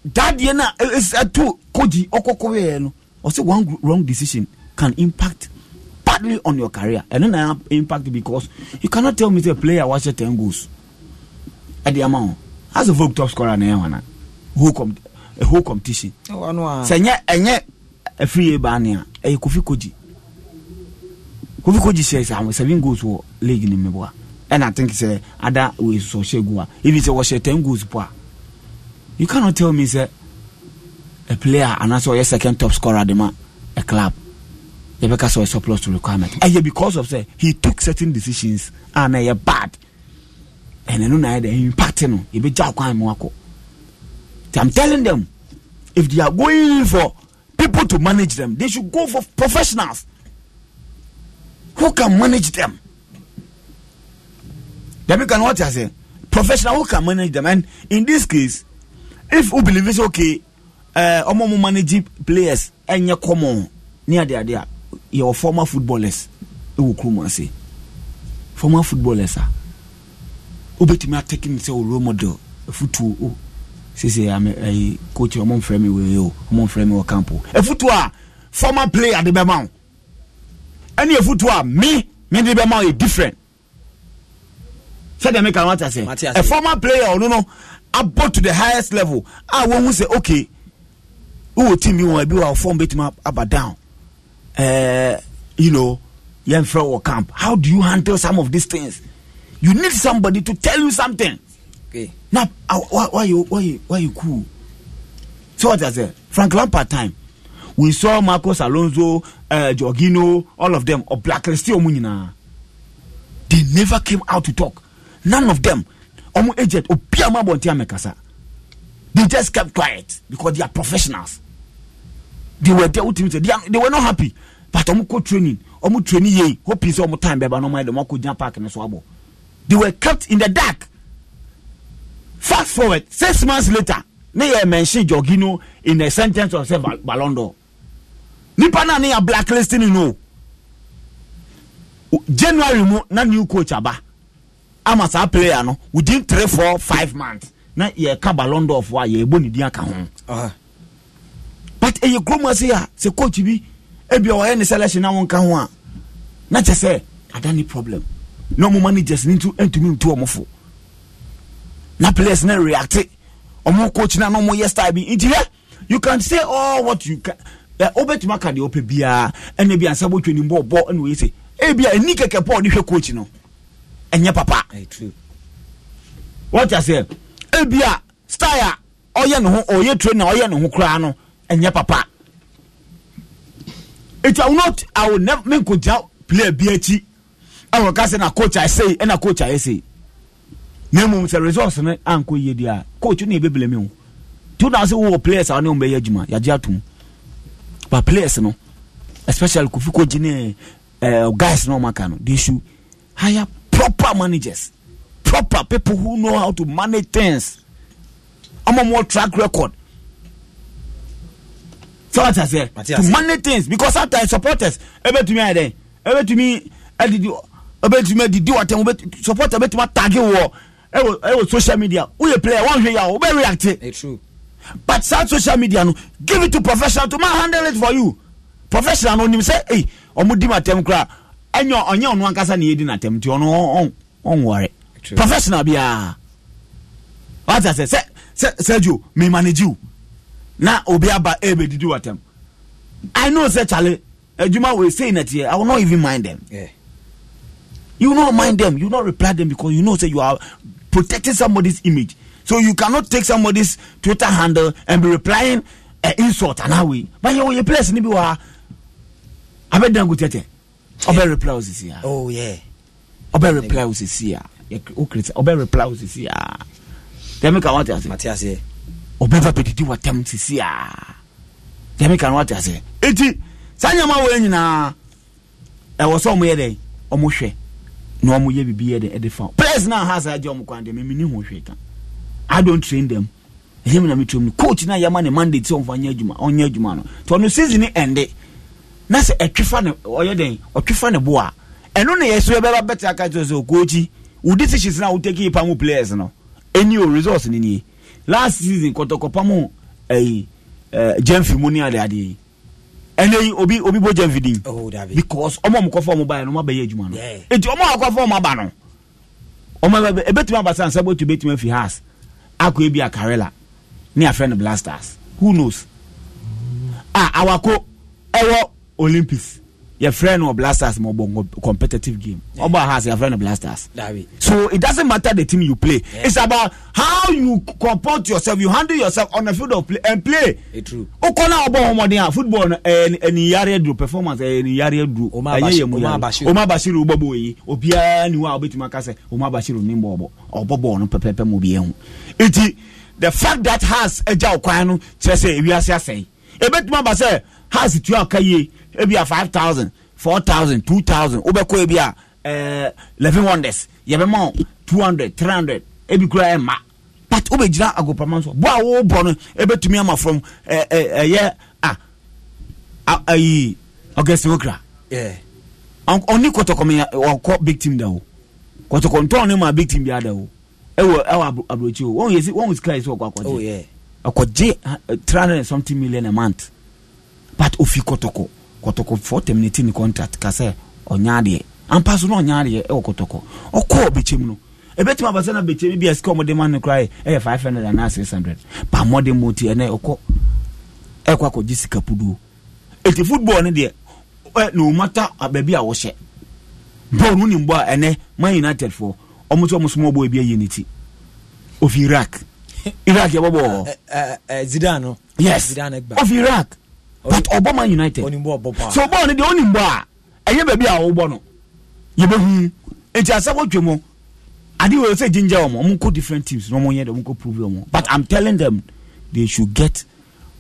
dadeɛ no a eh, ɛtu kɔgyi ɔkɔkɔyɛɛ no ɔsɛ one wrong decision can impact badly on your career ɛno na impact because you cannot tell me the player wahyɛ ten goals ɛde ama ho as a vogue top scorer na ɛwana whole com a eh, whole competition sɛ nyɛ ɛnyɛ afiri yɛ baa ne a ɛyɛ kofi koji kofi koji sɛ sɛ seven goals wɔ league ne meboa ɛna i think sɛ ada wei sɔ hyɛ gu a even sɛ wɔhyɛ ten goals po a you cannot tell me sɛ a player anaasɛ ɔyɛ second top scorer de ma a club yɛbɛka sɛ ɔyɛ surplus to requirement ɛyɛ eh, because of sɛ he took certain decisions a na ɛyɛ bad ɛnɛ no na ayɛ dɛ impact no yɛbɛgya kwan mu akɔ so i'm telling them if they are going for people to manage them they should go for professionals who can manage them dɛbi kan wɔte ase professional who can manage them and in this case if who believe say okay ɔmo uh, mo manage players ɛnyɛ common ne adeade a yɛwɔ former footballers ɛwɔ kurom ase former footballers a. Uh, wobɛtumi atake ne sɛ wo role model afotuo o sese coach ɔmo nfrɛ wei o ɔmo nfrɛ wɔ camp o a former player de bɛ wo ɛne afotuo a me me de bɛ ma wo yɛ different sɛdeɛ meka no wate aseɛ a former player ɔno no abɔ to the highest level a wɔhu sɛ okay wowɔ team bi wɔ bi wɔ fɔm bɛtumi aba down uh, you know yɛmfrɛ wɔ camp how do you handle some of these things you need somebody to tell you something. Okay. Now, uh, why, why you why you why you cool? So what I said, Frank Lampard time. We saw Marcos Alonso, uh, Jorginho, all of them, or blacklist Omunina. They never came out to talk. None of them. Omu agent, Opiama Bontia Mekasa. They just kept quiet because they are professionals. They were there ultimately. They, they were not happy. But Omu co training. Omu training ye. Hope is Omu time beba no mind. Omu could jump back in the swabble they were kept in the dark fast forward six months later they mentioned mention jorginho in a sentence of say ballon d'or nipa na ne yɛ blacklisting know. january mu na new coach aba amasa player no within three four five months na yɛ ka ballon d'or fo a yɛ ebo ne din aka ho but ɛyɛ e kurom ase a coach bi ebi a wɔyɛ ne selection na wɔn ka ho a na kyɛ sɛ ada ne problem na ɔmo managers ne ntu ntumi ntu ɔmo fo na players ne react ɔmo coach na na ɔmo yɛ style bi nti hɛ you can say all what you can ɛ ɔbɛtumi aka deɛ ɔpɛ biara ɛna bi ansa bɔtwe ne mbɔ ɔbɔ ɛna oye se ebi a eni kɛkɛ pɔl de hwɛ coach no ɛnyɛ papa wɔte aseɛ ebi a style a ɔyɛ ne ho ɔyɛ trainer ɔyɛ ne ho koraa no ɛnyɛ papa It's will not i will never make n ko ja player bi akyi ɛwɔ ka sɛ na coach ayɛ sei ɛna coach ayɛ sei na mmom sɛ results no ankɔ yie deɛ a coach no yɛbɛbɛlɛ mi o two thousand wɔ players a ɔne wɔn bɛyɛ adwuma yagye atum ba players no especially kofi kogi ne ɛɛ eh, guys na wɔn aka no they should hire proper managers proper people who know how to manage things ɔmo mo track record sɛ wɔn ti sɛ to manage things because sometimes supporters ɛbɛtumi ayɛ dɛ ɛbɛtumi ɛdidi obetumi adidi wɔtɛn obetumi supporter obetumi atagi wɔ ɛwɔ ɛwɔ social media woyɛ player wɔn hwɛ yà wɔbɛ react eh, but saa social media no give it to professional to ma handle it for you professional no onim sɛ ɛy ɔmo di ma tɛm kora ɛnyɛ ɔnyɛ ɔno ankasa na yɛ di na tɛm ti ɔno ɔn ɔn wɔre professional biara wata sɛ sɛ sɛ sɛjo mi manage you. na obi aba ebe eh, didi wɔtɛm i know sɛ kyale adwuma wɔ ese yi na i will not even mind them. Yeah you not mind them you not reply them because you know say you are protecting somebody's image so you cannot take somebody's twitter handle and be replying an insult and how we but you your place nibi wa abe dan go tẹtẹ ọbẹ reply osisi ya oh yeah ọbẹ reply osisi ya o kiri sẹ ọbẹ reply osisi ya tẹmi ka wọn ti ase mati ase ọbẹ bá pẹtiti wa tẹmu sisi ya tẹmi ka wọn ti ase eti sanyama wo yẹn nyinaa ẹwọ sọ ọmọ yẹ dẹ ọmọ hwẹ na wɔn yɛ bibi yɛ de ɛde fa players na ha saa gye wɔn kwan deɛ mɛmi ni ho hwee ka i don train them ɛyɛ mi na mi train mi coach na yɛma ne mandate sɛ ɔnfa nyɛ adwuma ɔnyɛ adwuma no tɔ no season ni ɛnde na sɛ ɛtwifa ne ɔyɛ den ɔtwifa ne bo a ɛno na yɛsɛ ɛbɛba bɛtɛ aka kyerɛ sɛ okoochi wo decisions na wo take ipa mu players no ɛni o results ni nie last season kɔtɔkɔpa mu ɛyi ɛɛ jɛnfi mu ni adeade yi ɛnɛ yi obi obi bɔ jɛn fidin oh, because ɔmɔ mu kɔfɔ ɔmu ba yɛ no ɔmu abɛyɛ adwuma no eti ɔmɔ akɔfɔ ɔmu aba no ɔmɔ ebetumi abasa nsa botu ebetumi afi house akɔ ebi akarela ne afɛ no blasters who knows Ah, awako ɛwɔ olympics yɛfrɛ no blasters ma ɔbɔ competitive game yeah. ɔbɔ ahas yɛfrɛ no blasters so it doesn't matter the team you play yeah. it's about how you comport yourself you handle yourself on the field of play and play wokɔ eh, no a ɔbɔ homɔden a football eh, no ɛniyareɛ duro performance ɛniyareɛ eh, duro ɛnyɛ yɛ muyare Omar Bashir wobɔbɔ yi obiara ni hɔ a wobɛtumi aka sɛ Omar Bashir ne bɔɔbɔ ɔbɔbɔ no pɛpɛpɛ ma obiara ho nti the fact that has agya ɔkwan no kyerɛ sɛ ewiase asɛe ɛbɛtumi aba sɛ house tu aka yie ebi a five thousand four thousand two thousand wobɛkɔ ebi a ɛɛ eleven wonders yɛbɛma o two hundred three hundred ebi kura ɛma but wobɛgyina agopama so bo a wobɔ no ebɛtumi ama from ɛɛ ɛyɛ a ayi ɔgɛsɛn okra ɔni kɔtɔkɔmi ɔkɔ big team da o kɔtɔkɔmi tɔn ne ma big team bi a da o ɛwɔ ɛwɔ aburokyi o wɔn yɛ si wɔn sika yɛ si ɔkɔ akɔgye ɔkɔgye three hundred and something million a month but ofi kɔtɔkɔ kɔtɔkɔ fɔ terminate ne contract kasɛ ɔnya adeɛ ampa so na ɔnya adeɛ ɛwɔ kɔtɔkɔ ɔkɔɔ bɛkyɛm no ɛbɛtumi aba sɛ na bɛkyɛm bi a sika ɔmɔde ma no koraa ɛyɛ five hundred anaa six hundred pa mɔde mu ti ɛnɛ ɔkɔ ɛkɔ akɔgye sika puduo eti football ne deɛ ɛ e, no matter baabi a wɔhyɛ bɔɔl no nim bɔ a ɛnɛ man united fo ɔmo sɛ ɔmo small boy bi ayi ne ti ofi iraq *laughs* iraq yɛ bɔbɔ wɔ. zidane yes ofi iraq but ɔbɔ man united sɛ ɔbɔ no deɛ ɔnim bɔ a ɛnyɛ baabi a ɔwobɔ no yɛbɛhu nti asɛ wotwe mu ade wɔ sɛ ginger wɔn wɔn kɔ different teams na wɔn yɛ dɛ wɔn kɔ prove wɔn but i'm telling them they should get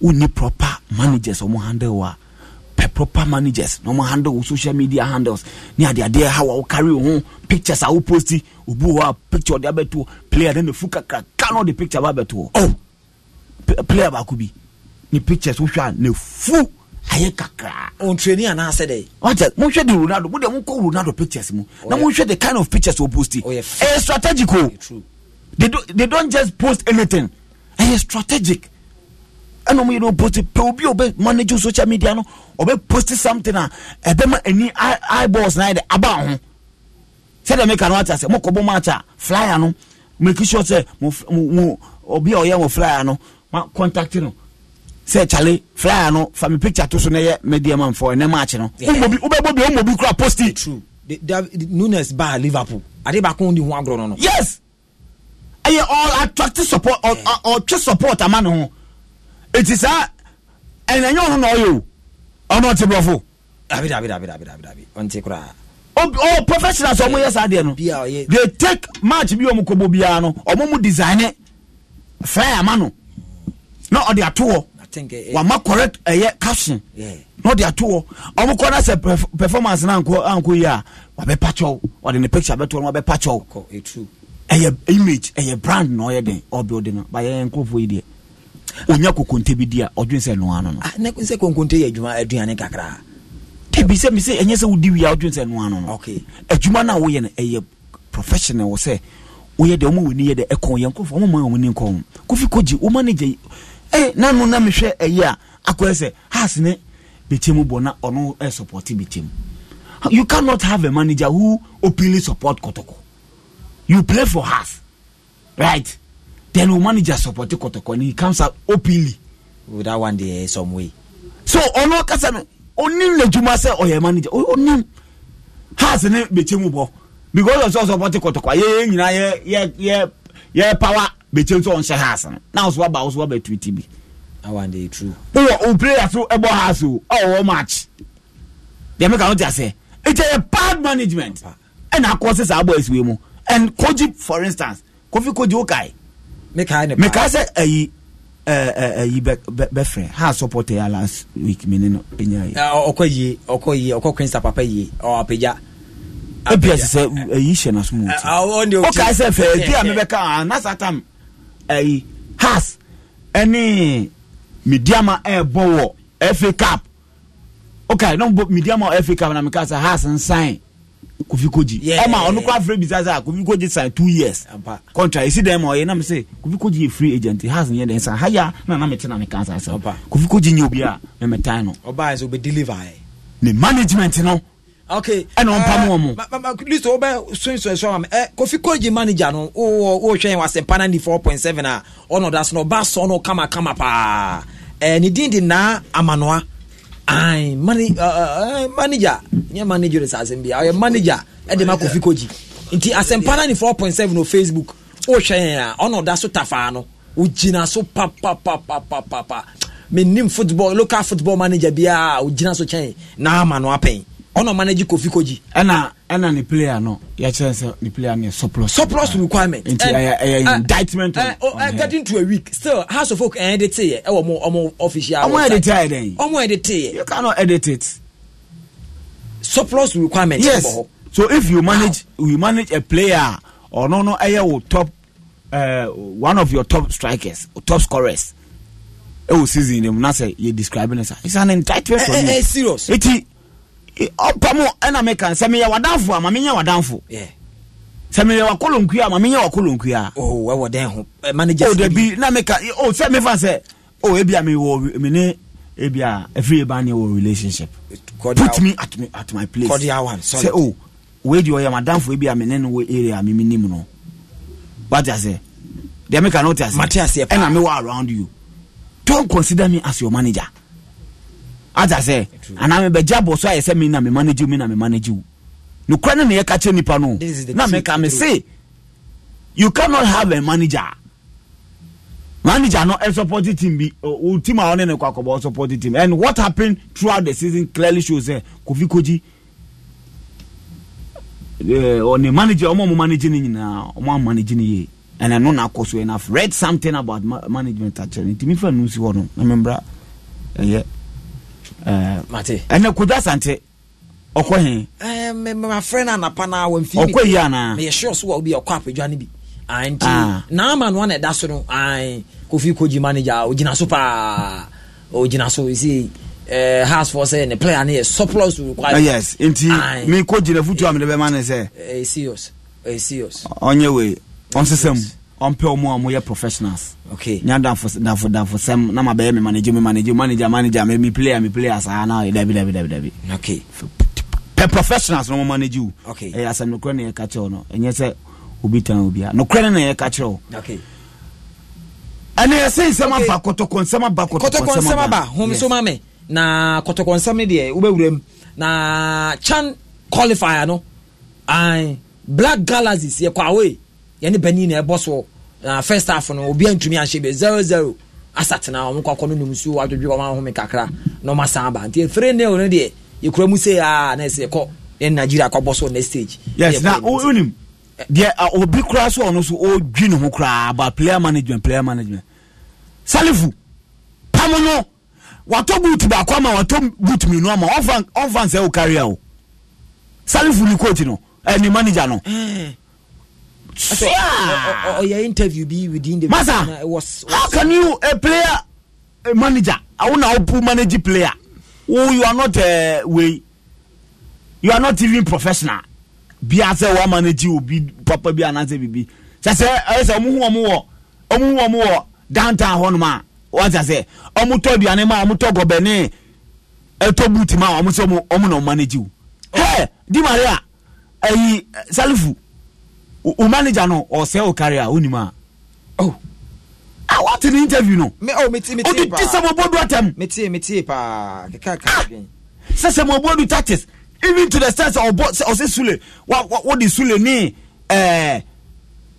wɔn proper managers wɔn handle wa pɛ proper managers na wɔn handle wɔn social media handles ne ade adeɛ ha wɔn carry wɔn pictures a wɔn posti obi wɔ a picture ɔde abɛto player de ne fu kakra kano de picture ba to. oh player baako bi ne pictures wohwɛ a ne fu ayɛ kakra. ntreni ana ase de. ɔtɛ mo hwɛ de ronaldo mo de mo kɔ ronaldo pictures mu na mo hwɛ the kind of pictures o post. ɛyɛ strategic o they don they don just post anything ɛyɛ strategic ɛna mo yɛ no post pɛ obi o bɛ manage social media no o bɛ post something a ɛbɛ ma ani eyeballs na yɛ de aba ho sɛdeɛ mi ka no ati ase mo kɔ bɔ match a flyer no make sure sɛ mo mo obi a ɔyɛ mo flyer no ma contact no sɛ kyale flyer no fa me picture to so na eh, yɛ media man fɔ ɛnɛ maakye no wobɛbɔ bi ɔmmɔ bi kora posti nunes ba liverpool ade baako di ho agorɔ no no yes ɛyɛ ɔattract support ɔtwe support ama ne ho ɛti saa ɛnɛnyɛ ɔno na ɔyɛ o ɔno ɔte borɔfo dabidabidabidabidabi ɔnte koraa oh professionals ɔmo yɛ saa deɛ no they take match bi ɔmo kɔbɔ biara ah, no ɔmo mu design eh. flyer ama oh. no na ɔde ato hɔ Eh, eh. wama correct ɛyɛ eh, caption na ato hɔ ɔmo kɔ na performance na anko yi a wabɛpa kyɛw ɔde ne picture ɛyɛ image ɛyɛ brand na ɔyɛ den ɔbɛ ɔde no bayɛ nkurɔfoɔ yi deɛ onya kokonte bi di a ɔdwen sɛ noa no no ne sɛ kokonte a sɛ no no adwuma woyɛ no ɛyɛ professional wɔ sɛ woyɛ deɛ yɛ deɛ yɛ eh nanu na mehwɛ ɛyi a akɔyɛ sɛ has ne bɛkyɛm bɔ na ɔno ɛsupɔte bɛkyɛm you cannot have a manager who openly support Kotoko. you play for has right then o manager support Kotoko and he comes out openly. without one day eh, some way. so ɔno kasa no onim n'adwuma sɛ ɔyɛ manager onim has ne bɛkyɛm bɔ because ɔsɔ support Kotoko. yɛ yɛ nyinaa yɛ yɛ yɛ yɛ power bɛkyɛm sɛ ɔnhyɛ haase no na woso waba woso waba tuiti bi wowɔ wo player so ɛbɔ haase o a wɔwɔ match deɛ meka wo te aseɛ ɛkyɛyɛ bad management ɛna akɔ se saa bɔ asiwei mu and koji for instance kofi koji wo kae mekae sɛ ayi ayi bɛfrɛ ha support ɛ last week mene no ɛnyayi ɔkɔ yie ɔkɔ yie ɔkɔ quinsa papa yie ɔapagya ebi ɛsɛ sɛ ayi hyɛ nasomu ɔkae sɛ fɛɛ di a mebɛka anasa tam ɛyi has ɛne midiama ɛɛbɔ wɔ fa cap. okay na mbɔ midiama fa cup na meka sɛ has nsan kofi koji ɔma ɔno kɔ afre bisa sɛ kofi koji sign two years contract esi dɛm ma ɔyɛ nam sɛ kofi koji yɛ free agent has nyɛ dɛm san haya na na mete na meka sɛ kofi koji nyɛ obi a mɛmɛ tan no ɔbaa yɛ sɛ obe deliver ne management no okay ɛna ɔmpam wɔn mu. list wo bɛ sunsun ɛsɔ ma ɛ kofi college manager no wo wo hwɛn wa sɛmpa na ni four point seven a ɔnɔ da so na ɔba sɔn no Kama, paa ɛɛ ne din de na amanoa ayi mani uh, uh, manager n yɛ manager de sa asɛm bi ɔyɛ manager ɛde ma kofi college nti asɛmpa na ni four point seven o facebook wo hwɛn a ɔnɔ da so tafaa no o gyina so papapapapapa nim football local football manager bi a o gyina so kyɛn na amanoa pɛn ɔna manage kofi koji. ɛna ɛna ne player no yɛkyerɛ sɛ ne player no yɛ surplus. surplus requirement. nti ɛyɛ ɛyɛ indictment. ɛ uh, oh, uh, getting to a week still house of folk ɛn de te yɛ ɛwɔ mo ɔmo official. ɔmo edit te ayɛ dɛ. ɔmo ɛde yɛ. you cannot edit it. surplus requirement. yes so if you manage wow. you manage a player ɔno no ɛyɛ wo top uh, one of your top strikers top scorers ɛwɔ season dem na sɛ yɛ describe ne sa it's an indictment eh, for eh, you. ɛ eh, serious. eti. ɔpa mu ɛna meka sɛ meyɛ wadamfo a ma mi menyɛ wadamfo sɛ meyɛ wakɔlɔnkua a ma menyɛ wakɔlɔnkua ɛwɔ dɛn ho eh, manager oh, dabi na meka o oh, sɛ mefa sɛ o oh, ebia mewɔ mene ebia ɛfiri yɛ ne wɔ relationship put me at me at my place cordial one sɛ o wei deɛ ɔyɛ madamfo ebia mene no wɔ area a meme nim no wate asɛ deɛ meka no wote aseɛ ɛna mewɔ around you don't consider me as your manager ata sɛ anaa mebɛgya bɔ so ayɛ sɛ me na mi manage mi na mi manage wo nokora ne neyɛka kyerɛ nipa no na meka me se you cannot have a manager manager no support team bi o team a ɔne ne kɔ akɔbɔ support team and what happened throughout the season clearly shows sɛ eh, kofi koji ɔne eh, manager ɔmo ɔmo manage ne nyinaa ɔmo ɔmo manage ne yie and ɛno na akɔ so and read something about management akyerɛ ntumi fɛn nu si hɔ no na membra ɛyɛ. Eh, yeah. Eh, ɛnɛ kodo asante ɔkɔ he mafrɛ no anapa no wamfi yi anaa meyɛ sure so wa wobi ɔkɔ apagwa no bi nti ah. naama no ana ɛda so no kofi manager so paa Ogyina so uh, eh, house for say the player near surplus required. Uh, eh, yes, inti me futu amle be man say. Eh serious. Eh serious. Onye On system. ɔmpɛ ɔmo a ɔmoyɛ professionals okay nya dafo dafo sɛm na ma bɛyɛ mi manager mi manager manager manager mi player mi player saa na dabi dabi dabi dabi okay pɛ professionals na ɔmo manage wo okay ɛyɛ asɛm nokorɛ na yɛ ka kyerɛ no ɛnyɛ sɛ obi tan obi a nokorɛ na yɛ ka kyerɛ okay ɛna yɛ sɛ nsɛm aba kɔtɔkɔ nsɛm aba kɔtɔkɔ nsɛm aba hom so ma mɛ na kɔtɔkɔ nsɛm ne deɛ wobɛwura mu na chan qualifier no an black galaxies yɛ kɔ away yɛne bani na ɛbɔ soɔ na ah, first half no obi antumi anhyɛ bi zero zero asatena wɔn kɔkɔ no nom nsuo adwodwo wɔn ahome kakra na wɔn asan aba nti three nil no deɛ yɛkura mu sei aa na ɛsɛ kɔ ne nigeria kɔbɔ so next stage. yes na wonim deɛ ah, obi koraa so ɔno so ɔdwi ne ho koraa about player management player management salifu pamono no watɔ boot baako ama watɔ boot mmienu ama ɔnfa nsɛ o carry a o salifu ni coach no ɛni eh, manager no. Mm. So, yeah. or, uh, uh, uh, interview be within the Masa, how can you a player manager? I want to manager player. Oh, you are not a uh, You are not even professional. Be as a manager will be proper be an answer be. Sase, I eh, say, omu omu wo, omu omu downtown hɔ noma wata ɔmu ma ɔmu tɔ ma ɔmu o manager no ɔsɛ oh. ah, oh, o carrier o nim a. oh a wate ne interview no. mi o mi ti mi ti paa o de ti sɛ mo bɔ du atam. mi ti mi ti paa keka keka bi. sɛ sɛ mo bɔ du tactics even to the sense ɔbɔ ɔsɛ sule wa wa o di sule ni ɛɛ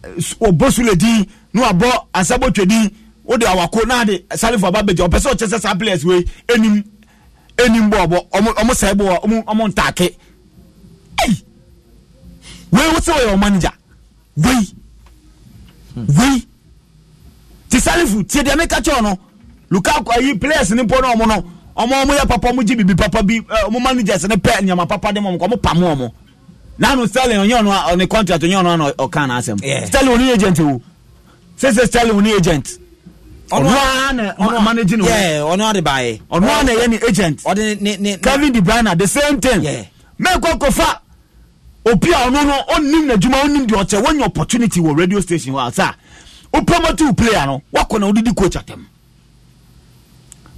ɔbɔ sule di. ni wa bɔ asabotwe din o di awako n'ade salifo ababegye ɔpɛ sɛ ɔkyɛ sɛ saa players wei enim enim bɔ ɔbɔ ɔmo ɔmo sɛ bɔ ɔmo ɔmo ntaake ɛyi wei wosɛ wɔyɛ ɔmo manager wei hmm. wei ti salifu tie deɛ meka kyɛw no lukaku ayi players ne mpo no ɔmo no ɔmo ɔmo yɛ papa ɔmo gye bibi papa bi ɔmo eh, managers ne pɛ nneɛma papa de mo ɔmo pam ɔmo nanu sterling ɔnyɛ ɔno ɔne contract ɔnyɛ ɔno ano ɔka na asɛm sterling ɔne agent wo sese sterling ɔne agent ɔnoa na ɔno manage no ɔnoa de baayɛ ɔnoa na yɛ ne agent kevin de bruyne the same thing mɛ kɔkɔfa obi a ɔno no ɔnim n'adwuma ɔnim deɛ ɔkyɛ wɔnyɛ opportunity wɔ radio station hɔ asa wopɛma player no wakɔ na wodidi coach atam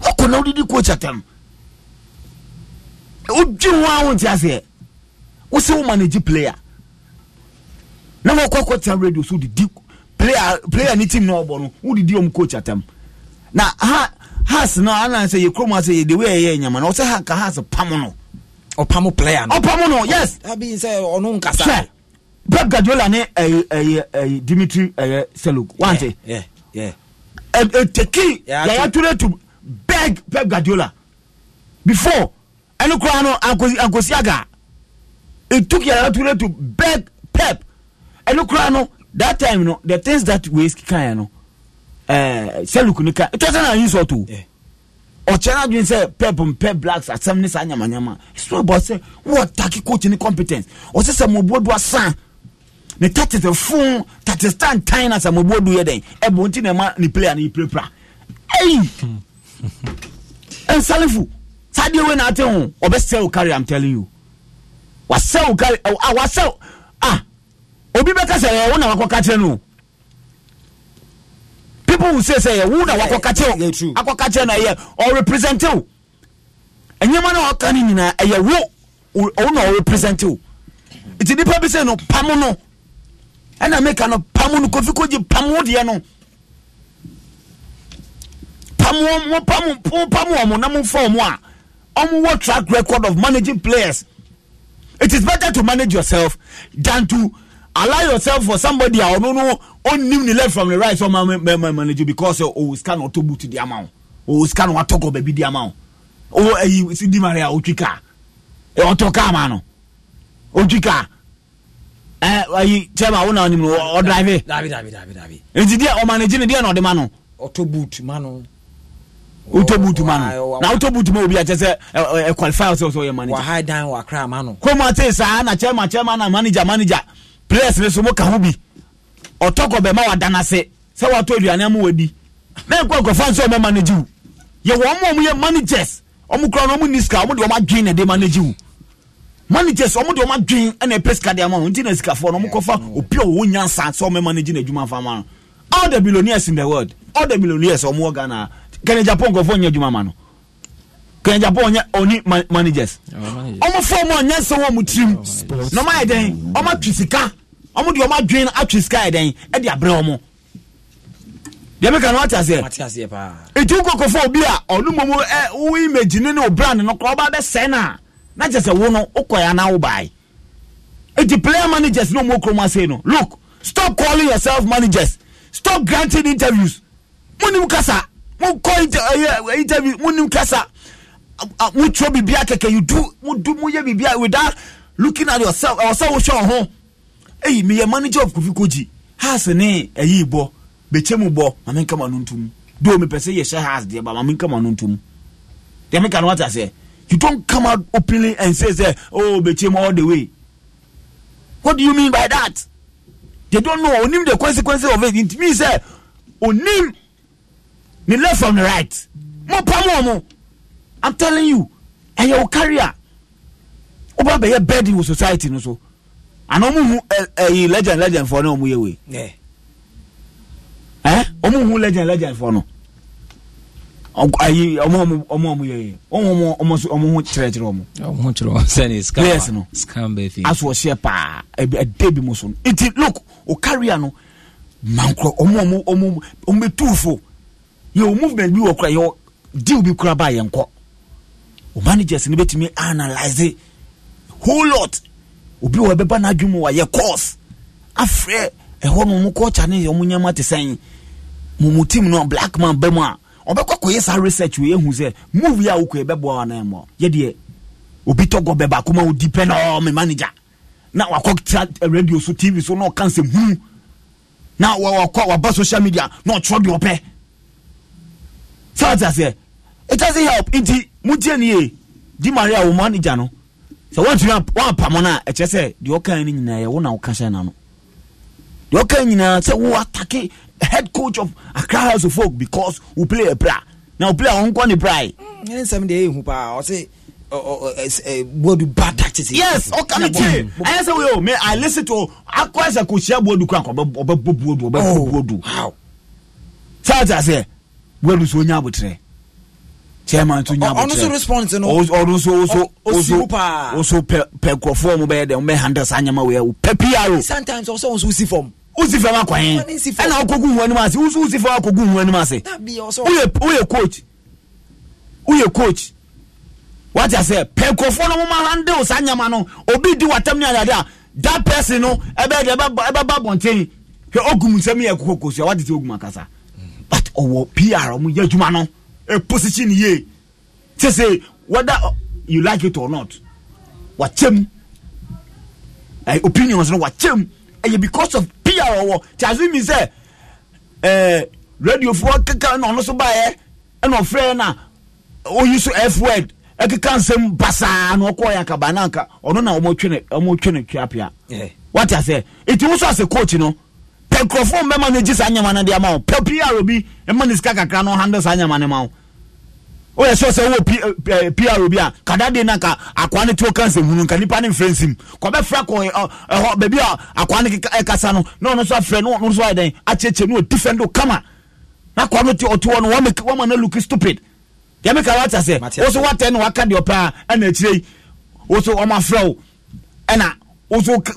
wakɔ na wodidi coach atam wodwi ho a wonte aseɛ wo wo manage player na wɔkɔ akɔtena radio so wodidi player player ni team na ɔbɔ no wodidi ɔm coach atam na ha has no anansɛ yɛ kurom asɛ yɛ de wei ɛyɛ nyama na ɔsɛ ha ka has pam no ɔpam player no ɔpam no yes abi sɛ ɔno nkasa hwɛ pep guardiola ne ɛyɛ ɛyɛ ɛyɛ dimitri ɛyɛ eh, seluk wante ɛ ɛ teki yaya ture to beg pep guardiola before ɛne koraa no ankosi ankosi aga it took yaya ture to beg pep ɛne koraa no that time no the things that wey kan yɛ no ɛɛ seluk ne kan it was an insult o. Yeah ɔkyɛ no adwene sɛ pep mpɛ blacks asɛm ne saa nyamanyama so about sɛ wɔtake coach ne competence ɔsɛ sɛ mɔbuodu asa ne tatetefo tatestantan na sɛ mɔbuodu yɛ dɛn ɛbɔ nti na ɛma ne player no yipirapira ei ɛnsalefo saa deɛ wei na ate ho ɔbɛsɛ wo carry i'm telling you wasɛ wo carry a wasɛ ah obi bɛka sɛ ɛwo na wakɔka kyerɛ no people will say say wo na wakɔka kyɛw akɔka kyɛw na ɛyɛ ɔrepresent wo ɛnyɛma na ɔka man nyinaa ɛyɛ wo wo na ɔrepresent wo nti nipa bi sɛ no pam no ɛna meka no pam no kofi kogye pam wo deɛ no pam wɔn pam pam wɔn na mo fɔ wɔn a wɔn wɔ track record of managing players it is better to manage yourself than to allow yourself for somebody a ɔno no ɔnim left from the right so ɔma mɛma manage because ɔwɔ sika na ɔtɔ boot di ama wo ɔwɔ sika na watɔ gɔ baabi di ama wo ɔwɔ ɛyi si di mari a ɔtwi kaa ɔtɔ kaa ma no ɔtwi kaa ɛɛ ayi kyɛnba wo na ɔnim no ɔdraive. dabi dabi dabi dabi. nti deɛ ɔmanage ne deɛ na ɔde ma no. ɔtɔ boot ma no. wotɔ buutu ma no na wotɔ buutu ma obi a kyɛ sɛ ɛkwalifai sɛ ɔsɛ ɔyɛ manager. wɔ ha dan wɔ akra ma no. kɔn mu ate saa na chairman chairman na manager manager players ne so mo ka ho bi ɔtɔkɔ bɛma wadana se sɛ wato aduane mu wadi mɛnkɔ nkɔfa nsɛ ɔmo manage wo yɛwɔ ɔmo ɔmo yɛ managers ɔmo kura no ɔmo ni sika ɔmo de ɔmo adwin na ɛde manage wo managers ɔmo de ɔmo adwin ɛna ɛpɛ sika de ama wɔn nti na sikafoɔ no ɔmo kɔfa opi ɔwɔ nyansa sɛ ɔmo manage na adwuma fa ma no all the billionaires in the world all the billionaires ɔmo wɔ ghana kɛnɛ japan nkɔfoɔ nyɛ adwuma ma no kenya japan ɔnyɛ ɔni managers ɔmo fɔ ɔmo ɔnyɛ nsɛm wɔn tirim na ayɛ dɛn ɔmo atwi sika ɔmo deɛ ɔmo adwene atwi sika ayɛ dɛn ɛde e abrɛ ɔmo deɛ mi ka no wate aseɛ etu kokofo obi a ɔno mo ɛ wo e, image ne ne o brand no kora ɔba bɛ sɛn na na kyerɛ wo no okɔ ya na wo eti player managers na ɔmo okurom ase no look stop calling yourself managers stop granting interviews mo nim kasa mo kɔ eh, eh, interview mo nim kasa wotwerɛ biribia kɛkɛ you do wodo moyɛ biribia without looking at yourself ɛwɔ sɛ wohwɛ wo ho ɛyi meyɛ manager of kofi kogyi has ne ɛyi bɔ bɛkyɛ mu bɔ mame nkama no ntom do mepɛ sɛ yɛhyɛ has deɛ ba mame nkama no ntom deɛ meka no wate aseɛ you don't come out openly and say say oh bɛkyɛ mu all the way what do you mean by that they don't know onim the consequences of it it means say onim ne left from the right mo pam wɔn mo i'm telling you and your career woba bɛyɛ bad wɔ society no so ana ɔmo a ɛyi legend legend fɔ ne ɔmo yɛ wei ɛ ɔmo legend legend fɔ no ayi ɔmo ɔmo ɔmo yɛ yi ɔmo ɔmo ɔmo so ɔmo ho kyerɛkyerɛ ɔmo. ɔmo ho kyerɛ ɔmo sɛni no scam bɛɛ fi. aso ɔhyɛ paa mu so no eti look o carrier no mankorɔ ɔmo ɔmo ɔmo ɔmo bɛ tuufo yɛ o movement o managers ni bɛtumi analyze whole lot obi wɔ ɛbɛba n'adwuma mu wayɛ course afrɛ ɛhɔ no ɔmo kɔɔkya ne ɔmo nyɛma te sɛn mo mo team no black man bɛ mu a ɔbɛkɔ kɔyɛ saa research wei ehu sɛ movie a wokɔ ɛbɛboa wɔn nan mu yɛdeɛ obi tɔgɔ bɛ baako ma odi pɛ na ɔmo manager na wakɔ tra eh, radio so tv so na ɔka nsɛm hunu hmm. na wakɔ waba social media na ɔtwerɛ deɛ ɔpɛ sáà ti àṣẹ it doesn't help nti mu tie ni ye di maria eh, wo manager no sɛ wɔntumi wampamɔ no a ɛkyerɛ sɛ deɛ ɔkan no nyinaa yɛwo na woka hyɛ na no deɛ ɔkan nyinaa sɛ wo atake head coach of Accra House of Folk because wo play a bra na wo play a wɔnkɔ ne brae ɛne nsɛm mm, deɛ ɛyɛ hu paa ɔse oh, oh, oh, eh, eh, buwadu ba tactics yes ɔka me tie ɛyɛ sɛ wei o me i listen to akɔ sɛ kɔhyia buwadu kora nkɔ ɔbɛbɔ buwadu ɔbɛbɔ buwadu saa te aseɛ buwadu so ɔnya abotrɛ chairman tún yà bọ̀ kyerɛ ɔno nso response no ɔno nso ɔso ɔso ɔso pɛ pɛ nkurɔfoɔ mu bɛyɛ dɛ ɔmo bɛ handle saa nyɛma wɛ o pɛ pr o. sometimes ɔsɔ ɔsɔ osi fam. osi fam akɔnye ɛna ɔkɔgu nhu anim ase osi osi fam akɔgu nhu anim ase woyɛ coach woyɛ coach wati ase pɛ nkurɔfoɔ no ma handle saa nyɛma no obi di watam ne adade a that person no ɛbɛ e de ɛbɛ e ɛbɛ ba e bɔnten hwɛ ogun nsɛm yɛ kokoko so a wati sɛ ogun akasa mm. but ɔwɔ pr ɔmo yɛ adwuma no a position yie sɛ say whether you like it or not wakyɛm ɛɛ eh, opinions no wakyɛm ɛyɛ eh, because of pr ɔwɔ ti aso mi sɛ ɛɛ radiofoɔ keka na ɔno oh, so baayɛ ɛna ɔfrɛ na oyi so f word ɛkeka nsɛm basaa na ɔkɔɔ yɛ akaba na nka ɔno na ɔmo twene ɔmo twene twapia wate asɛ eti nso asɛ coach no. pɛ nkurɔfoɔ mbɛma no agyi saa nyama no ama wo pɛ pr bi ɛma no sika kakra no handle saa nyama no ma wo woyɛ sɛ sɛ wowɔ pr eh, eh, bi a kada de no nka akoa no tewo ka nsɛhunu nka nnipa no mfrɛ nsim kɔbɛfrɛ eh, baabi a akoa no ɛkasa no na ɔno nso afrɛ no nso ayɛ dɛn akyekye no ɔti do kama na akoa no te no wama no look stupid wata sɛ wo so woatɛ no waka deɛ ɔpɛ a ɛna akyirɛ yi wo so ɔmafrɛ woso ka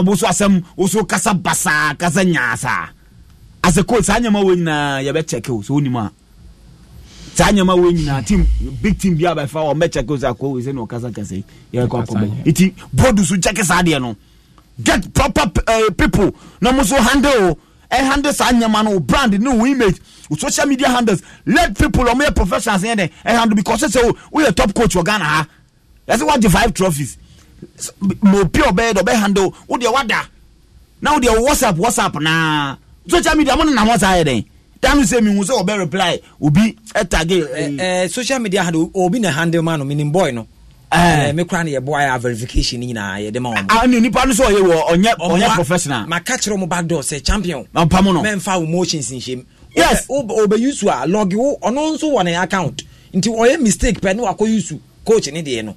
ɔbo so asɛm woso kasa basaa kasa nyaasaa asɛ coach saa nneɛma wɔ nyinaa yɛbɛkyɛke wo sɛ wonim a saa nneɛma wɔ nyinaa team big team bi a bɛfa wɔ mɛkyɛke wo sɛ akɔ wei sɛ ne ɔkasa kasa yi yɛbɛkɔ akɔbɛ nti board so kyɛke saa deɛ no get proper uh, people na mo so handle o eh, handle saa nneɛma no wo brand ne wo image wo social media handles let people ɔmo yɛ professionals yɛ dɛ ɛhandle because sɛ o woyɛ top coach wɔ ghana ha yɛsɛ woagye five trophies ma opi ɔbɛyɛ dɛ handle wo deɛ wada Now, wo deɛ whatsapp whatsapp naa social media mo nenam ɔsaa yɛ dɛn dami sɛ we sɛ ɔbɛ reply obi ɛtage. Eh, ɛɛ eh, eh, social media handle obi na handle man. no minim boy no. ɛɛ me kura ne yɛ bɔ verification ah, ni nyinaa yɛ de ma wɔn. a ni nipa ni sɛ ɔyɛ wɔ ɔnyɛ professional. maa catch kyerɛ mo ba dɔ sɛ champion. maa pa mo nɔ. mɛ nfa wo motions nhyɛm. yes o use a log. wo ɔno nso wɔ ne account nti ɔyɛ mistake pɛ ne wakɔ use coach ne deɛ no.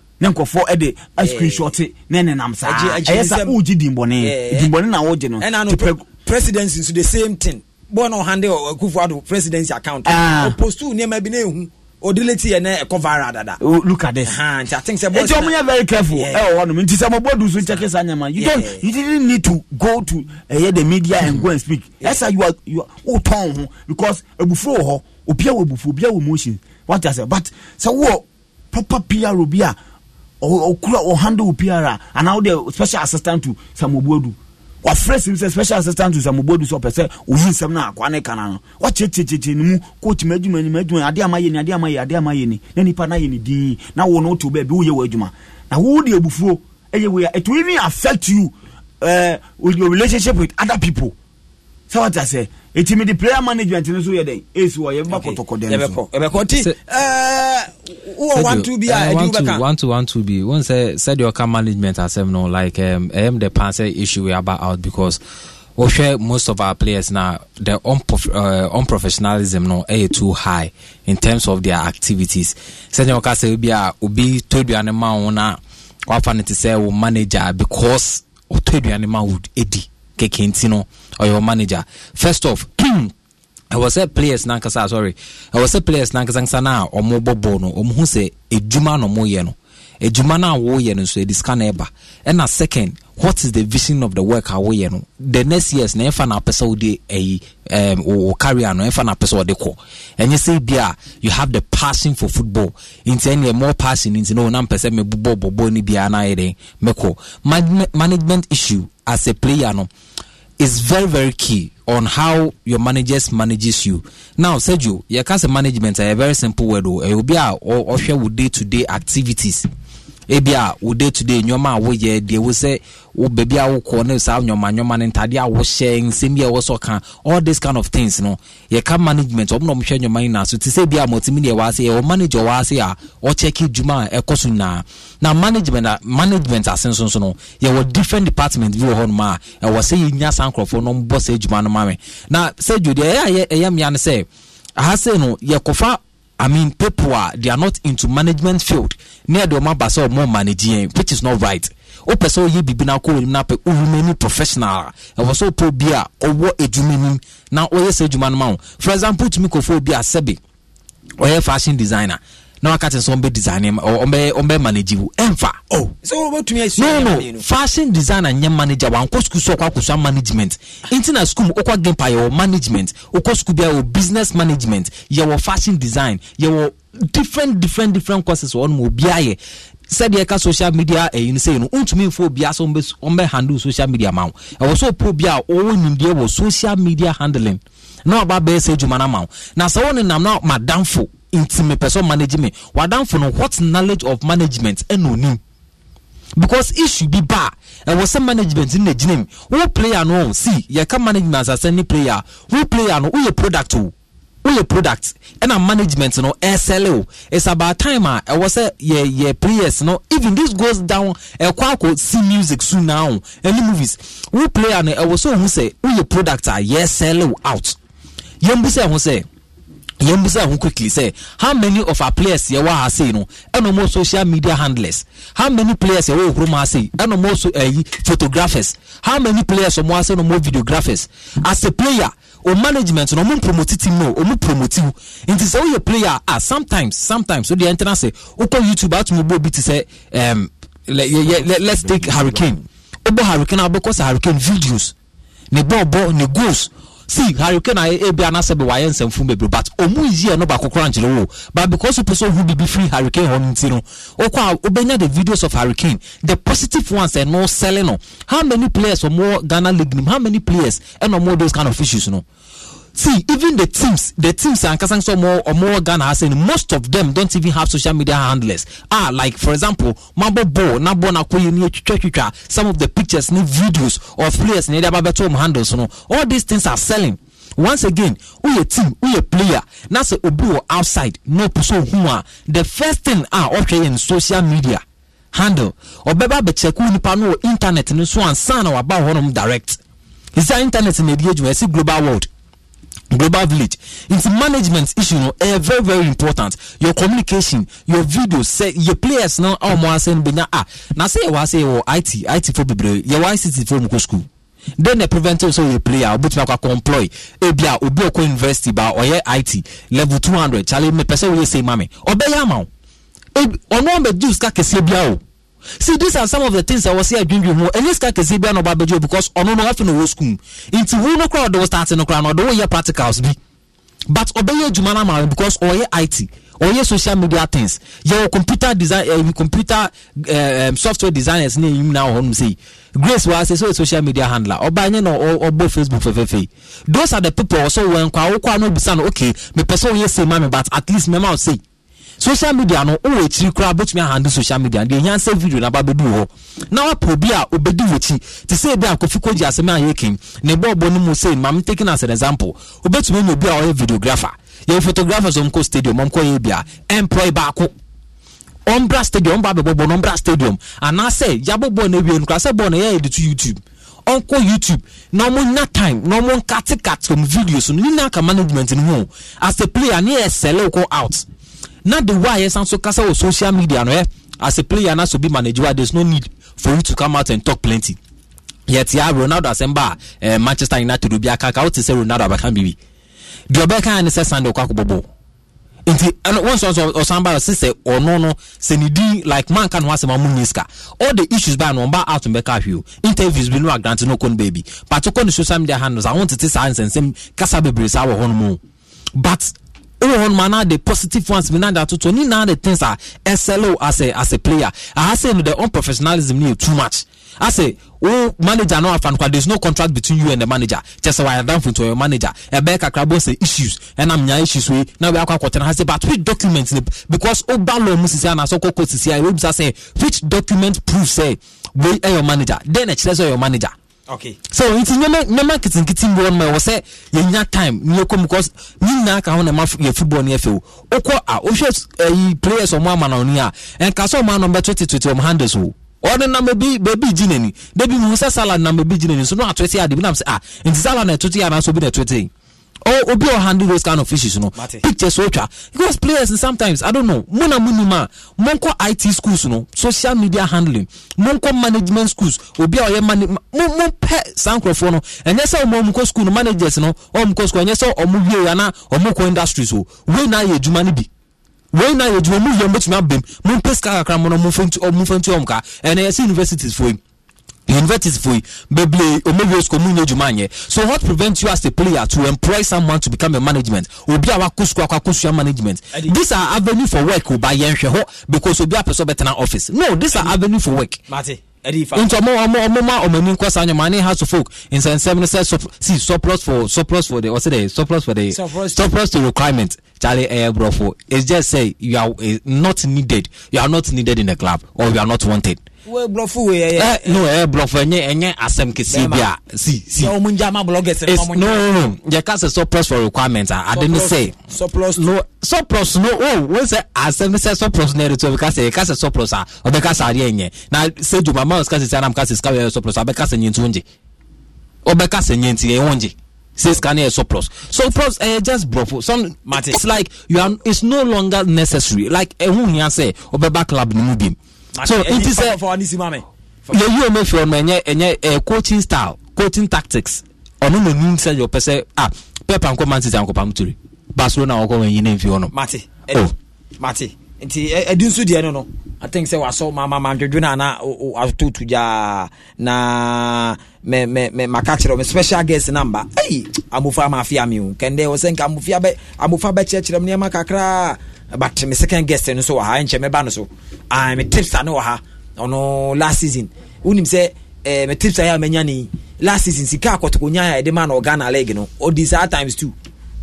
ne nkɔfoɔ de screenshot eh. ne nenam saa ɛyɛ sa wogye dimbɔne eh. dimbɔne na wogye no presidency nso the same thing bɔɔ na ɔhande akufo ado presidency account ɔpostu ah. nneɛma bi na ɛhu odileti yɛ ne ɛkɔ viral dada. Oh, look at this. nti i think say boys. eti omu yɛ very careful ɛwɔ hɔ nom nti sɛ mo bɔ dusu n cɛkɛ ɲɛma you don't you didn't need to go to ɛyɛ the media and go and mm-hmm. speak ɛsa you are you are o tɔn ho because ebufuro wɔ hɔ obiara wɔ ebufu obiara wɔ emotion wata sɛ but sɛ wɔ proper pr obi a ɔkura ɔhandle wo piara anaa wode special assistant to samobuadu wafrɛ sim sɛ special assistant to samobuadu sɛ ɔpɛ sɛ ɔyi nsɛm no akoa ne kana no wakyɛkyɛkyɛkyɛ ne mu coach madwuma ni madwuma adeɛ ama yɛ ni adeɛ ama yɛ adeɛ ama yɛ ni na nipa na yɛ ni din na wo no wote wo baabi woyɛ wɔ adwuma na wode abufuo ɛyɛ wei a it will even affect you uh, with your relationship with other people sɛ wata sɛ ɛtumi de player management no so yɛ dɛn ɛsi wɔ yɛbɛba kɔtɔkɔ eh, one sowɔ 12 bi a eh, ɛdi wobɛka12 bi wohu sɛ sɛdeɛ ɔka management asɛm no like ɛyɛm um, the pan sɛ issue we aba out because wɔhwɛ most of our players na the unprof uh, unprofessionalism no ɛyɛ too high in terms of their activities sɛdeɛ wɔka sɛ bi a obi tɔ aduane ma wo na wafa no te sɛ wo manager because ɔtɔ aduane ma wo ɛdi keke nti no ɔyɛ wɔn manager first off ɛwɔ *clears throat* sɛ players nankasa sorry ɛwɔ sɛ players nankasa nkasa na ɔmo bɔ bɔɔl no ɔmo ho sɛ edwuma na ɔmo yɛ no edwuma na awo yɛ no nso edi scan ɛba ɛna second what is the vision of the work awoyɛ no the next years na ɛfa na apɛ sɛ wode ɛyi ɛm wò career no ɛfa na apɛ sɛ ɔde kɔ ɛnyɛ sɛ bi you have the passion for football nti ɛni more passion nti na ɔnam pɛ sɛ mɛ bɔ ni bi anayɛ dɛ mɛkɔ management issue as a player no is very very key on how your managers manages you now sergio yɛ ka sɛ management ɛyɛ very simple word o ɛyɛ obi a ɔhwɛ wo day to day activities ebi a wo day to day nneɛma a woyɛ deɛ wo sɛ wo baabi a wokɔ ne saa nneɛma nneɛma ne ntadeɛ a wohyɛ nsɛm bi a ɛwɔ sɔ ka all this kind of things no yɛka management ɔmo na ɔmo hwɛ nneɛma nyinaa so te sɛ ebi a mɔtumi deɛ waase yɛ wɔ manager waase a ɔkyɛke dwuma a ɛkɔ so nyinaa na management a management ase nso nso no yɛwɔ different department bi wɔ hɔ nom a ɛwɔ sɛ yɛnya saa nkorɔfoɔ na ɔmo bɔ saa dwuma no ma me na sɛ dwo deɛ ɛyɛ a ɛyɛ mmea no sɛ ahase no yɛkɔfa I mean, people are they are not into management field. Near the Oma Basa more managing, which is not right. O person oh, ye be na ko na pe o oh, professional. E was so pro bia or what a nim Now, o oh, ye se edwuma no For example, to me ko bia sebi. O ye fashion designer na waka te sɛ ɔmbɛ design ɔmbɛ ɔmbɛ manage wo ɛnfa. o oh, sɛ o bɛ tumi esi ɛyɛ mani no fashion design nyɛ manager wa nkɔ sukuu sɛ ɔkɔ akɔsua management nti na sukuu mu ɔkɔ game pa yɛwɔ management ɔkɔ sukuu bi yɛwɔ business management yɛwɔ fashion design yɛwɔ different different different courses wɔ ɔnum obi ayɛ sɛdeɛ ɛka social media ɛyi eh, no sɛ yi no ntumi nfo obi ase ɔmbɛ handle social media ma wo ɛwɔ sɛ ɔpɔ obi a ɔwɔ nimdeɛ wɔ social media handling na ɔba bɛyɛ sɛ adwuma no ma wo na sɛ wɔne nam na madamfo nti mepɛ sɛ manage me wadamfo no what knowledge of management ɛna ni because issue bi ba ɛwɔ sɛ management no na gyina mu wo player no si yɛka management asasɛ ne player wo player no woyɛ product o woyɛ product ɛna management no ɛsɛle o it's about time a ɛwɔ sɛ yɛ yɛ players no even this goes down ɛkɔ akɔ see music soon now Any movies wo player no ɛwɔ sɛ ohun sɛ woyɛ product a yɛsɛle o out yɛn bu sɛ ɛho sɛ yẹn bisa ho quickly sɛ how many of our players yɛ wɔ ha sei no ɛna ɔmo social media handlers how many players yɛ wɔ ɔhoro mu ha sei ɛna ɔmo so ɛyi photographers how many players ɔmo ha sei na videographers as a player o management na ɔmo promote team no ɔmo promote wo nti sɛ woyɛ player ah sometimes sometimes o deɛ ɛntena se wokɔ youtube atum obo bi ti sɛ ɛm um, let's take hurricane obo hurricane abɛkɔ sɛ hurricane videos ne bɔɔbɔ ne goals see hurricane a ebi eh, anasɛ bi wayɛ nsɛmfun bebree but ɔmu yi yɛ no baako kora nkyerɛ but because o pɛ sɛ ohu free hurricane hɔ no nti no okɔ oh, a obɛnya the videos of hurricane the positive ones ɛno eh, sɛlɛ no how many players ɔmo Ghana league nim how many players ɛna ɔmo those kind of issues no see even the teams the teams ankasa nso ọmọ ọmọ ghana ha sẹni most of them don't even have social media handlers ah like for example mabo ball nabo nakoye ni etwitwa twitwa some of the pictures ni videos of players ni ẹdi ababẹto ọmọ handles no all these things are selling once again who woyɛ team who woyɛ player na say obi wɔ outside no person sɛ ohun the first thing a ah, ɔhwɛ in social media handle ɔbɛba abɛkyɛkɔ nipa no wɔ internet ni so ansa na waba hɔnom direct ɛsɛ internet na ɛdi adwuma ɛsɛ global world global village nti management issue no ɛyɛ eh, very very important your communication your video sɛ your players ah, ah, na a wɔn asɛ no bi na a na sɛ yɛwɔ asɛ yɛwɔ it it fo bebree Your ict fo mu school then na prevent sɛ oyɛ player ah, But akɔ akɔmploy employ. a obi ɔkɔ university ba ɔyɛ it level two hundred kyale mepɛ sɛ oyɛ sɛ mami ɔbɛyɛ ama o ɔno ɔbɛ do sika kɛseɛ bi a o see these are some of the things i was here doing And this guy can see bi anɔba bɛgye because ɔno no afei na ɔwɔ school Into who no crowd ɔde wo start no crowd. na ɔde wo practicals be. but obey your no ama because your it your social media things Your computer design ɛɛ eh, computer eh, um, software designers ne now na ɔhɔnom sɛ grace was a social media handler ɔbaa nye or both facebook fɛfɛɛfɛ those are the people ɔsɔ when nkwa awokɔ ano bisa no okay mepɛ person ɔyɛ say, ma but at least mɛma ɔsɛ social media no wowɔ akyiri koraa bɛtumi ahande social media no deɛ ɛhia sɛ video naba bɛduu hɔ na wapɛ obi a obɛdi wɔkyi te sɛ bi a kofi kogye asɛm a yɛkɛn ne bɔɔbɔ no mu sɛ mam taking as an example wobɛtumi nya obi a ɔyɛ videographer yɛyɛ photographers ɔmkɔ stadium ɔmkɔ yɛ bia employ baako ɔmbra stadium ɔmba bɛbɔbɔ no ɔmbra stadium anaasɛ yabɔ bɔɔl no awie no kora sɛ bɔɔl no yɛyɛ de to youtube ɔnkɔ youtube na ɔmo nya time na ɔmo nkatekate mu videos no nyinaa ka management no ho as a player ne yɛ sɛlɛ kɔ out na the way yɛsan so kasa wɔ social media no ɛ eh? as a player na so be manager there is no need for you to come out and talk plenty yɛte a ronaldo asɛm ba a eh, manchester united obi akaka wote sɛ ronaldo abaka bibi deɛ ɔbɛka ne sɛ sunday ɔkɔ akɔbɔbɔ nti wonsɔnsɔ ɔsan ba se sɛ ɔno no sɛ ne din like man ka no ho asɛm amu all the issues ba no ɔmba out mbɛka hwee o interviews bi no agrante no kɔ baabi but wokɔ ne social media handles a wontete saa nsɛnsɛm kasa bebree saa wɔ hɔ no mu but ɛwɔ hɔ noma na the positive ones bi na de atoto ne na the things a ɛsɛlɛ o as a as a player ahase no the unprofessionalism ne yɛ too much ase wo manager no afa nkwa there is no contract between you and the manager kyɛ sɛ wayɛ danfo to your manager ɛbɛyɛ kakra bɔ sɛ issues ɛnam nya issues wei na wɔyɛ akɔ akɔtɛn ha sɛ but which document ne because o ba lɔ mu sisi anaasɛ kɔkɔ sisi a ebi bisa which document prove say wei ɛyɛ eh, your manager then ɛkyerɛ sɛ ɛyɛ your manager okay. so nti nneɛma nneɛma nketenkete bi wɔn ma wɔ sɛ yɛnya time ni yɛ kɔm because ne nyinaa ka ho na ma yɛ football ni yɛ fɛw okɔ a ohwɛ ah, ɛyi eh, players ɔmo eh, ama na ɔni a nka so ɔmo anam bɛtɔ tete ɔmo handles o ɔno nam ebi beebi gyi n'ani debi mu sɛ salad nam ebi gyi n'ani so no atɔ ti adi bi nam sɛ a ah, nti salad na ɛtɔ ti yɛ anaasɛ obi na ɛtɔ ti yɛ or oh, obi or handle those kind of issues you know Mate. pictures so twa because players sometimes i don't know mo na mo nima mo nkɔ IT schools you know, social media handling mo nkɔ management schools obi a ɔyɛ mani mo mo pɛ saa nkurɔfoɔ no ɛnyɛ sɛ ɔmo ɔmo kɔ school no managers no ɔmo kɔ school ɛnyɛ sɛ ɔmo wie yana ɔmo kɔ industries o wei na yɛ adwuma no bi wei na yɛ adwuma mo yɛ mo tumi abɛm mo mpɛ sika kakra mo na mo fɛn ti ɔmo fɛn ti ɔmo ka ɛnna yɛ sɛ universities fo yi universities for beble omewie school mu nye juma yɛ so what prevents you as a player to employ someone to become a management obi a wakɔ school akɔ akɔ sua management This are avenue for work o ba yɛn hwɛ hɔ because obi apɛ so bɛ tena office no this are avenue for work. Mate nti ɔmo ɔmo ɔmo ma ɔmo ani nkɔ saa nyɔma ani house of folk nsɛnsɛm no sɛ si surplus for surplus for the ɔsi de eh, surplus for the surplus, surplus to requirement charlie ɛyɛ eh, brɔfo it's just say you are uh, not needed you are not needed in the club or you are not wanted brɔfo wei ɛyɛ eh, no ɛyɛ eh, brɔfo ɛnyɛ ɛnyɛ asɛm kɛseɛ bi a si si na ɔmo ngya ama bloggers na ɔmo ngya no no yɛka sɛ surplus for requirement a ade ne sɛ surplus no surplus no o oh, wɔn sɛ asɛm ne sɛ surplus na yɛde to ɛbɛka sɛ yɛka sɛ surplus a ɔbɛka sɛ adeɛ nyɛ na sɛ dwuma ma ɔsika sɛ sɛ anam ka sɛ sika yɛ surplus a ɔbɛka sɛ nyɛ ntu ngye ɔbɛka sɛ nyɛ nti yɛ wɔn ngye says Kanye is surplus. Surplus, uh, just brofo. Some Martin. it's like you are. It's no longer necessary. Like who here say, "Obeba club ni mubim." so nti sɛ yɛyi ɔmo efiri ɔmo ɛnyɛ ɛnyɛ ɛɛ coaching style coaching tactics ɔno na nim sɛ yɛ ɔpɛ sɛ ah pep anko man city anko pam turi barcelona ɔkɔ wɔn yi ne nfi ɔno. mate ɛdi oh. mate nti ɛdi nso deɛ no no i think sɛ wasɔ ma ma na ana o atutu gyaa na me me me maka kyerɛ mɛ special guest number ɛyi amufa ma afia mi oh. o kɛndɛ wɔsɛ nka amufa bɛ amufa bɛ kyerɛkyerɛ mu nneɛma kakra but my second guest no so wɔ ha nkyɛ oh, mɛba no so ah me tipsa no wɔ ha ɔno last season wonim sɛ eh, me tipsa yɛ a manya ne last season sika akɔtokonya a yɛde ma no ghana league no ɔdi saa times two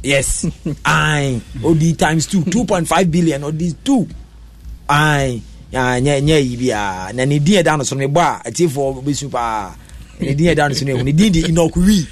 yes ae *laughs* ɔdi times two two point five billion ɔdi two ae nyɛ nyɛ yi biara na ne din yɛ da no so no mebɔ a atiefoɔ bɛsu paa ne din yɛ da no so no ehu ne din de inok wi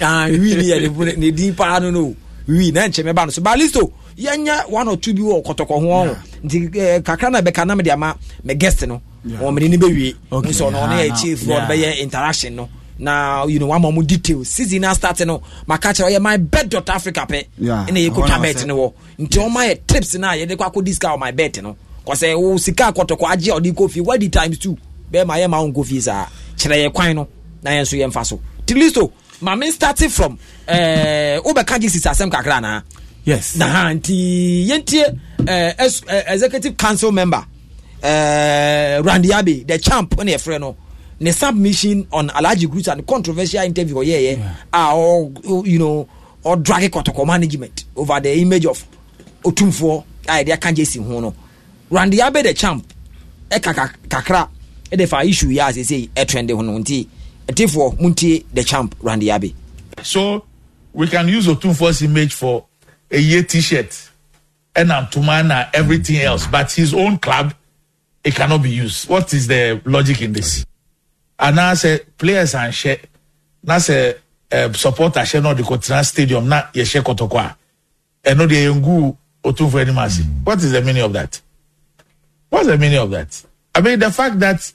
ae wi ne yɛ ne din paa no no wi na nkyɛn mɛba no so baalisto. yɛnya one or two bi wɔ kɔtɔkɔ ho nti kakra na bɛka nam de ama me guest no ɔmene no bɛwie nso ɔno ɔne yɛ chiefoɔ bɛyɛ interaction no na you know one more detail season na start no maka kyerɛ ɔyɛ my bet dot africa pɛ ɛna yɛkɔ tamet no wɔ nti ɔma oh, yɛ trips no a yɛde kɔ akɔ discount my bet no kɔsɛ wo sika kɔtɔkɔ agye a ɔde kɔ fie wadi times two ma yɛ ma wo nkɔ fie saa kyerɛ yɛ kwan no na yɛn nso mfa so tilisto oh, maame starting from wobɛka eh, gye sisasɛm kakra anaa yes na nti yɛntie uh, eh, eh, executive council member uh, eh, randiabe the champ ne yɛfrɛ no ne submission on alaji groups and controversial interview ɔyɛɛyɛ oh, yeah. a ah, oh, oh, you know ɔdrage kɔtɔkɔ management over the image of otumfoɔ a ah, yɛde aka gye si ho no randiabe the champ ɛka kakra ɛde fa issue yɛ a sɛsɛ ɛtrɛnde ho no nti ɛtifoɔ muntie the champ Randy randiabe so we can use otumfoɔ's image for a year t-shirt and Antumana, uh, everything else, but his own club, it cannot be used. What is the logic in this? And now I say players and share, now say uh, um, support a share not the Kotina Stadium, not Yeshe Kotokwa, and not the Yengu Otunfu Edimasi. Mm. What is the meaning of that? What's the meaning of that? I mean, the fact that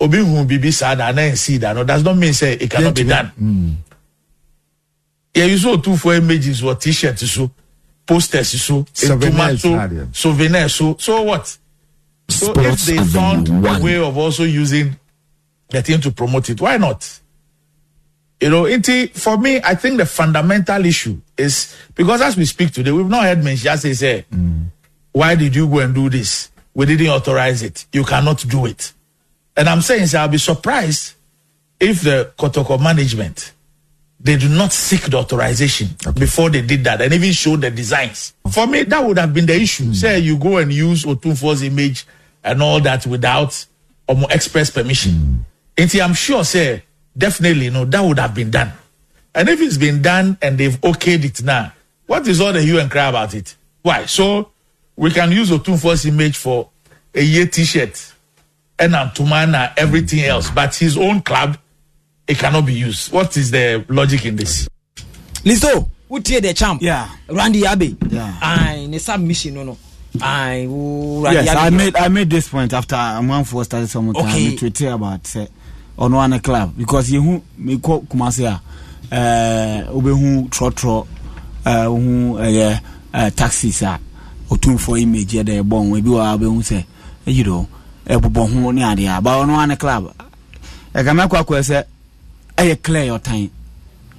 Obi Bibi Sada and then see that no, does not mean say it cannot be done. Mm. Yeah, you saw two otufoɔ images wɔ t shirts so posters so ntoma so so so what so Sports if they found a way of also using the thing to promote it why not you know it for me i think the fundamental issue is because as we speak today we've not heard mention say mm. why did you go and do this we didn't authorize it you cannot do it and i'm saying so i'll be surprised if the kotoko management they do not seek the authorization okay. before they did that and even show the designs. For me, that would have been the issue. Mm. Say you go and use Otunfo's image and all that without um, express permission. Mm. And I'm sure, say, definitely, you know, that would have been done. And if it's been done and they've okayed it now, what is all the hue and cry about it? Why? So we can use Otunfo's image for a year t-shirt and Antumana, everything hmm. else, but his own club it cannot be used. What is the logic in this? Lizzo, who tear the champ? Yeah. Randy Abbey. Yeah. I And the mission no, no. I will. Randy yes, Abbey. I made I made this point after I'm one for started some time okay. to tell about say on one club because you who me call Kumasi ah, uh, ube who trot trot, uh, who uh, yeah, uh, taxis ah, otumfo image yeah, they born we be wa ube who say, you know, ebubon who ni adia, but on one club, ekamekwa say ɛyɛ clear ɔtan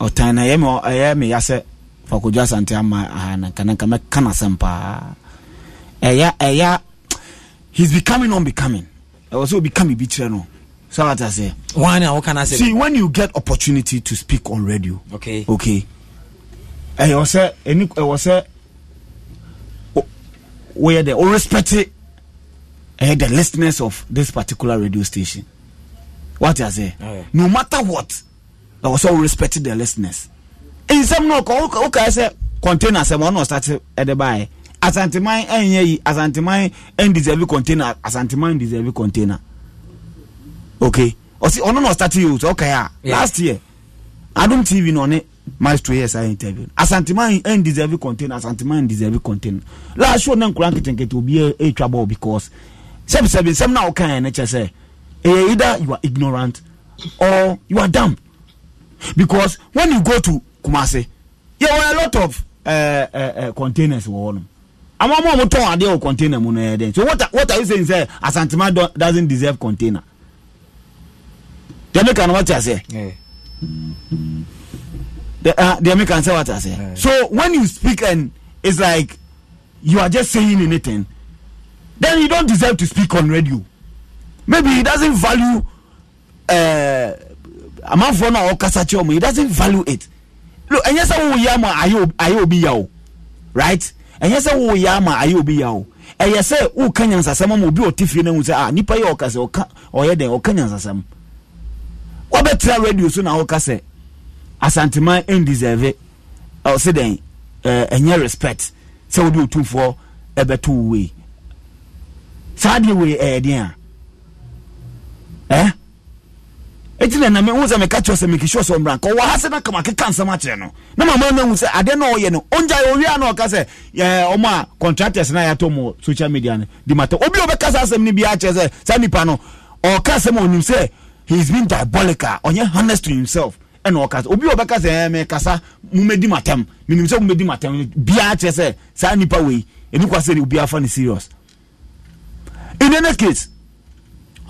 ɔtan na ɛyɛ ɛyɛ me yasɛ fakodwa asante ama ahanankananka mɛka n'asɛm paa ɛyɛ ɛyɛ he's becoming unbecoming ɛwɔ sɛ obi ka mi bi kyerɛ no so what I say. One hour can I say? See, when you get opportunity to speak on radio, okay, okay. I was say, any, I was say, where the respect it, uh, the listeners of this particular radio station. What I say? Oh, yeah. No matter what, na wɔsɛ wo respect the listeners nsɛm no ɔkɔ wokae sɛ container sɛm ɔno ɔstate ɛde baeɛ asanteman ɛnyɛ yi asanteman ɛndeserve container asanteman deserve container okay ɔsi ɔno na ɔstate yi o sɛ ɔkae a last year adum tv na ɔne maestro yɛ saa interview asanteman ɛndeserve container asanteman ɛndeserve container last show ne nkura nketenkete obiara ɛretwa ball because sɛbisɛbi nsɛm na ɔkae ne kyɛ sɛ ɛyɛ either you are ignorant or you are dumb because when you go to kumase yɛ wɔ a lot of ɛɛ ɛɛ ɛ containers wɔ hɔ nom àwọn ọmọ ọmọ tɔn adeɛ container mu no yɛ so what are, what are you saying sɛ asantima doesn't deserve container deɛ mi kan no wate aseɛ deɛ mi say sɛ wate aseɛ so when you speak and it's like you are just saying anything then you don't deserve to speak on radio maybe he doesn't value. Uh, amanfoɔ no a ɔkasa kyerɛ ɔmo he doesn't value it look ɛnyɛ sɛ wɔwɔ yia ma ayɛ ayɛ obi ya o right ɛnyɛ sɛ wɔwɔ yia ma ayɛ obi ya o ɛyɛ sɛ wɔka nyansasɛm ma obi ɔte fie na ehu sɛ ah nipa yɛ ɔkasa ɔka ɔyɛ dɛ ɔka nyansasɛm wɔbɛtira radio so na ɔka sɛ asantuma ndeserve ɔsi dɛn ɛɛ ɛnyɛ respect sɛ wɔde otumfoɔ ɛbɛto wei saa adeɛ wei ɛyɛ deɛ a ɛɛ. ɛti na nam wo sɛ meka kyerɛ sɛ mekehyɛ sɛ mmranka ɔwɔ ha sɛ na kama keka nsɛm akyerɛ no na mama no ahu sɛ adeɛ na ɔyɛ no ɔngya yɛ ɔwie a na ɔka sɛ ɔmo a contractors na yɛatɔ mu social media no di mata obi a ɔbɛka saa asɛm no biaa kyerɛ sɛ saa nipa no ɔka asɛm a ɔnim sɛ he is being diabolical ɔnyɛ honest to himself ɛna ɔka sɛ obi a ɔbɛka sɛ ɛɛ mekasa mumɛdi matam menim sɛ mumɛdi matam biaa kyerɛ sɛ saa nipa wei ɛni kwa sɛ obi afa no serious in any case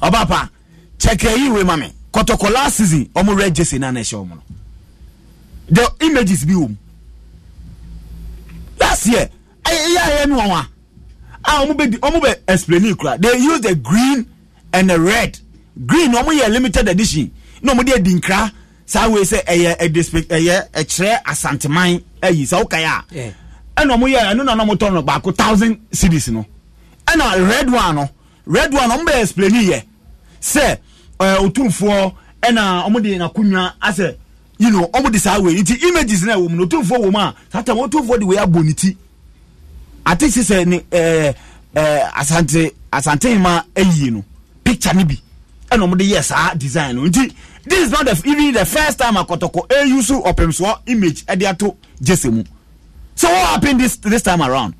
ɔbapa kyɛkɛ yi wei ma me kɔtɔkɔ last season ɔmo red jersey na na ɛhyɛ ɔmo no the images bi wɔm last year ɛyɛ ayɛ no wɔn a a ɔmo bɛ di ɔmo bɛ explain kura they use the green and the red green ɔmo yɛ limited edition na ɔmo de edi nkra saa wei sɛ ɛyɛ ɛdispe ɛyɛ ɛkyerɛ asanteman ɛyi saa ɔka yɛ a ɛna ɔmo yɛ ɛno na ɔmo tɔn no baako thousand cities no ɛna red one no red one ɔmo bɛ explain yɛ sɛ ɔtumfoɔ eh, ɛna ɔmo de n'akonnwa asɛ you know ɔmo de saa wei nti images na ɛwɔ no ɔtumfoɔ wɔ a sata wɔn de wei abɔ ne ti ate sisɛ ne ɛɛ eh, ɛɛ eh, asante asante ma no picture ne bi ɛna ɔmo de yɛ saa design no nti this is not the, even the first time akɔtɔkɔ eyusu ɔpɛmsoɔ image ɛde ato jese mu so what happen this this time around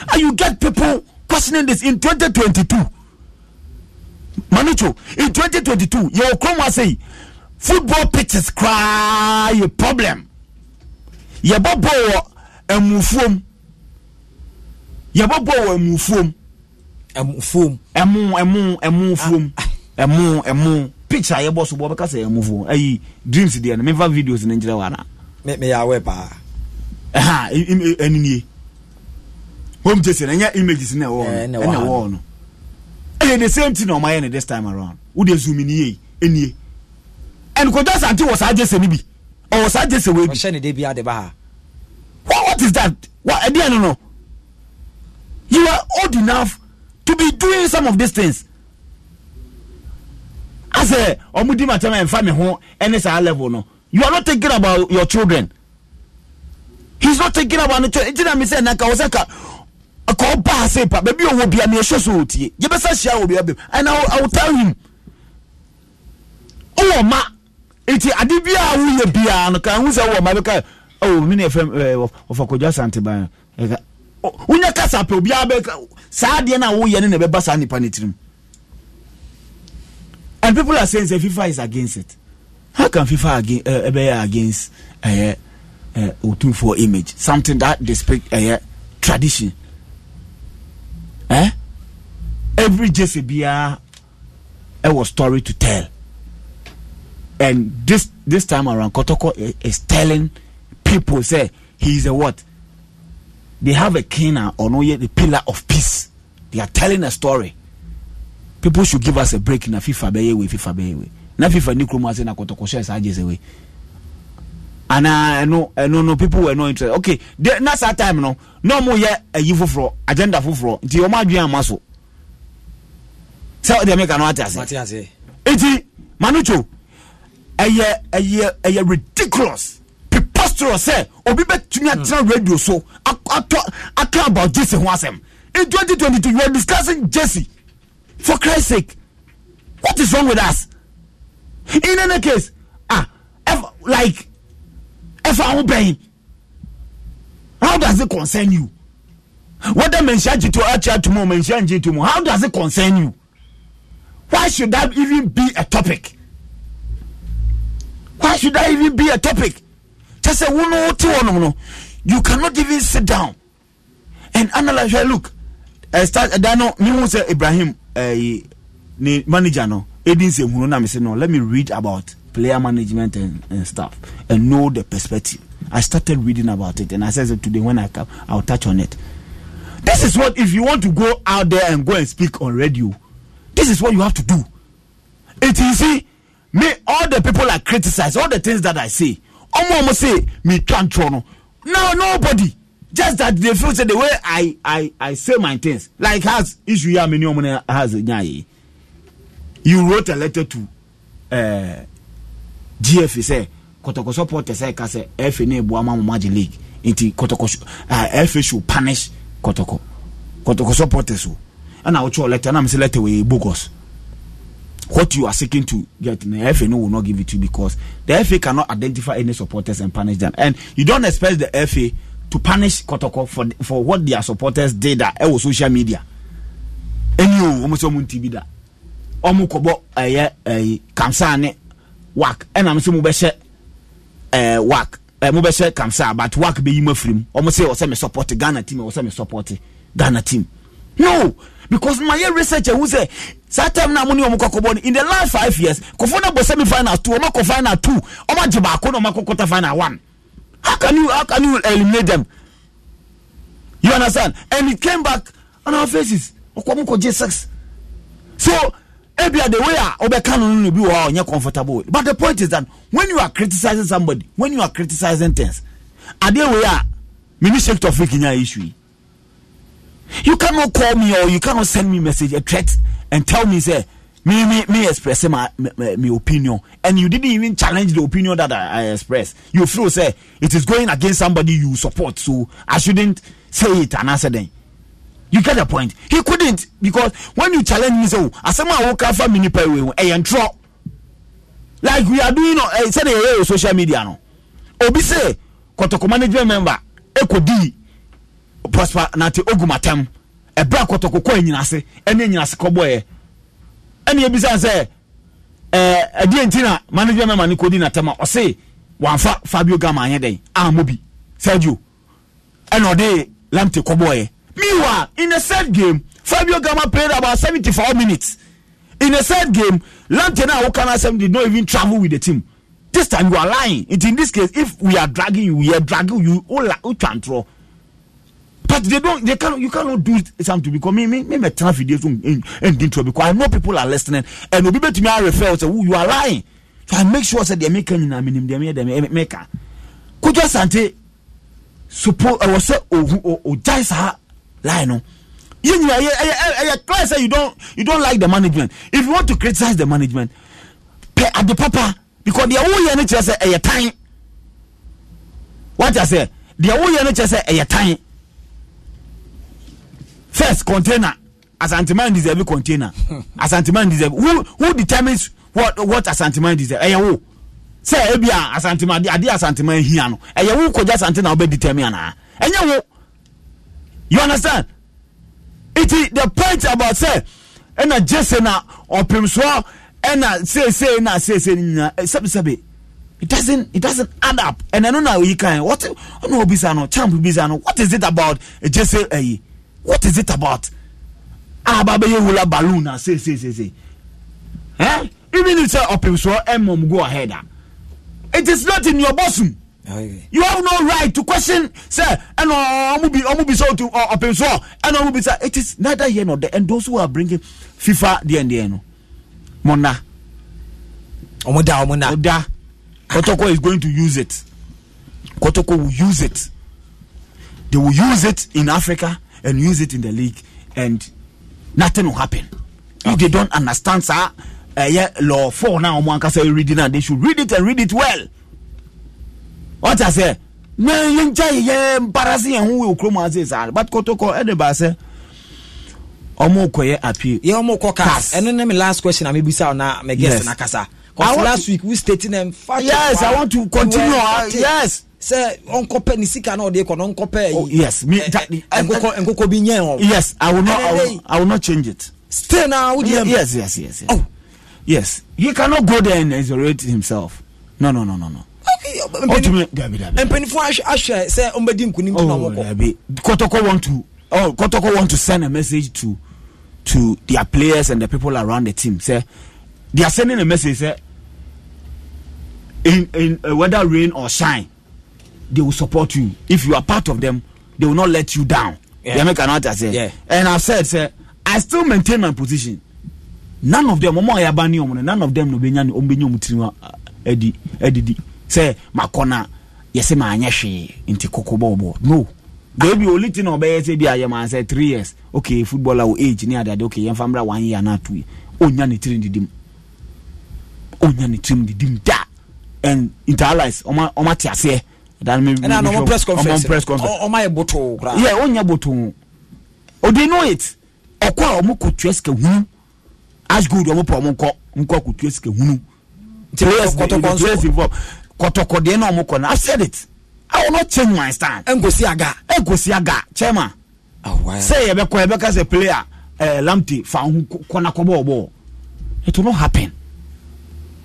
and ah, you get people questioning this in twenty twenty two manicho in 2022 yɛwɔ kurom wa sei football pitches koraa yɛ problem yɛbɔ bɔɔl wɔ ɛmufuom yɛbɔ bɔɔl wɔ ɛmufuom ɛmufuom ɛmu ɛmu ɛmufuom ɛmu ɛmu pitch a yɛbɔ so bɔ bɛka sɛ ɛmufuom ayi dreams deɛ no mefa videos ne nkyerɛ wa na. mɛ mɛ yà awɛ paa. ɛhàn ɛnini ye home tese na n yɛ images na ɛwɔ no ɛna ɛwɔ no ɛyɛ the same thing na ɔmo ayɛ no this time around wode zoom in yie enie ɛn kojú asante wɔ saa jese ni bi ɔwɔ saa jese wɔ ebi. ɔhyɛ ne de bi ade ba ha. what what is that What ɛdi ɛnu no you are old enough to be doing some of these things asɛ ɔmo di ma tɛmɛ nfa mi ho ɛne saa level no you are not thinking about your children he is not thinking about ne children ɛgyina mi sɛ naka ɔsɛ ka akɔ ɔba ase pa baabi ɔwɔ bia mi ɛhyɛ so ɔtie yɛ bɛ sɛ hyia wɔ bia bɛm and i will, I will tell him ɔwɔ ma eti ade bi a woyɛ bia no kan ho sɛ ɔwɔ ma bi ka ɔwɔ oh, mi na efɛm ɛɛ ɔfakɔdwa santiban ɛka wonya kasa pɛ obi abɛ ka saa adeɛ na woyɛ no na ɛbɛba saa nipa ne tirim and people are saying say fifa is against it how can fifa again ɛbɛyɛ uh, ɛbɛyɛ against ɛyɛ uh, otunfoɔ image something that they speak ɛyɛ tradition eh? every jersey biara was story to tell and this this time around kotoko is, telling people say he is a what they have a king or no yet the pillar of peace they are telling a story people should give us a break na fifa bɛyɛ wei fifa bɛyɛ wei na fifa ni kurom ase na kotoko so ɛsɛ agye sɛ anaa ɛno ɛno no people were no interested okay de na saa time no na ɔmo yɛ ayi foforɔ agenda foforɔ nti ɔmo adwene ama so sɛ ɔde ɛmi ka no ate ase eti manutso ɛyɛ ɛyɛ ɛyɛ ridiculous preposterous sɛ obi bɛtumi atena hmm. radio so atɔ atɔ about jesse ho asɛm in twenty twenty two you were discussing jesse for christ sake what is wrong with us in any case ah like ɛfa ho bɛn how does it concern you whether menhyia gye to akyia uh, to mu or ngye to how does it concern you why should that even be a topic why should that even be a topic kyɛ sɛ wo no wote hɔ nom no you cannot even sit down and analyse well look ɛda no ne ho sɛ ibrahim ɛyi uh, ne manager no ɛdi nsɛmhunu na me se no let me read about player management and, and stuff and know the perspective. I started reading about it and I said today when I come, I'll touch on it. This is what, if you want to go out there and go and speak on radio, this is what you have to do. It is see, me, all the people I criticize, all the things that I say, almost say, me, control. no, nobody. Just that they feel the way I, I, I say my things, like has issue here, many has You wrote a letter to uh, gfa sɛ kɔtɔkɔ supporters a ɛka sɛ ɛfɛ ne eboa ma mo magye league nti kɔtɔkɔ ɛfɛ should punish kɔtɔkɔ kɔtɔkɔ supporters o ɛna wotwe ɔlɛtɛ ɛna mesɛ lɛtɛ wɔyɛ bogus what you are seeking to get na ɛfɛ no will not give it to you because the ɛfɛ cannot identify any supporters and punish them and you don't expect the ɛfɛ to punish kɔtɔkɔ for for what their supporters did that ɛwɔ social media ɛni o wɔn sɛ wɔn ti bi da wɔn kɔbɔ ɛyɛ ɛyi kamsa ne wak ɛnam sɛ mobɛhyɛ eh, wak eh, mobɛhyɛ kamsa but wak bɛyi mu afiri mu ɔmo sɛ ɔsɛ me support ghana team ɔsɛ me support ghana team no because my research ɛhu sɛ saa time na mo ne ɔmo kɔkɔbɔ no in the last five years kɔfo no bɔ semi final two ɔmo akɔ final two ɔmo agye baako na ɔmo akɔ quarter final one how can you how can you eliminate them you understand and it came back on our faces ɔkɔ mo kɔ gye six so ebia the way a ɔbɛka no no bi wɔ hɔ a ɔnyɛ comfortable but the point is that when you are criticizing somebody when you are criticizing things adeɛ wei a mini shake tofik nya issue yi you cannot call me or you cannot send me message a threat and tell me say me me me express my, my, my opinion and you didn't even challenge the opinion that I, I express you feel say it is going against somebody you support so I shouldn't say it and answer them you get the point he couldn't because when you challenge me so oh, asɛm a woka fa me nipa ewe ɛyɛ eh, ntorɔ like we are doing ɛ sɛ de yɛ social media no obi sɛ kɔtɔkɔ management member ekɔ di prosper nate ogumatam ɛbɛ eh, akɔtɔkɔ kɔ ɛnyinase ɛne ɛnyinase kɔbɔ yɛ eh. ɛne ebisa sɛ ɛɛ ɛdiɛ ntina management member ni kɔ di natama ɔse wanfa fabio gama anyɛ dɛ amobi ah, sergio ɛna ɔde lamte kɔbɔ yɛ meanwhile in the third game fabio gama played about seventy four minutes in the third game lantana awokana seven did not even travel with the team this time you are lying it in this case if we are dragging you we are dragging you ola uchantro but they don't they can't. you cannot do something because me me me me tena video and ending trouble because i know people are listening and obi betumi i refer say who you are lying so i make sure say dem make nyina minim dem dem make kujo sante suppose i was say ohu oh oh saa lie no yẹn nyina yẹ ẹ yẹ clear say you don you don like the management if you want to criticize the management pẹ adi papa because deɛ woyɛ no kyerɛ sɛ ɛyɛ tan wata sɛ deɛ woyɛ no kyerɛ sɛ ɛyɛ tan first container asanteman deserve container *laughs* asanteman deserve who who determines what what asanteman deserve ɛyɛ wo sɛ ebi a asanteman adi asanteman hia no ɛyɛ eh, wo kɔjá asanteman a ɔbɛ determine ana ah. ɛnyɛ eh, wo you understand It is the point about sɛ ɛna jesse na ɔpemsoɔ ɛna seesei na seesei no nyinaa eh, sɛbisɛbi it doesn't it doesn't add up and ɛno na oyi kan what ɔna obisa no champ bisa no what is it about eh, jesse ɛyi eh, what is it about a ah, ba bɛyɛ wula balloon na ah, seesei seesei ɛn even if sɛ ɔpemsoɔ ɛmɔm go ahead a ah. it is not in your bosom you have no right to question sir. ɛna ɔmu bi ɔmu bi sɛ otu ɔpin so ɛna bi sɛ it is neither here nor there and those who are bringing fifa deɛ deɛ no mo na. ɔmo da ɔmo na. o kotoko is going to use it kotoko will use it they will use it in africa and use it in the league and nothing will happen okay. if they don't understand sir uh, yeah, law four now ɔmo ankasa reading and they should read it and read it well ɔta sɛ na yɛnkya yɛ mpara se yɛn ho wɔ kurom ase saa but kotokɔ ɛde ba sɛ ɔmo kɔyɛ appeal. yɛ ɔmo kɔ cars ɛno ne mi last question a mi bisa na mi guess na kasa. cause want, last week we stated them. yes i want to continue uh, yes. sɛ ɔnkɔpɛ ne sika na ɔde kɔ na ɔnkɔpɛ. yes mi ta nkokɔ nkokɔ bi nyɛ wɔn. yes i will not i will, I will not change it. Stay na o di yɛ. yes yes yes yes. Oh. yes he cannot go there and exonerate himself no no no no no mpanyinfoɔ ahwɛ sɛ wɔn bɛ di nkunim tena wɔn kɔ. kɔtɔkɔ want to oh, kɔtɔkɔ want to send a message to to their players and the people around the team sɛ they are sending a message sɛ in in uh, whether rain or shine they will support you if you are part of them they will not let you down. Yeah. yamika nata sɛ yeah. and i said "Say i still maintain my position none of them ɔmo a yaba ni ɔmo no none of them na ɔmo bɛ nya ɔmo bɛ nya ɔmo tiri uh, mu adidi sɛ makɔ na yɛsɛ maanyɛ hwee nti koko bɔɔbɔ no baabi only thing ɔbɛyɛ sɛ bi ayɛ maa sɛ three years okay footballer wo age ne adeade okay yɛmfa mmra one year anaa two year onya ne tirim didim onya ne tirim didim da and interallies ɔma ɔma te aseɛ dan mi mi sure press conference ɔmɔ press conference ɔmɔ yɛ boto kura yeah ɔnya boto o they know it ɔkɔ a ɔmo kò tuɛ sika hunu ash gold ɔmo pɔ ɔmo nkɔ nkɔ kò tuɛ sika hunu Three years. involved kɔtɔkɔdeɛ na ɔmo kɔ no i said it i will not change my stand. nkosi aga. nkosi aga chairman. Oh, wow. sɛ yɛbɛkɔ yɛbɛka sɛ player ɛɛ eh, lamte fa ho kɔna kɔbɔ ɔbɔ it will not happen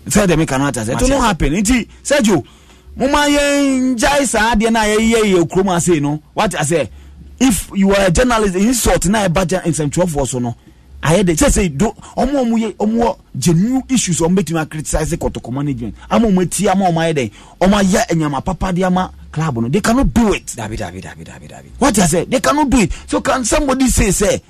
sɛ dɛm kan ata sɛ it will not happen nti sɛjo mo ma yɛ ngyae saa adeɛ ye a yɛyɛ yɛ kurom ase no wate asɛ if you are a journalist insult na ɛba nsɛmtwerɛfoɔ so no ayɛ de sɛsɛ do ɔmo ɔmo yɛ ɔmo wɔ genuine issues ɔmo betumi akritisize kɔtɔkɔ management ama ɔmo eti ama ɔmo ayɛ de ɔmo ayɛ ɛnyama papa de ama club no they cannot do it. dabi dabi dabi dabi dabi. what i say they cannot do it so can somebody say say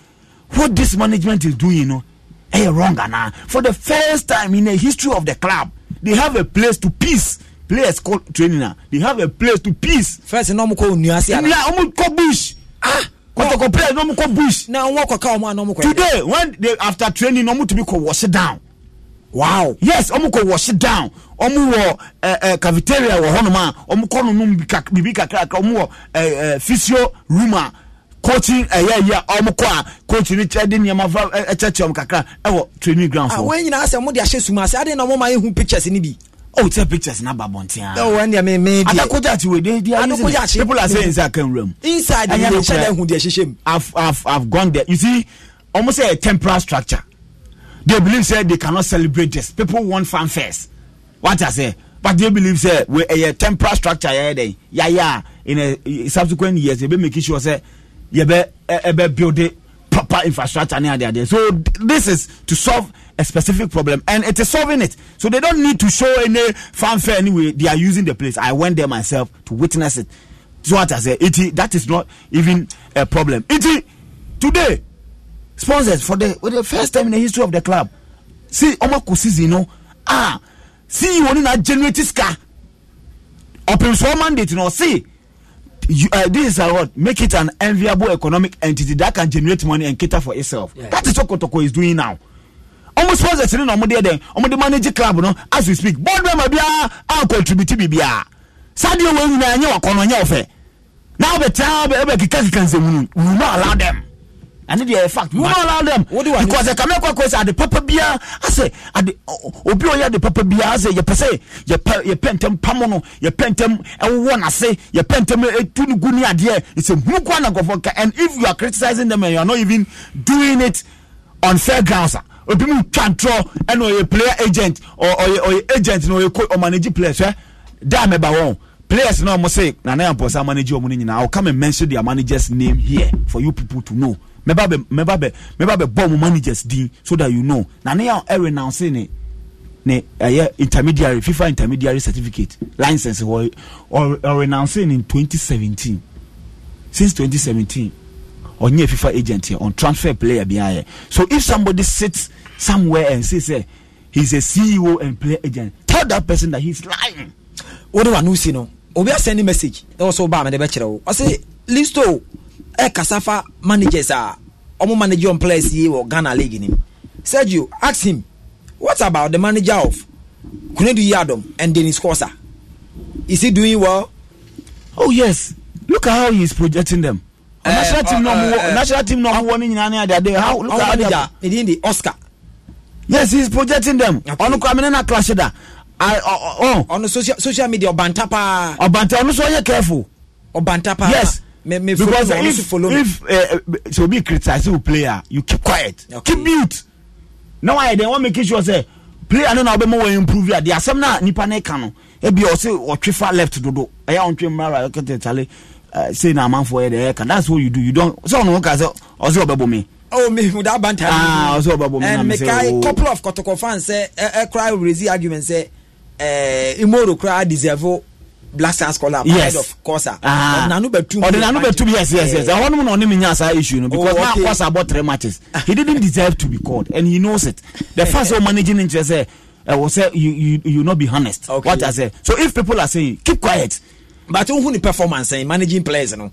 what this management is doing you know ɛyɛ eh, wrong ana ah, for the first time in the history of the club they have a place to peace players call training na ah. they have a place to peace. first na ɔmo kɔ onua si ala. nla ɔmo kɔ bush. ah kɔtɔkɔ pray na ɔmo kɔ bush. na ɔmo kɔ ka ɔmo a na ɔmo kɔ. today when they after training ɔmo tumi kɔ wɔsi down. wow yes ɔmo kɔ wɔsi down ɔmo wɔ ɛɛ eh, ɛɛ eh, cafeteria wɔ hɔnom a ɔmo kɔ nonom bibi kakraka ɔmo wɔ ɛɛ eh, ɛɛ physio room a coaching ɛyɛ yi a ɔmo kɔ a coach ni kyerɛ de nneɛma fa ɛkyɛkyɛ ɔmo kakra ɛwɔ training ground fo. àwọn yẹn nyinaa sɛ ɔmo de ahyɛ suma ase adi na ɔmo ma ehu pictures ni bi oh tell pictures na babontin ah. Oh, no wọn ni mi mi di. adakunjẹ ati wede di ayi sinmi people are saying inside kan wura mu. inside the o ṣẹlẹ ehun di ẹ ṣiṣẹ mu. i've i've i've gone there you see almost say a temporal structure they believe say they cannot celebrate this people want fanfares what i say but they believe say we eh, a temporal structure yẹ dẹ yaya in a eh, subsequent years they be make sure say yẹ bẹ ẹ eh, bẹ build proper infrastructure ni adi adi so this is to solve a specific problem and it is solving it. So they don't need to show any fanfare anyway. They are using the place. I went there myself to witness it. So what I say, it e that is not even a problem. It e today sponsors for the for the first time in the history of the club. See Omako you know, ah see you only not generate this car. Open so mandate, you know, see. You, uh, this is what make it an enviable economic entity that can generate money and cater for itself. Yeah. That is what Kotoko is doing now ɔmo sponsors ne na ɔmo deɛ dɛn ɔmo de manage club no as we speak board member biara a contribute biribiara saa deɛ wɔn nyinaa nyɛ wakɔnɔ nyɛ ɔfɛ na ɔbɛtɛ ɔbɛ kekakeka nsɛmunu we will not allow them ɛne deɛ fact we will not allow them because ɛkame kɔ kɔ sɛ ade papa biara asɛ ade obi a ɔyɛ ade papa biara asɛ yɛpɛ sɛ yɛpɛ yɛpɛ ntɛm pamo no yɛpɛ ntɛm ɛwɔ n'ase yɛpɛ ntɛm etu ne gu ne adeɛ it's a hunu kwan na nkɔfɔ e e. ka and if you are criticizing them and you are not even doing it on fair grounds ah obi mu twa ntorɔ ɛna ɔyɛ player agent ɔyɛ ɔyɛ agent na ɔyɛ ko ɔmanagi players hwɛ daa mɛba wɔn players na ɔmo se nana yɛn pɔsɛ amanagi ɔmo ne nyinaa ɔka mi mention their managers name here for you people to know mɛba bɛ mɛba bɛ mɛba bɛ bɔ ɔmo managers din so that you know nana yɛn ɛwɛ nansi ne ne ɛyɛ intermediary fifa intermediary certificate license wɔ ɔrɛ nansi ne twenty seventeen since twenty seventeen ɔnyɛ fifa agent here on transfer player bi ayɛ so if somebody sits somewhere and say say he's a ceo and player agent tell that person that he's lying. wọ́n ní wà ní usi no We are sending message That was sọ ọba àmì ẹ̀ bẹ́ listo ẹ̀ eh, kasa fa managers a ọmọ manager on players yìí wọ ghana league in him. sergio ask him what about the manager of kunedu yadom and dennis kosa is he doing well. oh yes look at how he is projecting them. Uh, national team náà mu wọ national team náà mu wọ ní nyina ní adé adé how look at how they are. ọmọ manager ìdí ni oscar yes he's projecting them ɔno kɔ amene na clash da ɔno uh, uh, uh, oh. social social media ɔbanta paa ɔbanta ɔno so ɔyɛ careful ɔbanta paa yes me me follow me ɔno if uh, so be criticize you player you keep quiet okay. keep mute na wayɛ den wɔn making sure say player no na ɔbɛma wɔn improve yɛ de asɛm na nipa ne ka no ebi ɔsi ɔtwe fa left dodo ɛyɛ eh, ɔntwe mmara ɔkɛtɛ tale ɛɛ eh, say na amanfoɔ yɛ de ɛyɛ that's what you do you don sɛ ɔno ka sɛ ɔsi ɔbɛbɔ mi oh me with that banter ah also babo me and me kai oh. couple of kotoko fans say eh, "A eh, eh, cry crazy argument say eh imoro cry deserve black stars scholar yes. ahead of Kosa. Ah. two. Betum. Or Nanu two. Oh, yes, yes, yes. I want to know him sa issue, no, because oh, okay. about three matches. He didn't deserve to be called, and he knows it. The *laughs* first one managing interest, I will say you you you not be honest. Okay. What I say. So if people are saying, keep quiet. But who the performance and managing players, you know.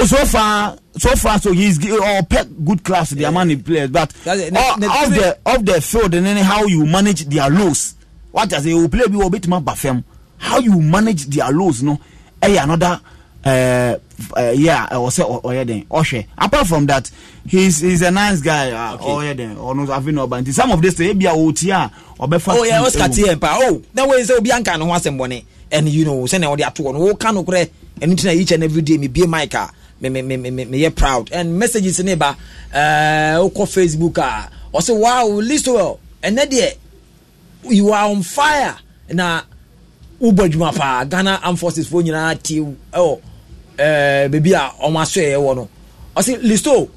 Oh, so far, so far, so he's or oh, good class to their money players, but That's it. Oh, the of the field and anyhow you manage their lows. What does he will play, we will bit more bafem. How you manage their lows, no? Hey, eh, another. Uh, uh, yeah, I was say Oyeden. Oh, Oshe. Apart from that, he's he's a nice guy. Uh, okay. Oyeden. Oh, or no, I've been about some of this. Maybe a OTR or befa. Oh yeah, I was T. him. Oh, that way is Obianca no one sembone. And you know, send all the atu on. Oh, kanu kure. And it's each and every day me be Micah me me me me me meyɛ proud and messages ne ba ɛɛ uh, wokɔ facebook a ah, ɔsɛ wow listowell ɛnɛ deɛ you are on fire na wobɔ adwuma paa ghana armed forces fo nyinaa tie ɛwɔ oh, ɛɛ uh, beebi a ah, wɔn asɔɛ ɛwɔ no ɔsɛ listow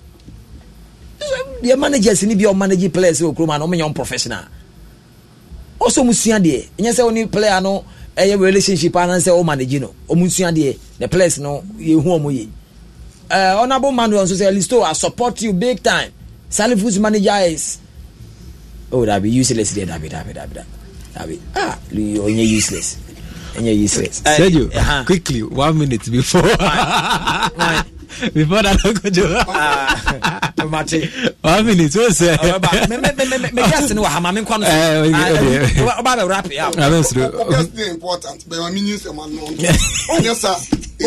oh. deɛ managers ni bi a ɔmanage players wɔ oh, kurom a na wɔn nyɛ professional ɔsɛ wɔn sua deɛ nyɛ sɛ wɔn player no ɛyɛ eh, relationship a na sɛ wɔn no wɔn sua deɛ the players no yɛ hu uh, eh, honourable manuel so say elisto i support you big time sally foods manager is oh dabi useless there dabi dabi dabi dabi ah onye useless onye useless. Eh, sergio uh, uh-huh. quickly one minute before. why? why? before that ọkọ jọ. Ah, *laughs* tomati. one minute o sẹ. mẹ gẹ́sì ni wà hàmà mi nkọ́ nù. ọba bẹ rap yà. ọba bẹ sọrọ. ọba bẹ sọrọ important bẹẹ mi ní sẹ ma nù. ọ̀nyẹ sá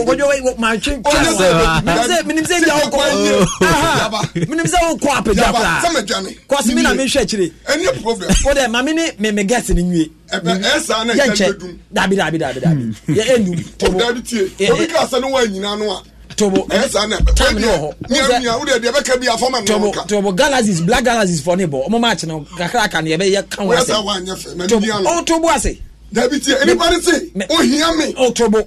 ogojo wei maa twe sɛ menim sɛ bia wokɔ menim sɛ wokɔ apagya paa kɔse me na mehwɛ akyire wodɛ ma mene meme gɛse no nwie yɛnkyɛ dabi dabi dabi dabi yɛɛnum hmm. e, tobo e. e, time ne wɔ hɔ tobo galaxies black galaxies fɔ ne bɔ ɔmo maa kyerɛ kakra ka ne yɛbɛyɛ kan wɔ asɛ tobo ase dabi tie nipa ne se ohia me tobo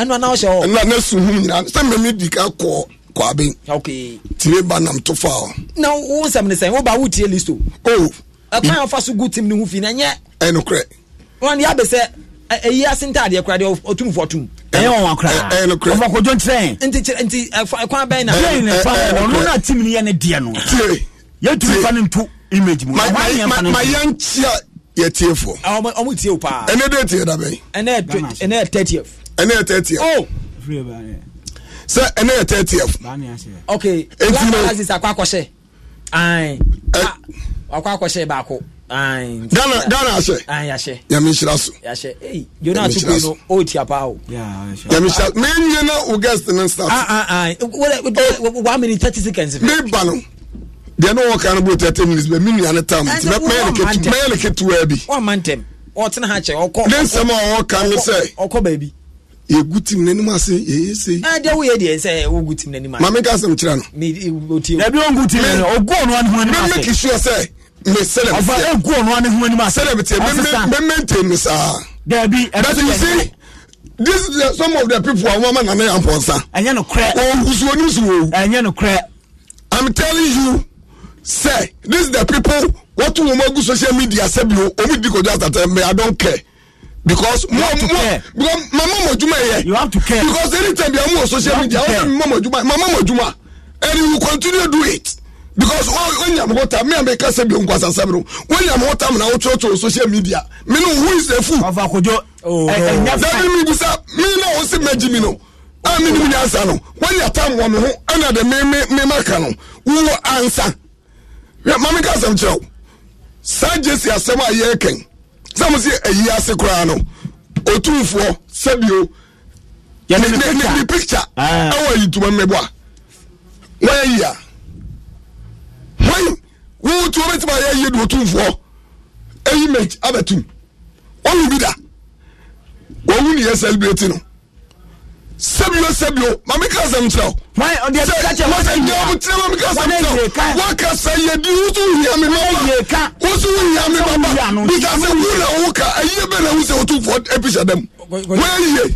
ɛnu anan hyɛ hɔ. ɛnu anan sun hum nyinaa sɛ mmɛmi di ka kɔ kɔ abe. ok tire ba nam to fa o. na wo nsɛm ni sɛn ba wo tie list o. o ɛkwan afa so good team ni ho fi na nyɛ. ɛnukura. wọn yà bɛ sɛ eyi ase ntaadeɛ kura deɛ otum fɔ tum. ɛyɛ wɔn akora ɛnukura ɔmɔ kojú ntirɛn. nti nti ɛkwan bɛn na. bɛn na fa ɔno na team ni yɛ ne deɛ no. tie yɛ tu nfa ni ntu image mu. ma ma yɛn kyi a yɛ tie fɔ. ɔmɔ tie o paa. ɛnɛ de tie dabɛn. ɛnɛ ɛnɛ thirtieth ɛne yɛ tɛtiɛ sɛ ɛne yɛ tɛtiɛ ok blacklasses akɔ akɔhyɛ ayi akɔ akɔhyɛ baako ayi ghana ghana ahyɛ ayi so yahyɛ eyi jona atukun no o so mɛ n yɛ na o guest ne start ayi ah, ah, wɛrɛ eh, oh! eh, one minute thirty seconds. ne ba no deɛ ne wɔka no bo thirty minutes bɛ mi tam nti mɛyɛ ne ketewa bi. ne nsɛm a ɔwɔ kan sɛ yɛgu tim n'anim ase yɛyɛ ah, tim n'anim ase mame ka kyerɛ no dabi sɛ me me saa you see this uh, some of the people àwọn ọmọ nana yà mpọnsa ɛnyɛ no korɛ i'm telling you say this is the people wɔtu wɔn agu social media sɛbi o omi di kojú asatɛ mbɛ i don't care because mo mo you have to care because anytime bi a mo wɔ social media awo mi mama mojuma mama mojuma and you continue do it because o o nya mɔgɔ ta mi a mi ka sɛ bi o nkwasa sɛbi no o nya na o social media mi no who is a fool. ɔfɔ akojo ɛɛ ɛnyɛ fɛ dabi mi busa mi na o si mɛji mi no ni mi ansa no wɔn yɛ tam wɔ mi ho ɛna de mi mi mi ma ka no wo ansa maame ka asɛm kyerɛw saa jesi asɛm a yɛ kɛn sɛ mo sɛ ayi ase koraa no ɔtumfoɔ sɛbio ne picture ɛwɔ ayituma mmɛbɔ a wɔayi a wɔn wowotu wɔbɛtumi ayɛ yie de ɔtumfoɔ ɛyi mage abɛtum ɔwu bi da wɔwu ne yɛ celebrate no sɛbio sɛbio ma meka sɛm kyerɛ wo wọ́n ọ̀dẹ̀ bí ká kyẹ̀ wọ́n sẹ̀ yẹ ká wọ́n yẹ ká wọ́n kà sẹ̀ yẹ di wosò wúyà mi bàbá wọ́n yẹ ká wosò wúyà mi bàbá bí kà sẹ̀ wúlò wọ́n kà ayé bẹ́ẹ̀ náà wọ́n sẹ̀ wọ́n tún fọ́ ẹ̀pìṣẹ̀ dẹ́mu wọ́n yẹ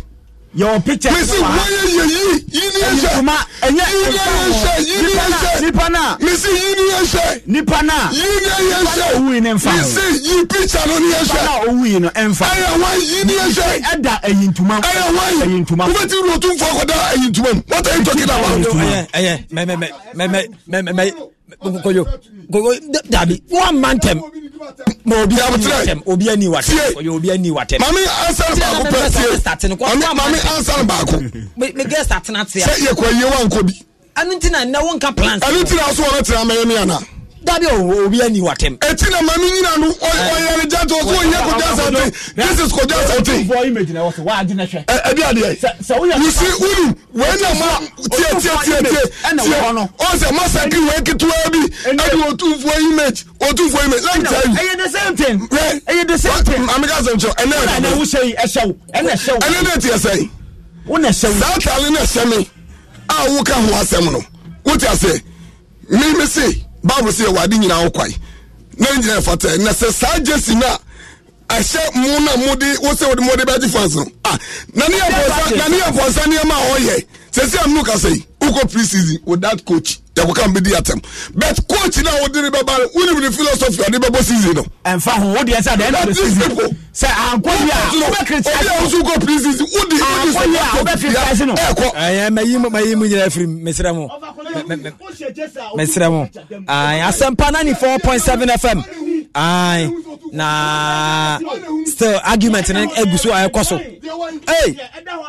yɛwɔ picture mesi wɔyɛ yɛ yi yi ni ɛhyɛ ɛyɛ ɛhyɛ yi ni ɛhyɛ nipa na mesi yi ni ɛhyɛ nipa na yi ni ɛhyɛ owu yi ni nfa mesi yi picture no ni ɛhyɛ nipa na owu yi no ɛnfa ɛyɛ wa yi ni ɛhyɛ ɛda ɛyi ntoma ɛyɛ wa yi ɛyi ntoma wo bɛ ti wo tun fɔ kɔda ɛyi ntoma mu what are you talking about. ɛyɛ ɛyɛ mɛ mɛ mɛ mɛ mɛ mɛ mɛ kokoyo kokoyo dabi one man tɛm ma obi ani watɛm obi ani watɛm kokoyo obi ani watɛm. maami ansan baako pɛ tie maami maami ansan baako. mi gɛ sa tena tia. sɛ yɛ kɔ yie wa nko bi. ɛnu ti na nnawo nka plans. ɛnu ti na aso wɔn ti na dabi obi ẹni wà tẹm. etí na maami nyina no ọyẹrẹ eh. jẹjọ ọsọ oyẹ kọjá sẹtẹ this is kọjá sẹtẹ. ọdún image na wọ́n sọ wàá di n'ẹhwẹ. ẹ ẹbi adiẹ wusi wulu wẹ́n na ma tiẹ tiẹ tiẹ tiẹ tiẹ ọsẹ masaki wẹ́n ketewa bi ẹbi e otunfo e image otunfo e image let me tell you. ẹyẹ eh, the same thing. ẹyẹ eh, the same thing. amika sẹmtsọ ẹnẹ ẹnẹ ẹnẹ ẹwuṣẹ yi ẹṣẹw ẹnẹ ẹṣẹw. ẹnẹ ẹnẹ tiẹ sẹyìn. wọn na ẹṣẹw. sáà tàlẹ́ na ẹṣẹ mi a wọ́n ká ho asẹ́mu no wọ́n ti àṣẹ mímísì bible sɛ yɛwade nyinaa wo kwae na nyina ɛfata na sɛ saa jesi no a ɛhyɛ mu na mode wo sɛ wode mode bɛgye fans no ah, na ne yɛpɔnsa nneɛma a ɔyɛ sɛ sɛ amnu ka sɛi wokɔ pre season with that coach yàwòká mi di àtẹm but coach náà wò di ni bẹba wọ́n ní mi philosophy ọ̀dí bẹ season nọ. ẹnfa hun o di ẹsẹ àdé ẹni bẹ season sẹ àǹkó yìí à ó bẹ criticize obi àwọn sùn kò pre season ó di ó di sọ yà ó bẹ criticize nù. ẹ kọ. ẹyẹ mẹ yí mu mẹ yí mu yẹrẹ firi mẹsirẹ mu mẹsirẹ mu asempa ninety four point seven fm na still argument ni egu so a yẹ kọ so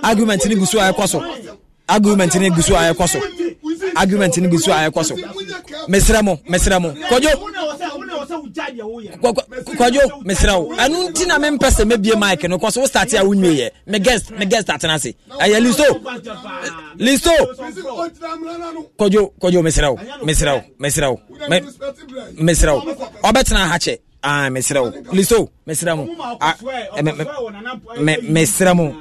argument ni egu so a yẹ kọ so. Agreement ne Gusu so a ɛkɔ so argument ne gu so a ɛkɔ so mesrɛ mo mesrɛ mo kwadwo kwadwo mesrɛ wo ɛno nti na mempɛ sɛ mɛbie mike no kɔ so wo starte a wonwieyɛ me guest me guest atena ase ɛyɛ listo listo kwadwo kwadwo mesrɛ wo mesrɛ wo mesrɛ wo mesrɛ wo ɔbɛtena ahakyɛ Ah, mesrɛ wo liso oh, mesrɛ mo ah, eh, mesrɛ mo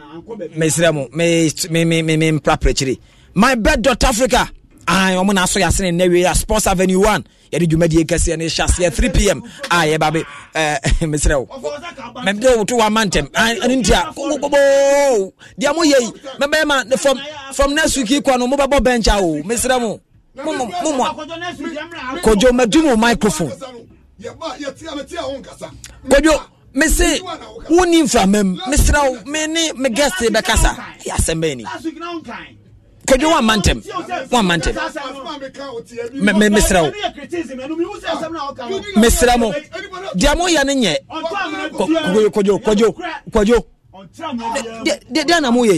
mesrɛ mo mempraprɛkyire my bed dot africa ae ah, ɔmo naaso yɛ asene nnɛ wiei a sports avenue 1 yɛde dwumadie kɛseɛ no hyɛ aseɛ 3 pm a yɛba be eh, *laughs* mesrɛ wo mede woto wama ntɛm ɛno nti a kokokoboo deɛ moyɛi mɛbɛyɛ ma from, from next week kɔ no mobɛbɔ bench a o mesrɛ mo kojo madum wo microphone kwadwo me woni mframa m mesrɛ wo me ne me guest bɛkasa ɛyɛ asɛm bɛɛ ni kwadwo woamma ntɛm woamma ntɛm mesrɛ wo mesrɛ mo deɛ moyɛ no nyɛ kwadwo kwadwo na moyɛ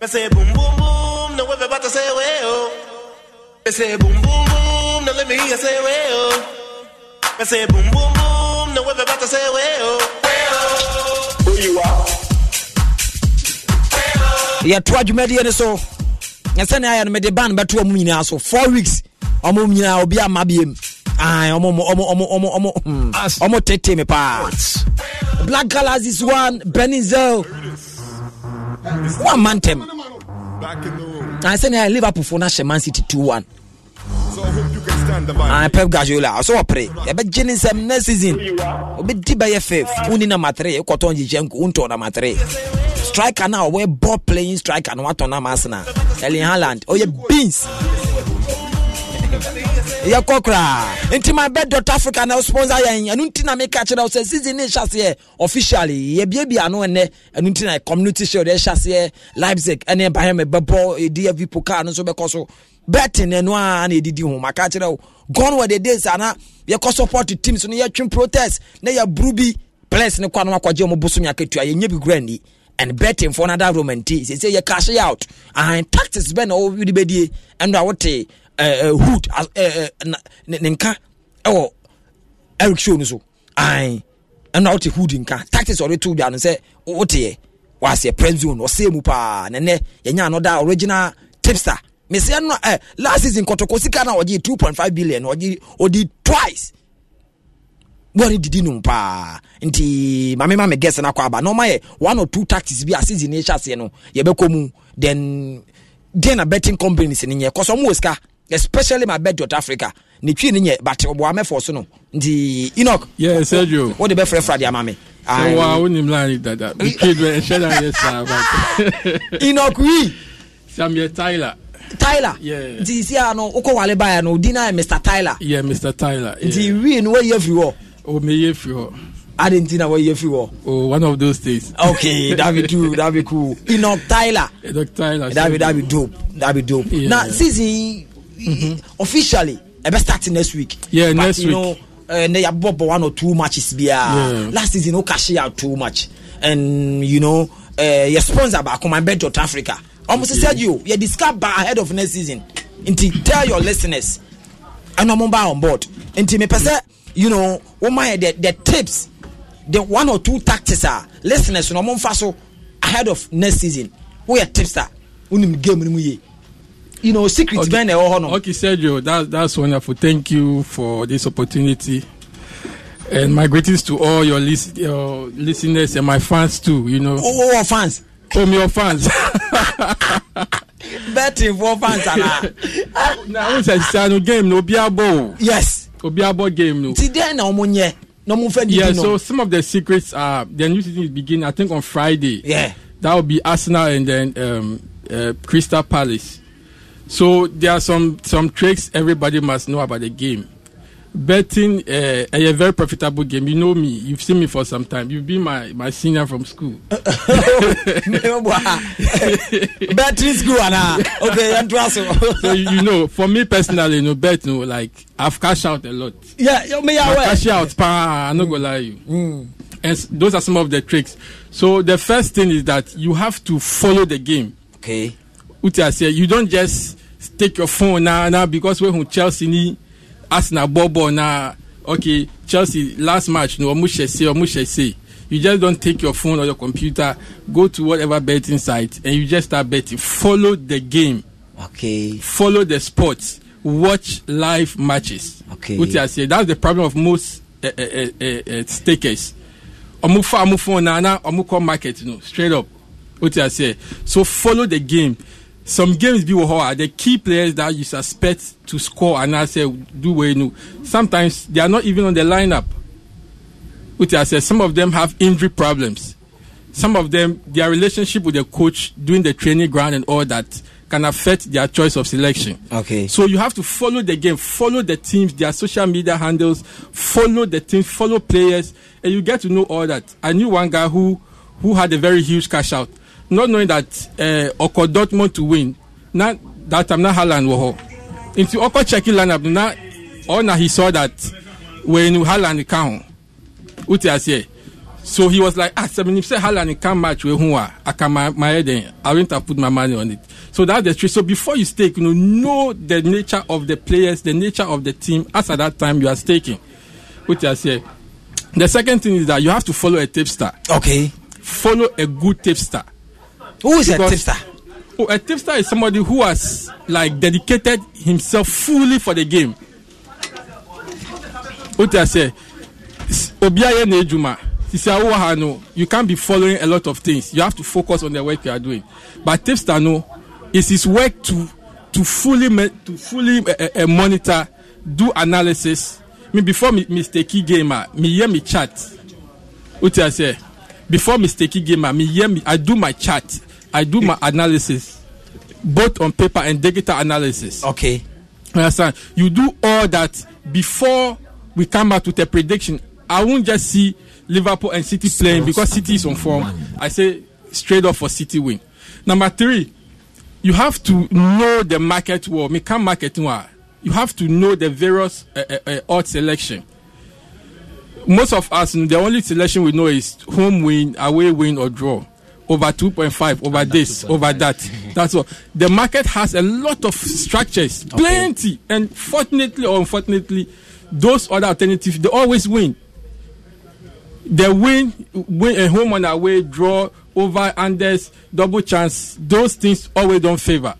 I say boom boom boom, now everybody say way oh. I say boom boom boom, now let me hear say way oh. I say boom boom boom, now everybody say way oh. Way oh. Who you are? yɛtoa dwumadeɛ no so ɛsɛne ayɛ no mede ban bɛtoa mu nyinaa so four weeks ɔmo nyinaa obi ama biam ɔmo hmm. tete me paa black galas is one beninzel one man term ansa na liverpool fo no ahyɛ man city 2-1 ah, pep gajola ɔsɛ wɔpere yɛbɛgye ne nsɛm um, next season obɛdi bɛyɛ fif woni nama tre kɔtɔn gyegyanku wontɔ nama tre striker no a ɔwɔ ball playing striker no watɔ nama asena elin haland ɔyɛ oh, beans yɛkɔ koraa nti my bed dot africa na sponsor yɛn ɛno nti na meka kyerɛ wo sɛ season ne hyɛ officially yɛbiabi ano ɛnɛ ɛno nti na community shield ɛhyɛ aseɛ leipzig ɛne bayern bɛbɔ dfv pokal no nso bɛkɔ so betting ɛno a na ɛdidi ho maka kyerɛ wo gone were the days ana yɛkɔ support teams no yɛtwe protest na yɛburu bi players ne kɔ anoma kɔgye ɔmo bosom yakatua yɛnyɛ bi gura ni and betting for another roman tea sɛ sɛ yɛ cash out and taxes bɛ na ɔwɔ de bɛdie ɛno a wote Eh, eh, hood eh, ne nka ɛwɔ eric show no so ɛna wote hood nka tactics ɔde to dwa no sɛ woteɛ waseɛ prem zone ɔsɛɛ mu paa nɛnɛ yɛnya no da original tipster mesia no eh, last season kɔtɔkɔ sika na two point five billion ɔgye ɔdi twice wɔne didi nom paa nti mame ma me guess no akɔ aba na yɛ one or two tactics bi a season no ɛhyɛ aseɛ no yɛbɛkɔ mu then deɛ na betting companies ni nyɛ kɔ sɛ ɔmo wɔ sika especially my bed dot africa ne twi ne nyɛ but ɔbɔ amɛfo so no nti enoch yeah sergio wode bɛfrɛ fra de ama me wa wonim la dada ɛhyɛ da yɛ saa enoch wi samuel tyler tyler yeah. nti si a no wokɔ wale baeɛ no wodi no ayɛ e mr tyler yeah mr tyler yeah. nti wi no woayi afiri hɔ o meyɛ afiri hɔ adi nti na wɔyɛ fi wɔ. oh one of those days. okay that be true that be cool enoch tyler. enoch tyler. that be that be dope that be dope. Yeah. na sisi mm-hmm. officially ɛbɛ start next week. yeah next week. but, you know, week eh, ne yà bɔ bɔ one or two matches bi ya last season o cash out too much and you know eh, yɛ sponsor baako man bɛ jɔt africa ɔmo sisɛ yi o yɛ discuss ba ahead of next season nti tell your listeners ɛna ɔmo ba on board nti mi pɛ sɛ you know wɔn ma yɛ the the tips the one or two tactics ah. listeners na ɔmo nfa so ahead of next season woyɛ tipster wonim game ni mu yie you know secret okay. bẹ́ẹ̀ na ẹ̀wọ̀ hɔ no. okay sergio that, that's wonderful thank you for this opportunity and my greetings to all your, lis your listeners and my fans too you know. owó oh, wọ oh, oh, fans. omi wọ fans. *laughs* betting for fans ana. na n sẹ sanu game na obi abo. yes. obi abo game no. ti dẹ́n na ọmọ yẹn na ọmọ fẹ́ didi nù. yeah so some of the secrets are the new season is beginning i think on friday. yeah. that will be arsenal and then um, uh, crystal palace. So there are some some tricks everybody must know about the game. Betting uh, a very profitable game. You know me. You've seen me for some time. You've been my, my senior from school. *laughs* Betting school, Anna. Okay, I'm *laughs* So you know, for me personally, you no know, bet, you know, like I've cashed out a lot. Yeah, you may I cash out, pa. I'm not gonna mm. lie you. Mm. And those are some of the tricks. So the first thing is that you have to follow the game. Okay uti aseɛ you don't just take your phone na na because wey chelsea ni arsenal bɔ bɔ na okay chelsea last match no ɔmu hyɛ se ɔmu hyɛ se you just don't take your phone or your computer go to whatever betting site and you just start betting follow the game okay follow the sport watch live matches okay uti aseɛ that's the problem of most uh, uh, uh, uh, stakers ɔmu fa ɔmu phone na na ɔmu call market no straight up uti aseɛ so follow the game. some games be wɔ hɔ are the key players that you suspect to score and I say do well know? sometimes they are not even on the lineup I asɛ some of them have injury problems some of them their relationship with the coach during the training ground and all that can affect their choice of selection. Okay. So you have to follow the game, follow the teams, their social media handles, follow the teams, follow players, and you get to know all that. I knew one guy who who had a very huge cash out not knowing that uh, eh, ọkọ dortmund to win na that time na haaland wọ họ nti ọkọ checking lineup na all na he saw that wẹni haaland ka ho wote aseɛ so he was like ah sɛ menim sɛ haaland ka match wɛ ho a aka my head den i went and put my money on it so that's the truth. so before you stake you know, know the nature of the players the nature of the team as at that time you are staking wote aseɛ the second thing is that you have to follow a tipster okay follow a good tipster Who is because, a tipster? Oh, a tipster is somebody who has like dedicated himself fully for the game. What I say, Obiaye Nejuma. Sisi awo ha you can't be following a lot of things. You have to focus on the work you are doing. But tipster no, it's his work to to fully to fully uh, uh, monitor, do analysis. I mean, before me mistake game, me hear me chat. What I say. before mistaking game, ah, me hear me. I do my chart. I do my analysis, both on paper and digital analysis. Okay. Understand? You do all that before we come out with a prediction. I won't just see Liverpool and City playing because City is on form. I say straight off for City win. Number three, you have to know the market well. Me can market well. You have to know the various uh, uh, odd selection most of us, the only selection we know is home win, away win, or draw. Over 2.5, over and this, over that. *laughs* That's all. The market has a lot of structures, plenty. Okay. And fortunately or unfortunately, those other alternatives, they always win. They win, win a home on away, draw, over, unders, double chance. Those things always don't favor.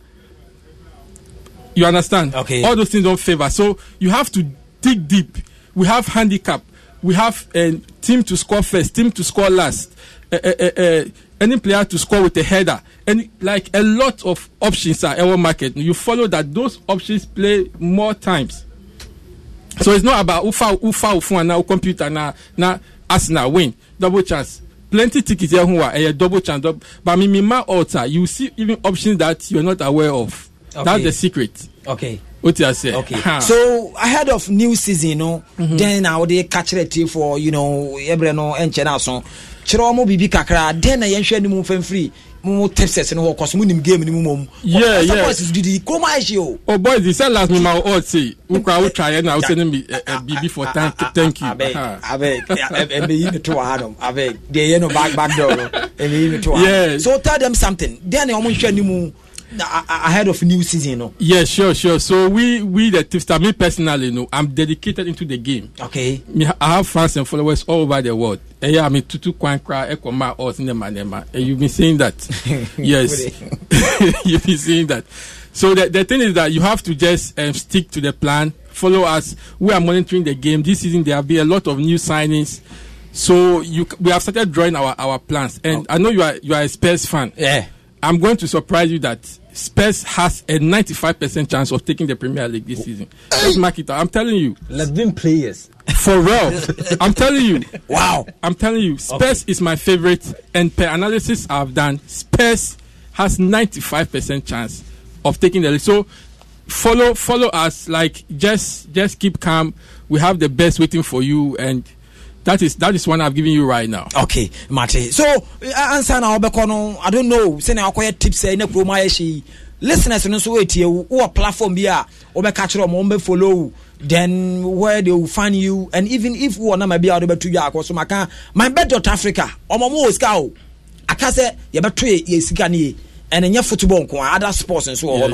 You understand? Okay. All those things don't favor. So you have to dig deep. We have handicap we have a team to score first, team to score last, uh, uh, any player to score with a header, and like a lot of options are our market. You follow that those options play more times. So it's not about ufa ufa ufa now computer now now now win double chance. Plenty tickets here who are a eh, double chance. Double, but Mimima Alter, you see even options that you're not aware of. Okay. That's the secret okay what you say okay huh. so ahead of new season you know mm-hmm. then now they catch the tea for you know every no and channel so kyerɛ ɔmo biribi kakra den na yɛnhwɛ ne mu mfɛmfiri mo texas no hɔ kɔso mo nim game no mu mom boys didi kurom ahye o oh. oh boys di sɛ last mema wo ɔd sei wokora wotwa yɛ na wosɛ no bi biribi for thank ah, ah, ah, thank you ɛmɛyi eh, eh, eh, me to ha nom abɛg deɛ yɛ no back back door no oh. ɛmɛyi *laughs* me to ha so tell them something den na ɔmo nhwɛ ne mu ahead of new season no. yes sure sure so we we the tipster me personally no i'm dedicated into the game. okay. me i have fans and followers all over the world Yeah, I mean, tutu kwan kra ẹkọ ma ọ and you been saying that yes You've been saying *laughs* *laughs* that so the the thing is that you have to just um, stick to the plan follow us we are monitoring the game this season there will be a lot of new signings. So you, we have started drawing our, our plans, and oh. I know you are you are a Spurs fan. Yeah. I'm going to surprise you that Spurs has a 95% chance of taking the Premier League this season. Just mark it out. I'm telling you. Let's play players. For real. *laughs* I'm telling you. Wow. I'm telling you. Spurs okay. is my favorite. And per analysis I've done, Spurs has 95% chance of taking the league. So follow follow us. Like just just keep calm. We have the best waiting for you and – That is that is one I've given you right now. Okay, Mate. So eh, answer now Bekono. I don't know. Say Send our quiet tips in a promo. Listeners no so wait you or platform be a catch them on follow then where they will find you and even if we are not maybe out about two years so my my bed dot Africa or my more scow. I can say you bet three years and then your football other sports and so on.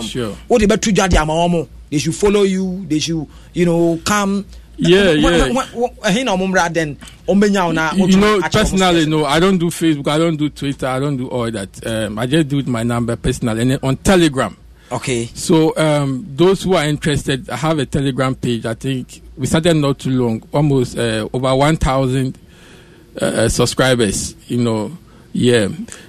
What about two jade ama they should follow you, they should you know come yeah, yeah. then, you know, personally, no, I don't do Facebook, I don't do Twitter, I don't do all that. Um, I just do it my number personally and on Telegram. Okay. So um, those who are interested, I have a Telegram page. I think we started not too long, almost uh, over one thousand uh, uh subscribers. You know, yeah.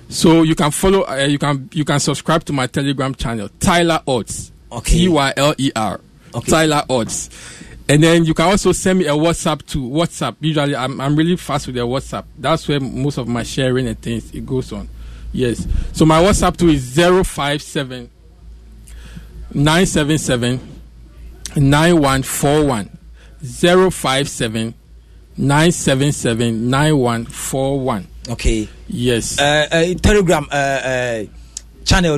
So you can follow, uh, you can you can subscribe to my Telegram channel, Tyler Odds. Okay. T y l e r. Okay. Tyler Odds. And then you can also send me a WhatsApp to WhatsApp. Usually, I'm, I'm really fast with the WhatsApp. That's where most of my sharing and things it goes on. Yes. So my WhatsApp too is 057 977 9141. 057 977 9141. Okay. Yes. Uh, uh, telegram uh, uh channel.